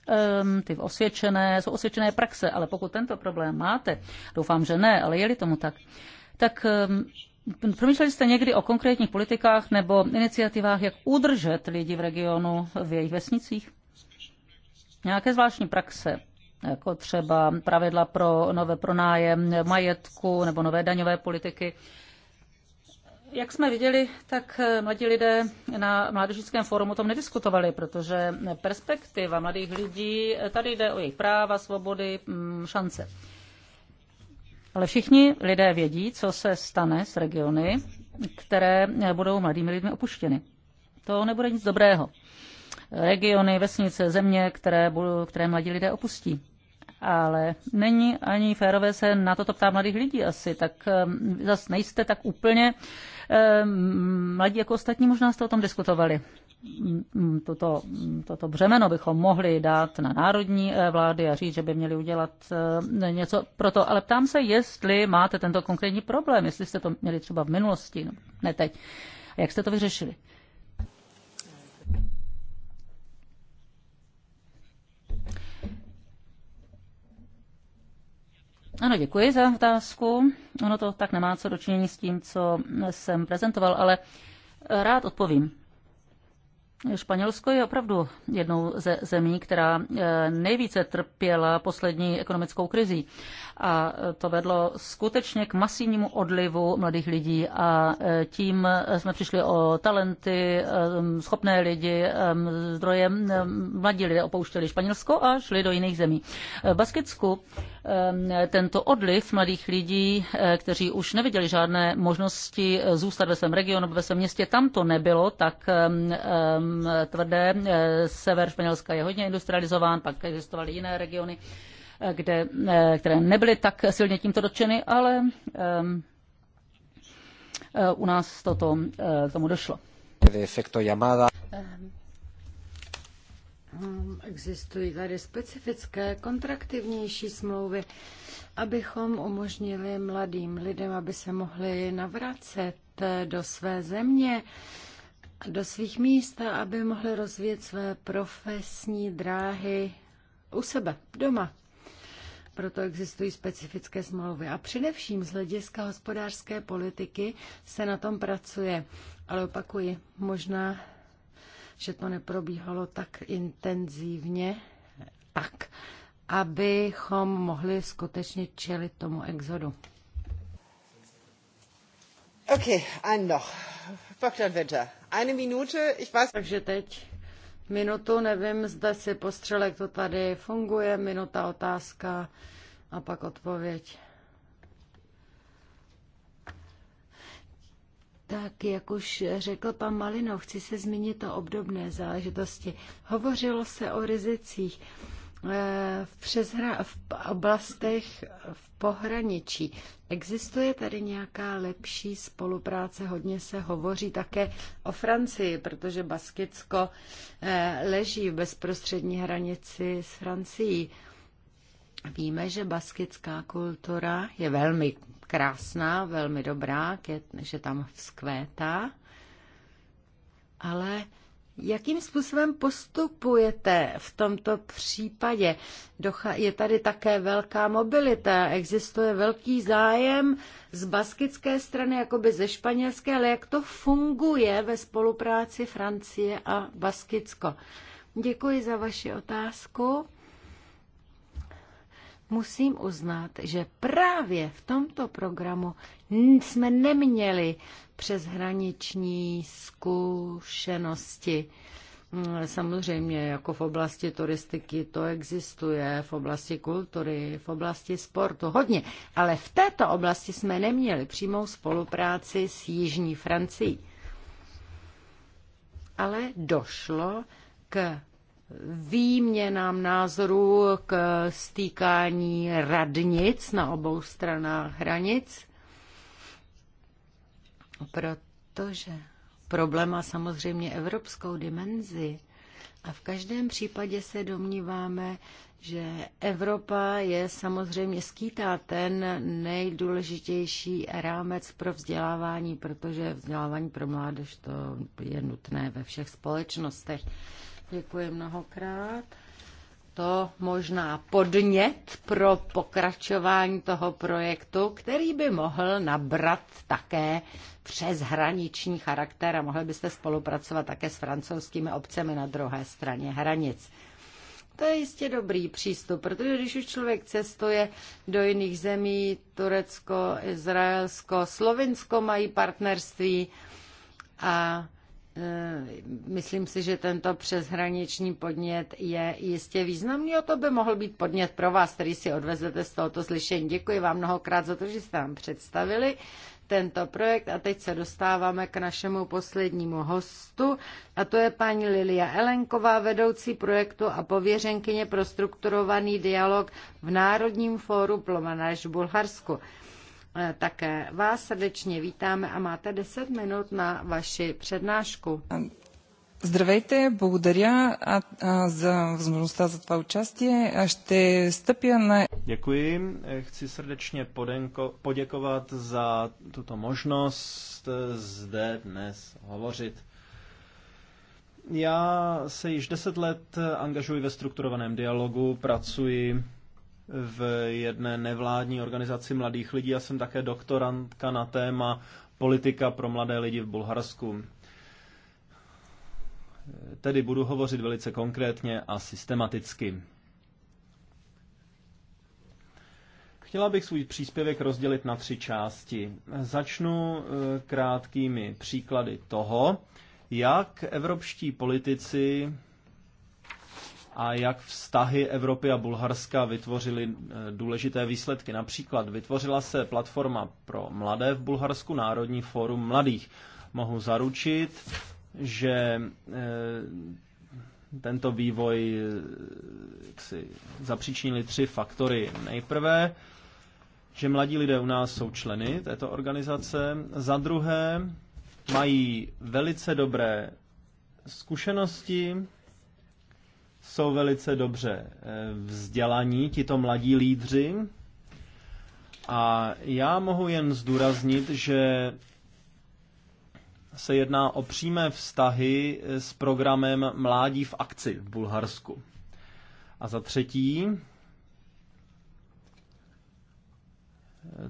ehm, ty osvědčené, jsou osvědčené praxe, ale pokud tento problém máte, doufám, že ne, ale je-li tomu tak, tak ehm, Promýšleli jste někdy o konkrétních politikách nebo iniciativách, jak udržet lidi v regionu, v jejich vesnicích? Nějaké zvláštní praxe, jako třeba pravidla pro nové pronájem majetku nebo nové daňové politiky. Jak jsme viděli, tak eh, mladí lidé na Mládežnickém fórumu o tom nediskutovali, protože perspektiva mladých lidí, eh, tady jde o jejich práva, svobody, mm, šance. Ale všichni lidé vědí, co se stane s regiony, které eh, budou mladými lidmi opuštěny. To nebude nic dobrého. Regiony, vesnice, země, které, budou, které mladí lidé opustí ale není ani férové se na toto ptá mladých lidí asi, tak ehm, zase nejste tak úplně ehm, mladí jako ostatní, možná jste o tom diskutovali. Mm, mm, toto, mm, toto břemeno bychom mohli dát na národní eh, vlády a říct, že by měli udělat eh, něco pro to. Ale ptám se, jestli máte tento konkrétní problém, jestli jste to měli třeba v minulosti, ne teď. A jak jste to vyřešili? Ano, děkuji za otázku. Ono to tak nemá co dočinění s tím, co jsem prezentoval, ale rád odpovím. Španělsko je opravdu jednou ze zemí, která eh, nejvíce trpěla poslední ekonomickou krizí. A eh, to vedlo skutečně k masivnímu odlivu mladých lidí a eh, tím jsme přišli o talenty, schopné lidi, zdroje. Mladí lidé opouštěli Španělsko a šli do jiných zemí. V Baskicku tento odliv mladých lidí, kteří už neviděli žádné možnosti zůstat ve svém regionu, ve svém městě, tam to nebylo tak Eh, tvrdé. Eh, sever Španělska je hodně industrializován, pak existovaly jiné regiony, eh, kde, které nebyly tak silně tímto dotčeny, ale u nás toto k tomu došlo. Existují tady specifické kontraktivnější smlouvy, abychom umožnili mladým lidem, aby se mohli navracet do své země do svých míst, aby mohli rozvíjet své profesní dráhy u sebe, doma. Proto existují specifické smlouvy. A především z hlediska hospodářské politiky se na tom pracuje. Ale opakuji, možná, že to neprobíhalo tak intenzivně, tak, abychom mohli skutečně čelit tomu exodu. Okay, ein noch. Bogdan Winter. Takže teď minutu, nevím, zda si postřelek to tady funguje, minuta otázka a pak odpověď. Tak, jak už řekl pan Malinov, chci se zmínit o obdobné záležitosti. Hovořilo se o rizicích. Eh, v, přezhra, v oblastech v pohraničí. Existuje tady nějaká lepší spolupráce? Hodně se hovoří také o Francii, protože Baskicko eh, leží v bezprostřední hranici s Francií. Víme, že baskická kultura je velmi krásná, velmi dobrá, že tam vzkvétá, ale Jakým způsobem postupujete v tomto případě? Je tady také velká mobilita, existuje velký zájem z baskické strany, jako by ze španělské, ale jak to funguje ve spolupráci Francie a Baskicko? Děkuji za vaši otázku musím uznat, že právě v tomto programu jsme neměli přeshraniční zkušenosti. Samozřejmě jako v oblasti turistiky to existuje, v oblasti kultury, v oblasti sportu hodně, ale v této oblasti jsme neměli přímou spolupráci s Jižní Francií. Ale došlo k výměnám názorů k stýkání radnic na obou stranách hranic, protože problém má samozřejmě evropskou dimenzi. A v každém případě se domníváme, že Evropa je samozřejmě skýtá ten nejdůležitější rámec pro vzdělávání, protože vzdělávání pro mládež to je nutné ve všech společnostech. Děkuji mnohokrát. To možná podnět pro pokračování toho projektu, který by mohl nabrat také přeshraniční charakter a mohli byste spolupracovat také s francouzskými obcemi na druhé straně hranic. To je jistě dobrý přístup, protože když už člověk cestuje do jiných zemí, Turecko, Izraelsko, Slovinsko mají partnerství a Eh, myslím si, že tento přeshraniční podnět je jistě významný a to by mohl být podnět pro vás, který si odvezete z tohoto slyšení. Děkuji vám mnohokrát za to, že jste nám představili tento projekt a teď se dostáváme k našemu poslednímu hostu a to je paní Lilia Elenková, vedoucí projektu a pověřenkyně pro strukturovaný dialog v Národním fóru pro v Bulharsku. Eh, také vás srdečně vítáme a máte 10 minut na vaši přednášku. Здравейте, благодаря а, а, за възможността за това участие. А ще стъпя на... Děkuji. Eh, chci srdečně podenko, poděkovat za tuto možnost eh, zde dnes hovořit. Já se již deset let angažuji ve strukturovaném dialogu, pracuji v jedné nevládní organizaci mladých lidí a jsem také doktorantka na téma politika pro mladé lidi v Bulharsku. Tedy budu hovořit velice konkrétně a systematicky. Chtěla bych svůj příspěvek rozdělit na tři části. Začnu eh, krátkými příklady toho, jak evropští politici a jak vztahy Evropy a Bulharska vytvořily eh, důležité výsledky. Například vytvořila se platforma pro mladé v Bulharsku, Národní fórum mladých. Mohu zaručit, že eh, tento vývoj eh, si zapříčinili tři faktory. Nejprve, že mladí lidé u nás jsou členy této organizace. Za druhé, mají velice dobré zkušenosti jsou velice dobře eh, vzdělaní, tito mladí lídři. A já mohu jen zdůraznit, že se jedná o přímé vztahy eh, s programem Mládí v akci v Bulharsku. A za třetí, eh,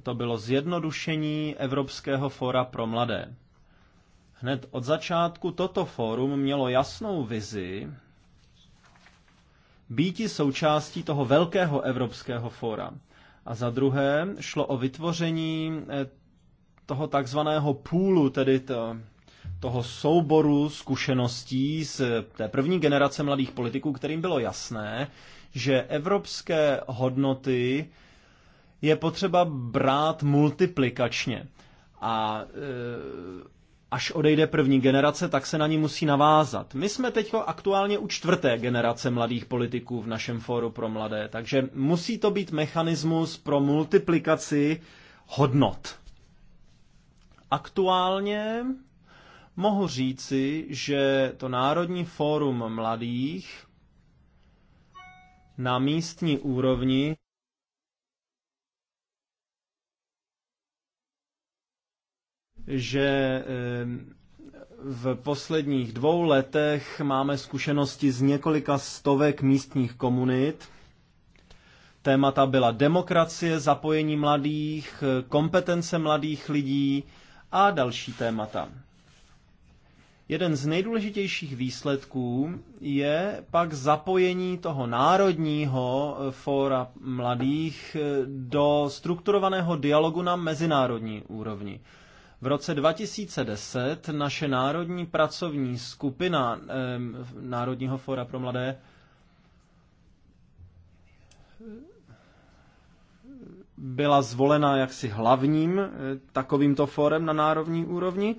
to bylo zjednodušení Evropského fóra pro mladé. Hned od začátku toto fórum mělo jasnou vizi, býti součástí toho velkého evropského fóra. A za druhé šlo o vytvoření eh, toho takzvaného půlu, tedy to, toho souboru zkušeností z té první generace mladých politiků, kterým bylo jasné, že evropské hodnoty je potřeba brát multiplikačně. A e, až odejde první generace, tak se na ní musí navázat. My jsme teď aktuálně u čtvrté generace mladých politiků v našem fóru pro mladé, takže musí to být mechanismus pro multiplikaci hodnot. Aktuálně mohu říci, že to Národní fórum mladých na místní úrovni že v posledních dvou letech máme zkušenosti z několika stovek místních komunit. Témata byla demokracie, zapojení mladých, kompetence mladých lidí a další témata. Jeden z nejdůležitějších výsledků je pak zapojení toho národního fóra mladých do strukturovaného dialogu na mezinárodní úrovni. V roce 2010 naše národní pracovní skupina Národního fóra pro mladé byla zvolena jaksi hlavním eh, takovýmto fórem na národní úrovni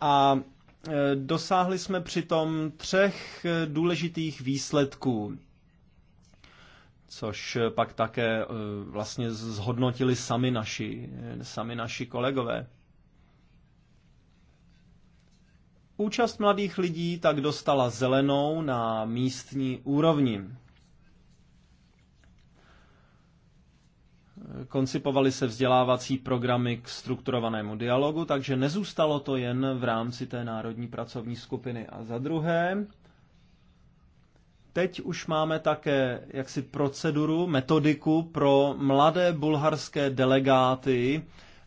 a eh, dosáhli jsme přitom třech eh, důležitých výsledků, což pak také vlastně zhodnotili sami naši, sami naši kolegové. Účast mladých lidí tak dostala zelenou na místní úrovni. Koncipovaly se vzdělávací programy k strukturovanému dialogu, takže nezůstalo to jen v rámci té národní pracovní skupiny. A za druhé, teď už máme také jaksi proceduru, metodiku pro mladé bulharské delegáty,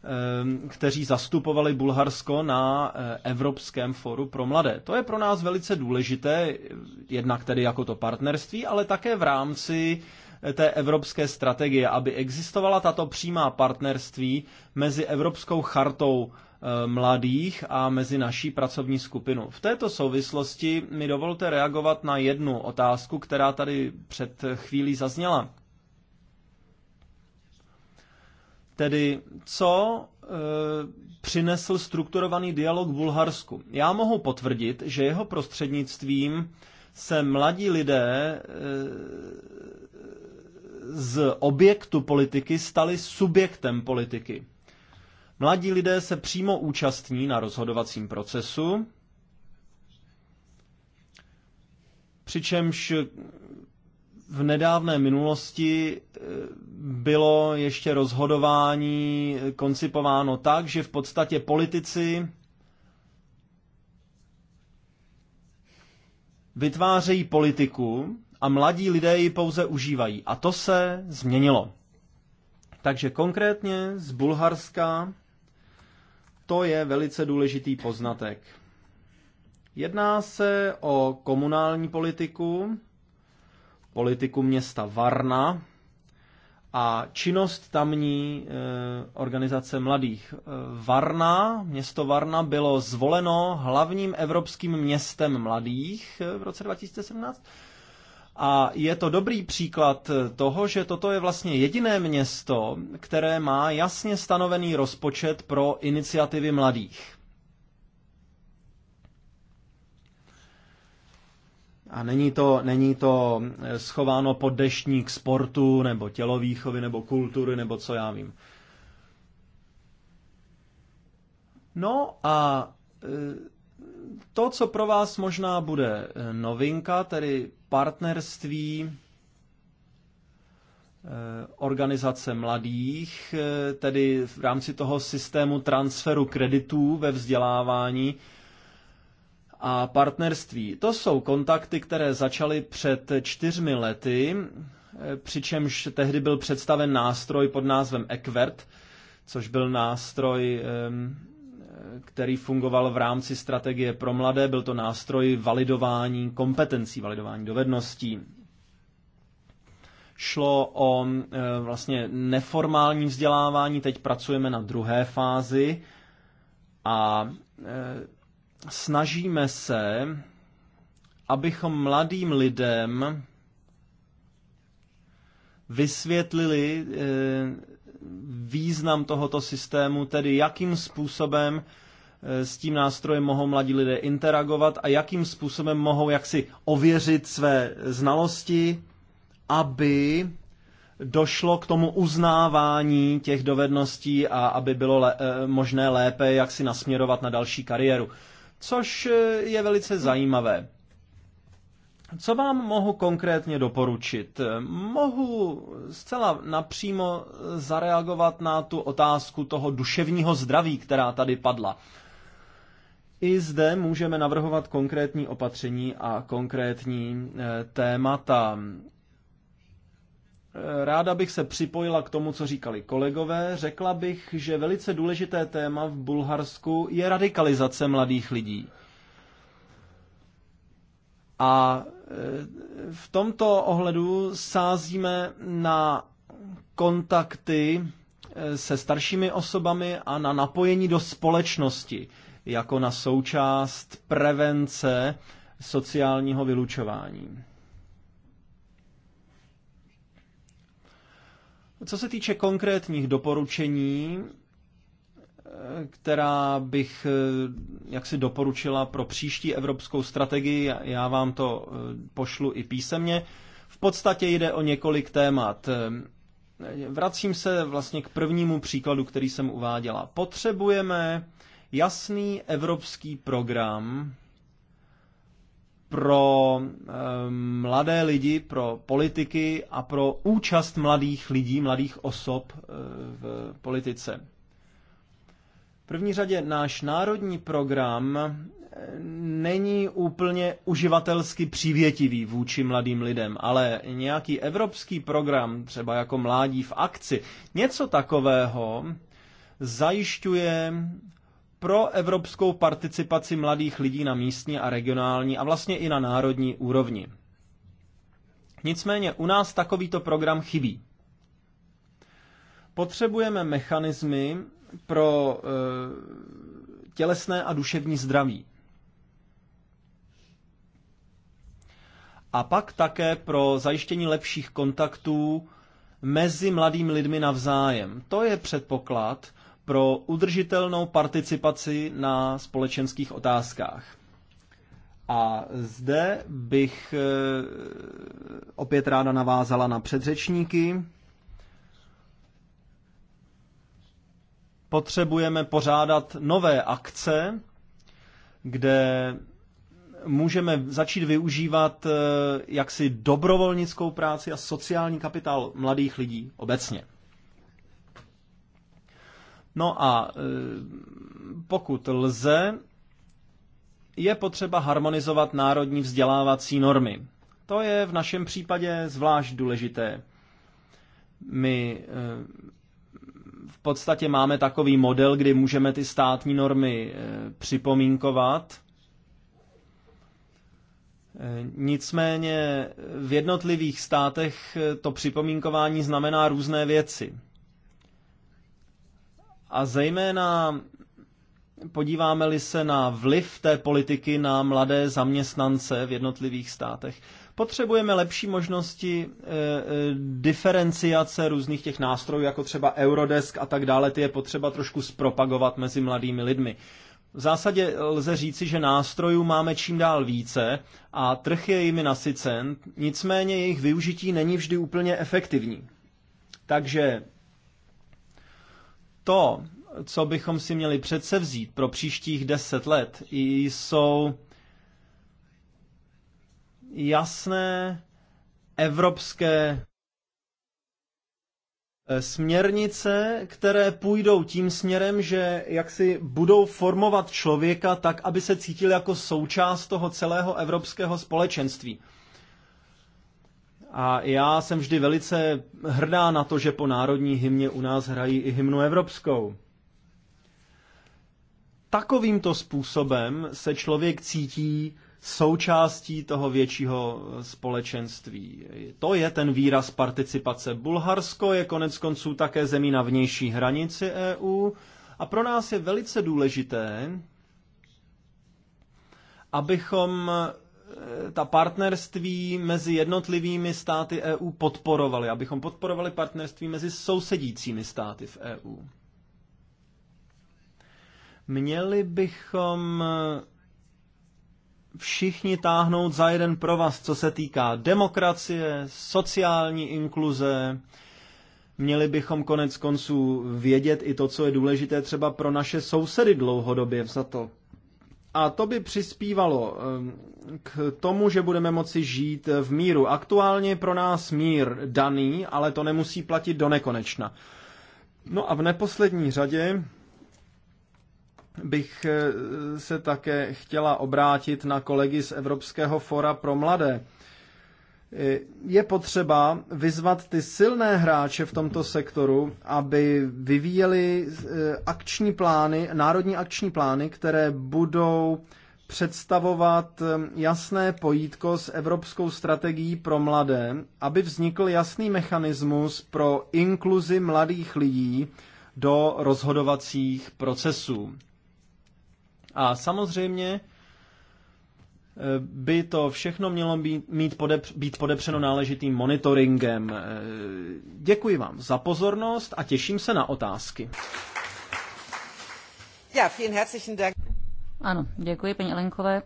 Ehm, kteří zastupovali Bulharsko na eh, Evropském fóru pro mladé. To je pro nás velice důležité, jednak tedy jako to partnerství, ale také v rámci eh, té evropské strategie, aby existovala tato přímá partnerství mezi Evropskou chartou eh, mladých a mezi naší pracovní skupinu. V této souvislosti mi dovolte reagovat na jednu otázku, která tady před chvílí zazněla. Tedy co e, přinesl strukturovaný dialog Bulharsku? Já mohu potvrdit, že jeho prostřednictvím se mladí lidé e, z objektu politiky stali subjektem politiky. Mladí lidé se přímo účastní na rozhodovacím procesu, přičemž v nedávné minulosti eh, bylo ještě rozhodování koncipováno tak, že v podstatě politici vytvářejí politiku a mladí lidé ji pouze užívají. A to se změnilo. Takže konkrétně z Bulharska to je velice důležitý poznatek. Jedná se o komunální politiku, politiku města Varna a činnost tamní eh, organizace mladých. Eh, Varna, město Varna bylo zvoleno hlavním evropským městem mladých eh, v roce 2017 a je to dobrý příklad toho, že toto je vlastně jediné město, které má jasně stanovený rozpočet pro iniciativy mladých. A není to, není to eh, schováno pod deštník sportu, nebo tělovýchovy, nebo kultury, nebo co já vím. No a eh, to, co pro vás možná bude eh, novinka, tedy partnerství organizace mladých, tedy v rámci toho systému transferu kreditů ve vzdělávání, a partnerství. To jsou kontakty, které začaly před čtyřmi lety, eh, přičemž tehdy byl představen nástroj pod názvem Equert, což byl nástroj, eh, který fungoval v rámci strategie pro mladé. Byl to nástroj validování kompetencí, validování dovedností. Šlo o eh, vlastně neformální vzdělávání, teď pracujeme na druhé fázi a snažíme se, abychom mladým lidem vysvětlili eh, význam tohoto systému, tedy jakým způsobem eh, s tím nástrojem mohou mladí lidé interagovat a jakým způsobem mohou jaksi ověřit své znalosti, aby došlo k tomu uznávání těch dovedností a aby bylo lé, eh, možné lépe jaksi nasměrovat na další kariéru což eh, je velice zajímavé. Co vám mohu konkrétně doporučit? Mohu zcela napřímo zareagovat na tu otázku toho duševního zdraví, která tady padla. I zde můžeme navrhovat konkrétní opatření a konkrétní eh, témata. Ráda bych se připojila k tomu, co říkali kolegové. Řekla bych, že velice důležité téma v Bulharsku je radikalizace mladých lidí. A e, v tomto ohledu sázíme na kontakty e, se staršími osobami a na napojení do společnosti jako na součást prevence sociálního vylučování. Co se týče konkrétních doporučení, která bych eh, jaksi doporučila pro příští evropskou strategii, já vám to eh, pošlu i písemně. V podstatě jde o několik témat. Eh, vracím se vlastně k prvnímu příkladu, který jsem uváděla. Potřebujeme jasný evropský program pro eh, mladé lidi, pro politiky a pro účast mladých lidí, mladých osob eh, v politice. V první řadě náš národní program eh, není úplně uživatelsky přívětivý vůči mladým lidem, ale nějaký evropský program, třeba jako Mládí v akci, něco takového zajišťuje pro evropskou participaci mladých lidí na místní a regionální a vlastně i na národní úrovni. Nicméně u nás takovýto program chybí. Potřebujeme mechanismy pro e, tělesné a duševní zdraví. A pak také pro zajištění lepších kontaktů mezi mladými lidmi navzájem. To je předpoklad pro udržitelnou participaci na společenských otázkách. A zde bych eh, opět ráda navázala na předřečníky. Potřebujeme pořádat nové akce, kde můžeme začít využívat eh, jaksi dobrovolnickou práci a sociální kapitál mladých lidí obecně. No a e, pokud lze, je potřeba harmonizovat národní vzdělávací normy. To je v našem případě zvlášť důležité. My e, v podstatě máme takový model, kdy můžeme ty státní normy e, připomínkovat. Nicméně v jednotlivých státech to připomínkování znamená různé věci. A zejména podíváme-li se na vliv té politiky na mladé zaměstnance v jednotlivých státech, potřebujeme lepší možnosti e, e, diferenciace různých těch nástrojů, jako třeba Eurodesk a tak dále, ty je potřeba trošku zpropagovat mezi mladými lidmi. V zásadě lze říci, že nástrojů máme čím dál více a trh je jimi nasycen, nicméně jejich využití není vždy úplně efektivní. Takže to, co bychom si měli předsevzít pro příštích deset let, jsou jasné evropské eh, směrnice, které půjdou tím směrem, že jak si budou formovat člověka tak, aby se cítil jako součást toho celého evropského společenství. A já jsem vždy velice hrdá na to, že po národní hymně u nás hrají i hymnu evropskou. Takovýmto způsobem se člověk cítí součástí toho většího společenství. To je ten výraz participace. Bulharsko je konec konců také zemí na vnější hranici EU a pro nás je velice důležité, abychom ta partnerství mezi jednotlivými státy EU podporovali, abychom podporovali partnerství mezi sousedícími státy v EU. Měli bychom všichni táhnout za jeden provaz, co se týká demokracie, sociální inkluze. Měli bychom konec konců vědět i to, co je důležité třeba pro naše sousedy dlouhodobě vzato. to a to by přispívalo ehm, k tomu, že budeme moci žít v míru. Aktuálně je pro nás mír daný, ale to nemusí platit do nekonečna. No a v neposlední řadě bych eh, se také chtěla obrátit na kolegy z Evropského fora pro mladé je potřeba vyzvat ty silné hráče v tomto sektoru, aby vyvíjeli eh, akční plány, národní akční plány, které budou představovat eh, jasné pojítko s evropskou strategií pro mladé, aby vznikl jasný mechanismus pro inkluzi mladých lidí do rozhodovacích procesů. A samozřejmě by to všechno mělo být, mít podep, být podepřeno náležitým monitoringem. Eh, děkuji vám za pozornost a těším se na otázky. Ja, Ano, děkuji paní Elenkové.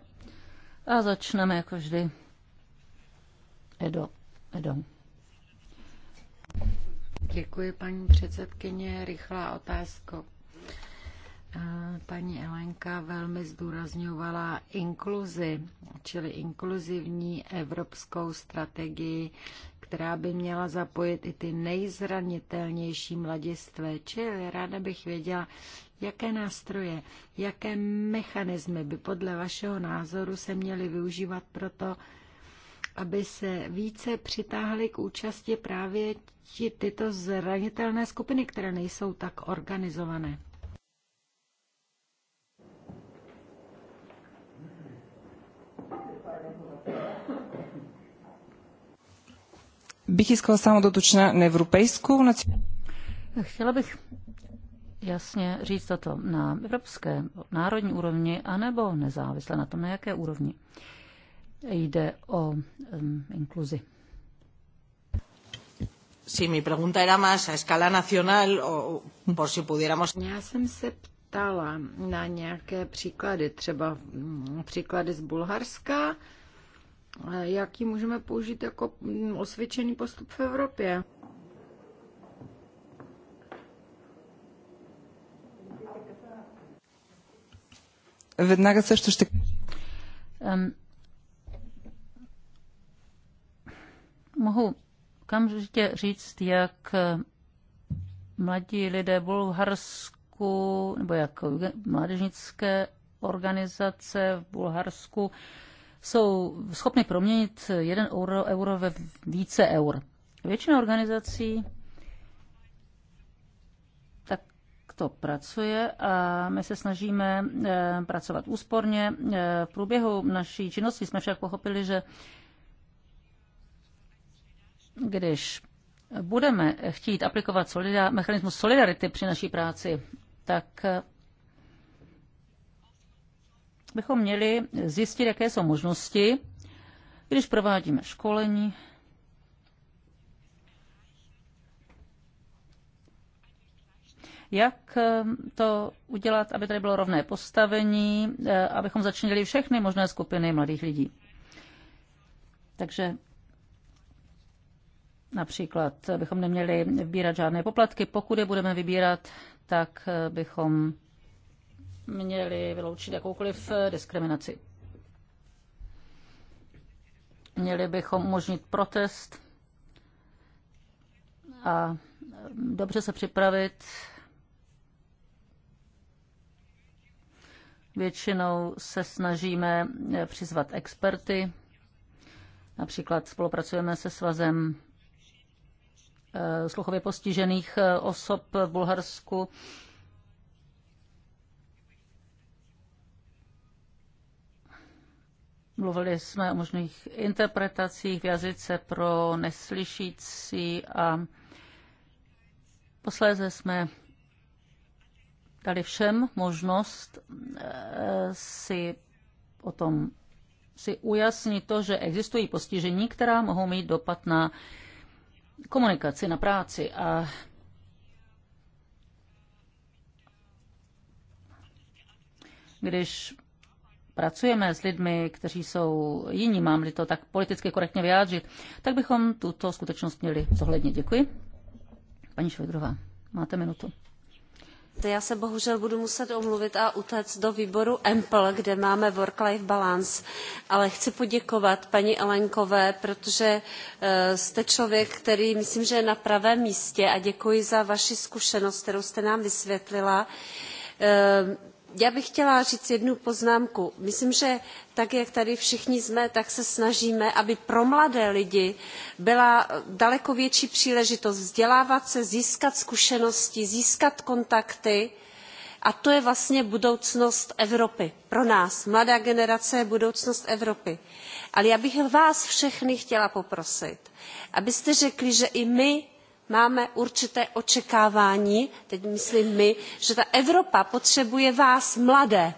A začneme jako vždy. Edo, Edo. Děkuji, paní předsedkyně. Rychlá otázka paní Elenka velmi zdůrazňovala inkluzi, čili inkluzivní evropskou strategii, která by měla zapojit i ty nejzranitelnější mladistvé. Čili ráda bych věděla, jaké nástroje, jaké mechanismy by podle vašeho názoru se měly využívat pro to, aby se více přitáhly k účasti právě ti, tyto zranitelné skupiny, které nejsou tak organizované. Bych искала само да уточня на европейско... Chtěla bych jasně říct toto na evropské, národní úrovni, anebo nezávisle na tom, na jaké úrovni jde o um, inkluzi. Sí, mi pregunta era más a escala nacional, o por si pudiéramos... Já jsem se ptala na nějaké příklady, třeba mm, příklady z Bulharska, Eh, jaký můžeme použít jako mm, osvědčený postup v Evropě. Веднага също ще... Mohu kamžitě říct, jak eh, mladí lidé v Bulharsku, nebo jak eh, mládežnické organizace v Bulharsku jsou schopny proměnit jeden euro, euro ve více eur. Většina organizací tak to pracuje a my se snažíme eh, pracovat úsporně. Eh, v průběhu naší činnosti jsme však pochopili, že když budeme chtít aplikovat solida, mechanismus solidarity při naší práci, tak bychom měli zjistit, jaké jsou možnosti, když provádíme školení, jak eh, to udělat, aby tady bylo rovné postavení, eh, abychom začlenili všechny možné skupiny mladých lidí. Takže například eh, bychom neměli vybírat žádné poplatky. Pokud je budeme vybírat, tak bychom měli vyloučit jakoukoliv eh, diskriminaci. Měli bychom umožnit protest a eh, dobře se připravit. Většinou se snažíme eh, přizvat experty. Například spolupracujeme se svazem sluchově postižených osob v Bulharsku Mluvili jsme o možných interpretacích v jazyce pro neslyšící a posléze jsme dali všem možnost eh, si o tom si ujasnit to, že existují postižení, která mohou mít dopad na komunikaci, na práci. A když pracujeme s lidmi, kteří jsou jiní, mám-li to tak politicky korektně vyjádřit, tak bychom tuto skutečnost měli zohlednit. Děkuji. Paní Švejdrová, máte minutu. Já se bohužel budu muset omluvit a utéct do výboru EMPL, kde máme work-life balance, ale chci poděkovat paní Elenkové, protože e, jste člověk, který myslím, že je na pravém místě a děkuji za vaši zkušenost, kterou jste nám vysvětlila e, já bych chtěla říct jednu poznámku. Myslím, že tak, jak tady všichni jsme, tak se snažíme, aby pro mladé lidi byla daleko větší příležitost vzdělávat se, získat zkušenosti, získat kontakty. A to je vlastně budoucnost Evropy. Pro nás, mladá generace, je budoucnost Evropy. Ale já bych vás všechny chtěla poprosit, abyste řekli, že i my máme určité očekávání teď myslím my že ta evropa potřebuje vás mladé.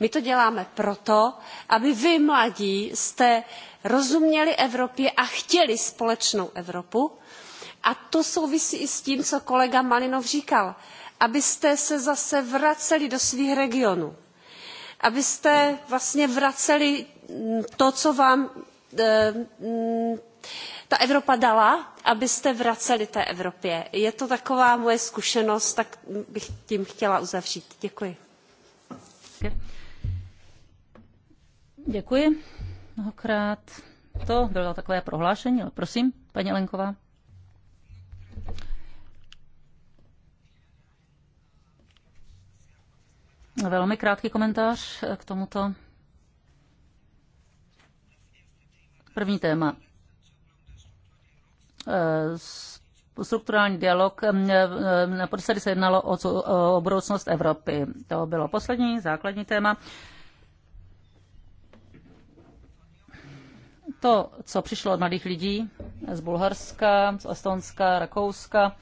my to děláme proto aby vy mladí jste rozuměli evropě a chtěli společnou evropu a to souvisí i s tím co kolega malinov říkal abyste se zase vraceli do svých regionů abyste vlastně vraceli to co vám eh, mm, ta Evropa dala, abyste vraceli té Evropě. Je to taková moje zkušenost, tak bych tím chtěla uzavřít. Děkuji. Děkuji mnohokrát. To bylo takové prohlášení, ale prosím, paní Lenková. Velmi krátký komentář k tomuto. První téma Eh, strukturální dialog. Eh, eh, na podstatě se jednalo o, o budoucnost Evropy. To bylo poslední základní téma. To, co přišlo od mladých lidí z Bulharska, z Estonska, Rakouska,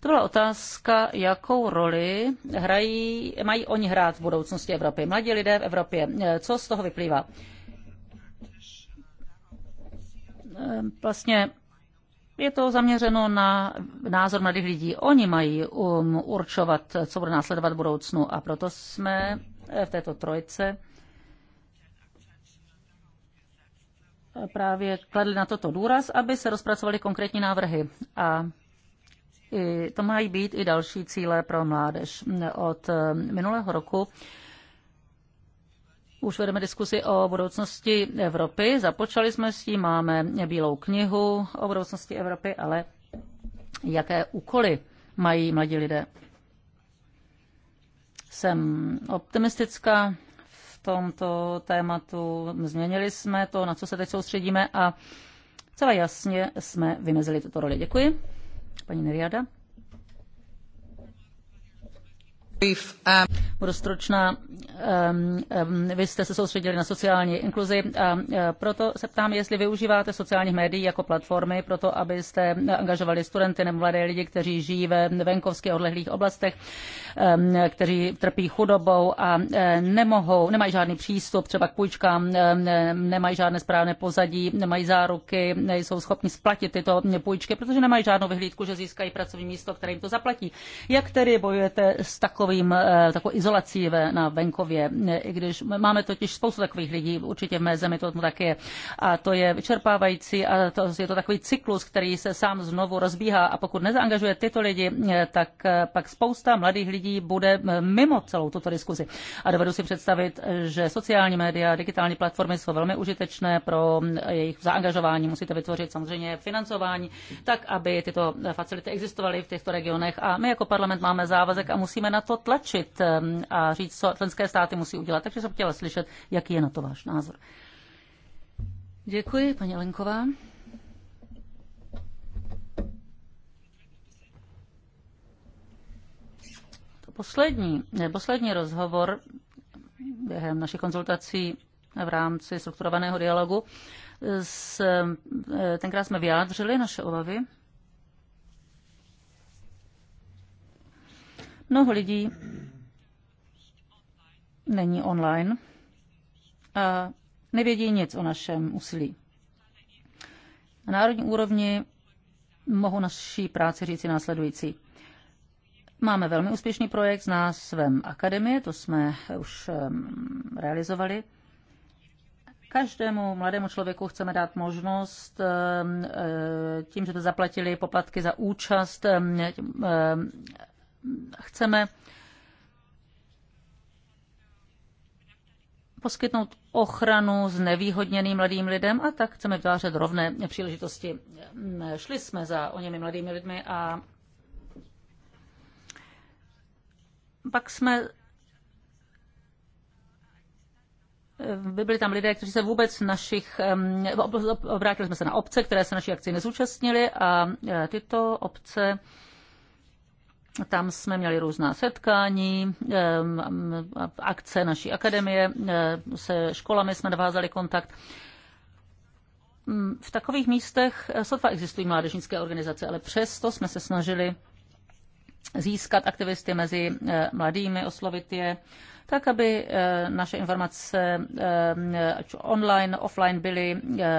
to byla otázka, jakou roli hrají, mají oni hrát v budoucnosti Evropy. Mladí lidé v Evropě, co z toho vyplývá? Vlastně je to zaměřeno na názor mladých lidí. Oni mají um, určovat, co bude následovat v budoucnu a proto jsme eh, v této trojce právě kladli na toto důraz, aby se rozpracovaly konkrétní návrhy. A to mají být i další cíle pro mládež. Od eh, minulého roku už vedeme diskusi o budoucnosti Evropy. Započali jsme s tím, máme bílou knihu o budoucnosti Evropy, ale jaké úkoly mají mladí lidé? Jsem optimistická v tomto tématu. Změnili jsme to, na co se teď soustředíme a celá jasně jsme vymezili tuto roli. Děkuji. Paní Neriada. Um, Budu stručná. Vy jste se soustředili na sociální inkluzi a e, proto se ptám, jestli využíváte sociálních médií jako platformy pro to, abyste angažovali studenty nebo mladé lidi, kteří žijí ve venkovských odlehlých oblastech, kteří trpí chudobou a e, nemohou, nemají žádný přístup třeba k půjčkám, e, nemají žádné správné pozadí, nemají záruky, nejsou schopni splatit tyto půjčky, protože nemají žádnou vyhlídku, že získají pracovní místo, které jim to zaplatí. Jak tedy bojujete s takovým, takovou izolací? izolací na venkově, i když máme totiž spoustu takových lidí, určitě v mé zemi to tak je. A to je vyčerpávající a to, je to takový cyklus, který se sám znovu rozbíhá a pokud nezaangažuje tyto lidi, tak eh, pak spousta mladých lidí bude eh, mimo celou tuto diskuzi. A dovedu si představit, že sociální média, digitální platformy jsou velmi užitečné pro eh, jejich zaangažování. Musíte vytvořit samozřejmě financování, tak aby tyto facility existovaly v těchto regionech. A my jako parlament máme závazek a musíme na to tlačit, a říct, co členské státy musí udělat. Takže jsem chtěla slyšet, jaký je na to váš názor. Děkuji, paní Lenková. To poslední, poslední rozhovor během našich konzultací v rámci strukturovaného dialogu. S, eh, tenkrát jsme vyjádřili naše obavy. Mnoho lidí není online a nevědí nic o našem úsilí. Na národní úrovni mohu naší práci říci následující. Máme velmi úspěšný projekt s názvem Akademie, to jsme už realizovali. Každému mladému člověku chceme dát možnost e, tím, že to zaplatili poplatky za účast, chceme poskytnout ochranu znevýhodněným mladým lidem a tak chceme vytvářet rovné příležitosti. Šli jsme za o němi mladými lidmi a pak jsme by byli tam lidé, kteří se vůbec našich, obrátili jsme se na obce, které se naší akci nezúčastnili a e, tyto obce tam jsme měli různá setkání, akce naší akademie, se školami jsme navázali kontakt. V takových místech eh, sotva existují mládežnické organizace, ale přesto jsme se snažili získat aktivisty mezi eh, mladými, oslovit je, tak aby eh, naše informace online, offline byly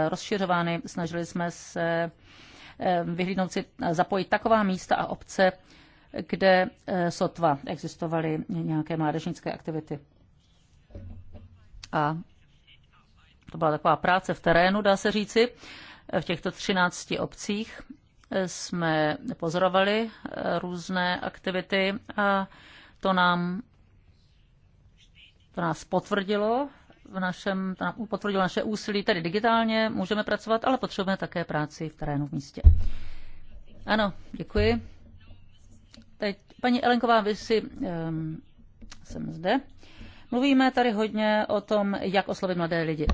rozšiřovány. Snažili jsme se vyhlídnout si zapojit taková místa a obce, kde eh, sotva existovaly nějaké mládežnické aktivity. A to byla taková práce v terénu, dá se říci. V těchto 13 obcích eh, jsme pozorovali eh, různé aktivity a to nám to nás potvrdilo v našem, to nám potvrdilo naše úsilí, tedy digitálně můžeme pracovat, ale potřebujeme také práci v terénu v místě. Ano, děkuji. Teď, paní Elenková, vy si, um, jsem zde, mluvíme tady hodně o tom, jak oslovit mladé lidi.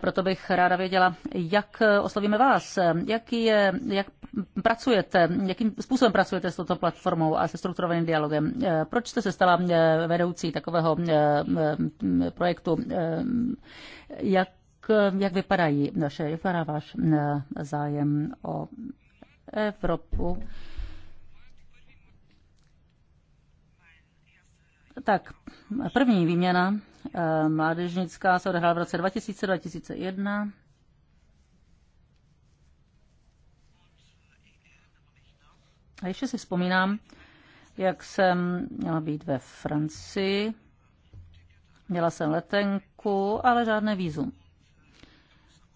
Proto bych ráda věděla, jak eh, oslovíme vás, jaký je, jak pracujete, jakým způsobem pracujete s touto platformou a se strukturovaným dialogem. Eh, proč jste se stala eh, vedoucí takového projektu? Jak, jak vypadají naše, jak vypadá váš zájem o Evropu? Tak, první výměna eh, mládežnická se odehrála v roce 2000-2001. A ještě si vzpomínám, jak jsem měla být ve Francii. Měla jsem letenku, ale žádné vízum.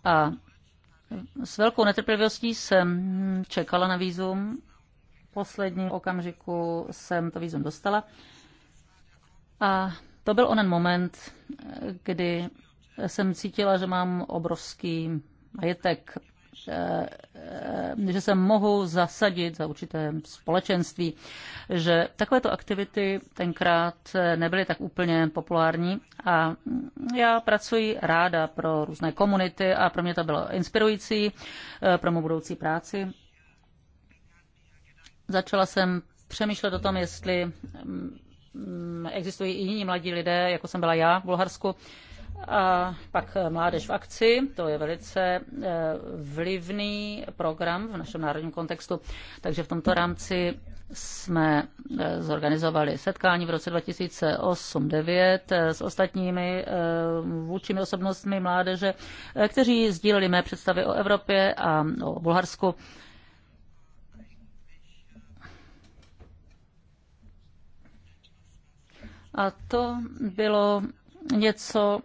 A s velkou netrpělivostí jsem čekala na vízum. V posledním okamžiku jsem to vízum dostala. A to byl onen moment, kdy jsem cítila, že mám obrovský majetek, eh, že se mohu zasadit za určité společenství, že takovéto aktivity tenkrát nebyly tak úplně populární a já pracuji ráda pro různé komunity a pro mě to bylo inspirující eh, pro mou budoucí práci. Začala jsem přemýšlet o tom, jestli mm, Mm, existují i jiní mladí lidé, jako jsem byla já v Bulharsku, a pak eh, Mládež v akci, to je velice eh, vlivný program v našem národním kontextu. Takže v tomto rámci jsme eh, zorganizovali setkání v roce 2008-2009 s ostatními vůčími osobnostmi mládeže, kteří sdíleli mé představy o Evropě a o Bulharsku A to bylo něco,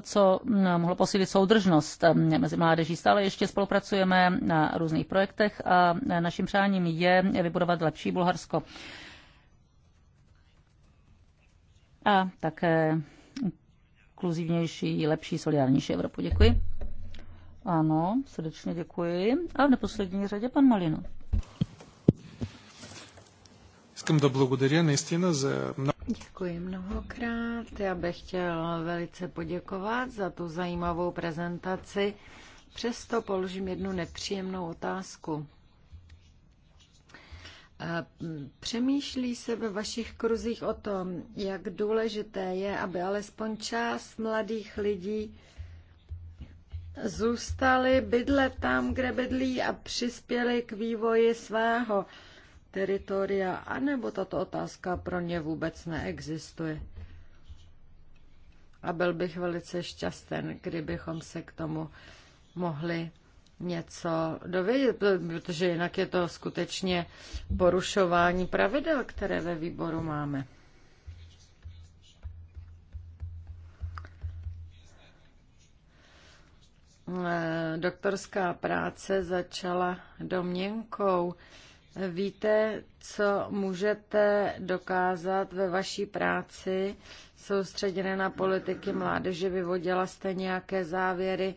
co mohlo posílit soudržnost mezi mládeží. Stále ještě spolupracujeme na různých projektech a naším přáním je vybudovat lepší Bulharsko. A také inkluzivnější, lepší, solidárnější Evropu. Děkuji. Ano, srdečně děkuji. A v neposlední řadě pan Malino. Искам да благодаря наистина за Děkuji mnohokrát. Já bych chtěl velice poděkovat za tu zajímavou prezentaci. Přesto položím jednu nepříjemnou otázku. Eh, přemýšlí se ve vašich kruzích o tom, jak důležité je, aby alespoň část mladých lidí zůstali bydlet tam, kde bydlí a přispěli k vývoji svého teritoria, anebo tato otázka pro ně vůbec neexistuje. A byl bych velice šťastný, kdybychom se k tomu mohli něco dovědět, protože jinak je to skutečně porušování pravidel, které ve výboru máme. Eh, doktorská práce začala domněnkou, Víte, co můžete dokázat ve vaší práci soustředěné na politiky mládeže? Vyvodila jste nějaké závěry?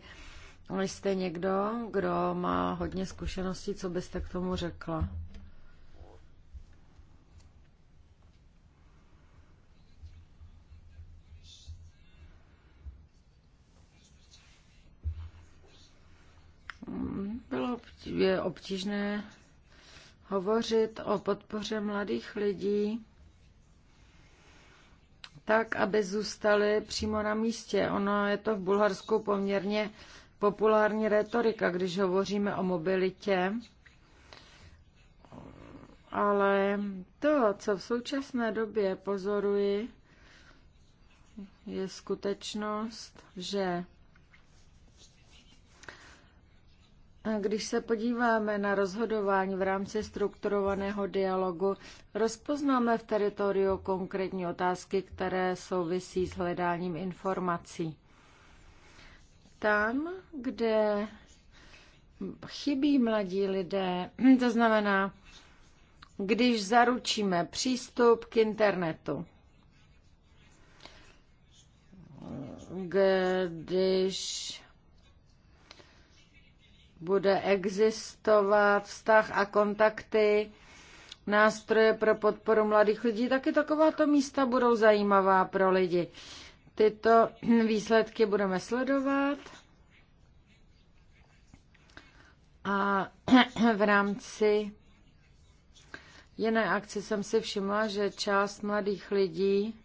Jste někdo, kdo má hodně zkušeností, co byste k tomu řekla? Hmm, bylo je obtížné hovořit o podpoře mladých lidí tak, aby zůstali přímo na místě. Ono je to v Bulharsku poměrně populární retorika, když hovoříme o mobilitě. Ale to, co v současné době pozoruji, je skutečnost, že Když se podíváme na rozhodování v rámci strukturovaného dialogu, rozpoznáme v teritoriu konkrétní otázky, které souvisí s hledáním informací. Tam, kde chybí mladí lidé, to znamená, když zaručíme přístup k internetu, když bude existovat vztah a kontakty, nástroje pro podporu mladých lidí, taky takováto místa budou zajímavá pro lidi. Tyto výsledky budeme sledovat a v rámci jiné akce jsem si všimla, že část mladých lidí,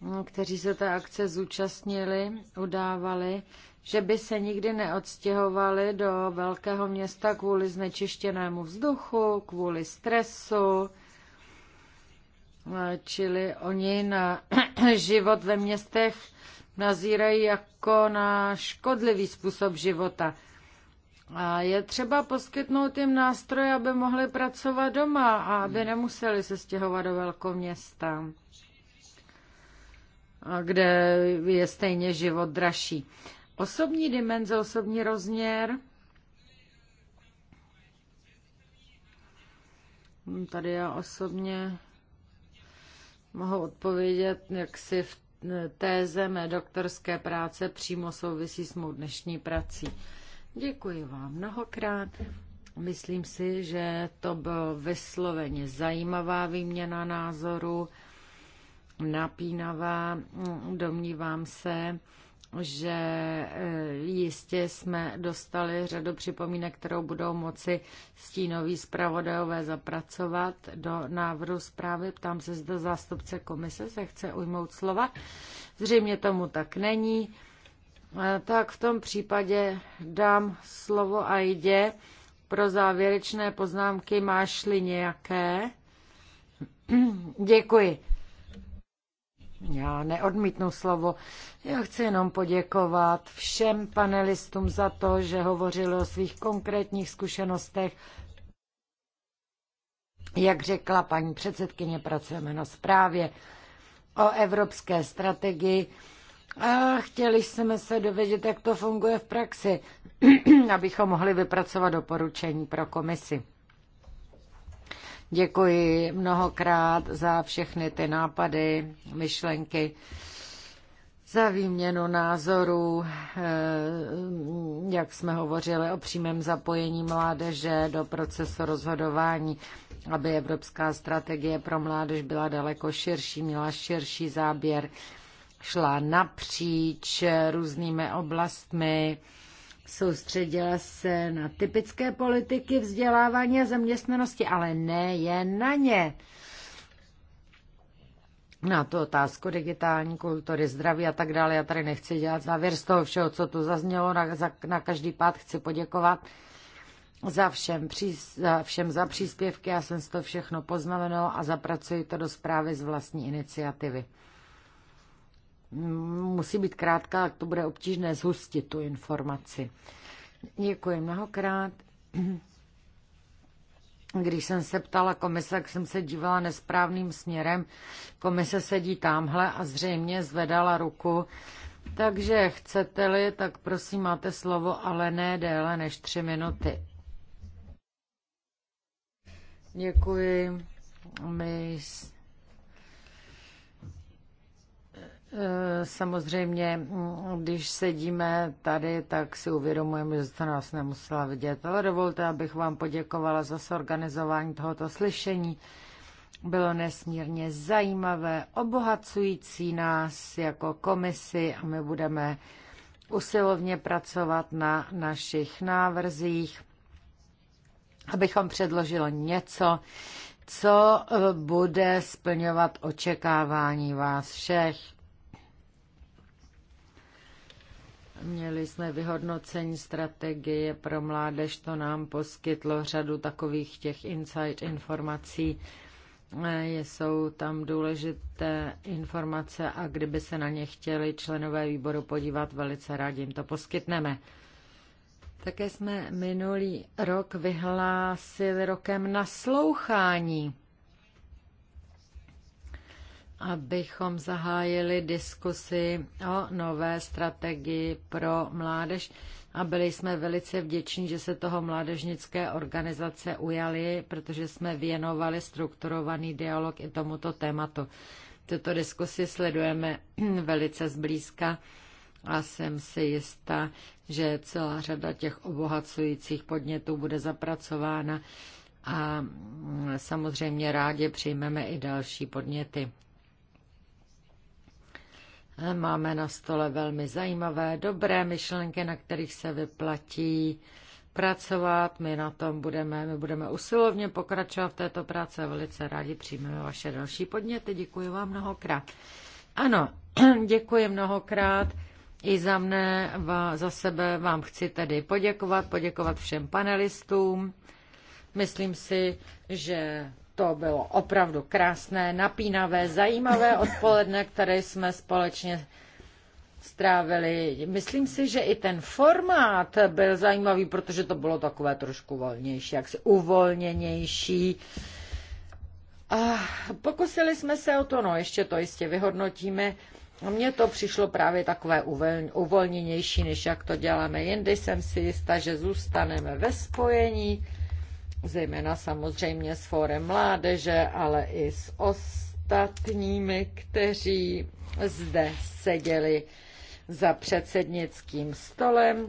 no, kteří se té akce zúčastnili, udávali, že by se nikdy neodstěhovali do velkého města kvůli znečištěnému vzduchu, kvůli stresu, čili oni na život ve městech nazírají jako na škodlivý způsob života. A je třeba poskytnout jim nástroje, aby mohli pracovat doma a aby hmm. nemuseli se stěhovat do velkoměsta, kde je stejně život dražší osobní dimenze, osobní rozměr. Tady já osobně mohu odpovědět, jak si v téze mé doktorské práce přímo souvisí s mou dnešní prací. Děkuji vám mnohokrát. Myslím si, že to byla vysloveně zajímavá výměna názoru, napínavá, domnívám se, že eh, jistě jsme dostali řadu připomínek, kterou budou moci stínoví zpravodajové zapracovat do návrhu zprávy. Ptám se, zda zástupce komise se chce ujmout slova. Zřejmě tomu tak není. Eh, tak v tom případě dám slovo a jde. Pro závěrečné poznámky máš-li nějaké? Děkuji. Já neodmítnu slovo. Já chci jenom poděkovat všem panelistům za to, že hovořili o svých konkrétních zkušenostech. Jak řekla paní předsedkyně, pracujeme na zprávě o evropské strategii. A chtěli jsme se dovědět, jak to funguje v praxi, abychom mohli vypracovat doporučení pro komisi. Děkuji mnohokrát za všechny ty nápady, myšlenky, za výměnu názorů, eh, jak jsme hovořili o přímém zapojení mládeže do procesu rozhodování, aby evropská strategie pro mládež byla daleko širší, měla širší záběr, šla napříč různými oblastmi Soustředila se na typické politiky vzdělávání a zaměstnanosti, ale ne jen na ně. Na tu otázku digitální kultury, zdraví a tak dále. Já tady nechci dělat závěr z toho všeho, co tu zaznělo. Na, za, na každý pád chci poděkovat za všem, při, za všem za příspěvky. Já jsem si to všechno poznamenala a zapracuji to do zprávy z vlastní iniciativy musí být krátká, tak to bude obtížné zhustit tu informaci. Děkuji mnohokrát. Když jsem se ptala komise, jak jsem se dívala nesprávným směrem, komise sedí tamhle a zřejmě zvedala ruku. Takže chcete-li, tak prosím máte slovo, ale ne déle než tři minuty. Děkuji. My Samozřejmě, když sedíme tady, tak si uvědomujeme, že jste nás nemusela vidět. Ale dovolte, abych vám poděkovala za sorganizování tohoto slyšení. Bylo nesmírně zajímavé, obohacující nás jako komisi a my budeme usilovně pracovat na našich návrzích, abychom předložili něco, co eh, bude splňovat očekávání vás všech. Měli jsme vyhodnocení strategie pro mládež, to nám poskytlo řadu takových těch insight informací. Jsou tam důležité informace a kdyby se na ně chtěli členové výboru podívat, velice rádi jim to poskytneme. Také jsme minulý rok vyhlásili rokem naslouchání abychom zahájili diskusi o nové strategii pro mládež a byli jsme velice vděční, že se toho mládežnické organizace ujali, protože jsme věnovali strukturovaný dialog i tomuto tématu. Tuto diskusi sledujeme velice zblízka a jsem si jistá, že celá řada těch obohacujících podnětů bude zapracována a samozřejmě rádi přijmeme i další podněty. Máme na stole velmi zajímavé, dobré myšlenky, na kterých se vyplatí pracovat. My na tom budeme, my budeme usilovně pokračovat v této práci a velice rádi přijmeme vaše další podněty. Děkuji vám mnohokrát. Ano, děkuji mnohokrát. I za mne, za sebe vám chci tedy poděkovat, poděkovat všem panelistům. Myslím si, že to bylo opravdu krásné, napínavé, zajímavé odpoledne, které jsme společně strávili. Myslím si, že i ten formát byl zajímavý, protože to bylo takové trošku volnější, jaksi uvolněnější. A pokusili jsme se o to, no ještě to jistě vyhodnotíme. mně to přišlo právě takové uvolněnější, než jak to děláme jindy. Jsem si jistá, že zůstaneme ve spojení zejména samozřejmě s Fórem mládeže, ale i s ostatními, kteří zde seděli za předsednickým stolem.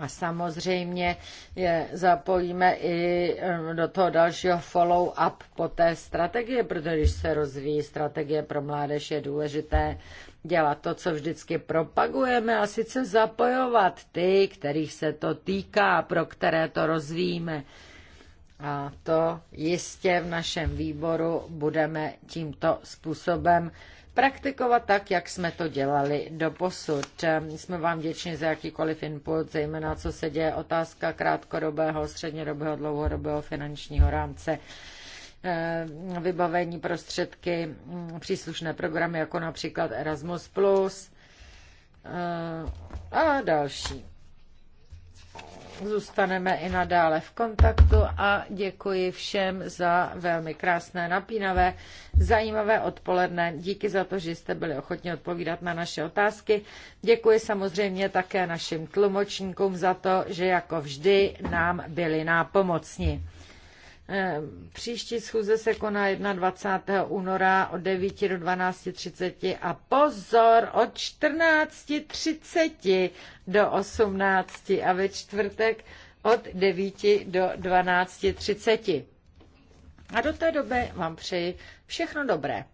A samozřejmě je zapojíme i eh, do toho dalšího follow-up po té strategie, protože když se rozvíjí strategie pro mládež, je důležité, dělat to, co vždycky propagujeme, a sice zapojovat ty, kterých se to týká, pro které to rozvíjíme. A to jistě v našem výboru budeme tímto způsobem praktikovat tak, jak jsme to dělali do posud. Jsme vám vděční za jakýkoliv input, zejména co se děje otázka krátkodobého, střednědobého, dlouhodobého finančního rámce Eh, vybavení prostředky, mm, příslušné programy, jako například Erasmus+, eh, a další. Zůstaneme i nadále v kontaktu a děkuji všem za velmi krásné, napínavé, zajímavé odpoledne. Díky za to, že jste byli ochotni odpovídat na naše otázky. Děkuji samozřejmě také našim tlumočníkům za to, že jako vždy nám byli nápomocni. Ehm, příští schůze se koná 21. února od 9 do 12.30 a pozor od 14.30 do 18 a ve čtvrtek od 9 do 12.30. A do té doby vám přeji všechno dobré.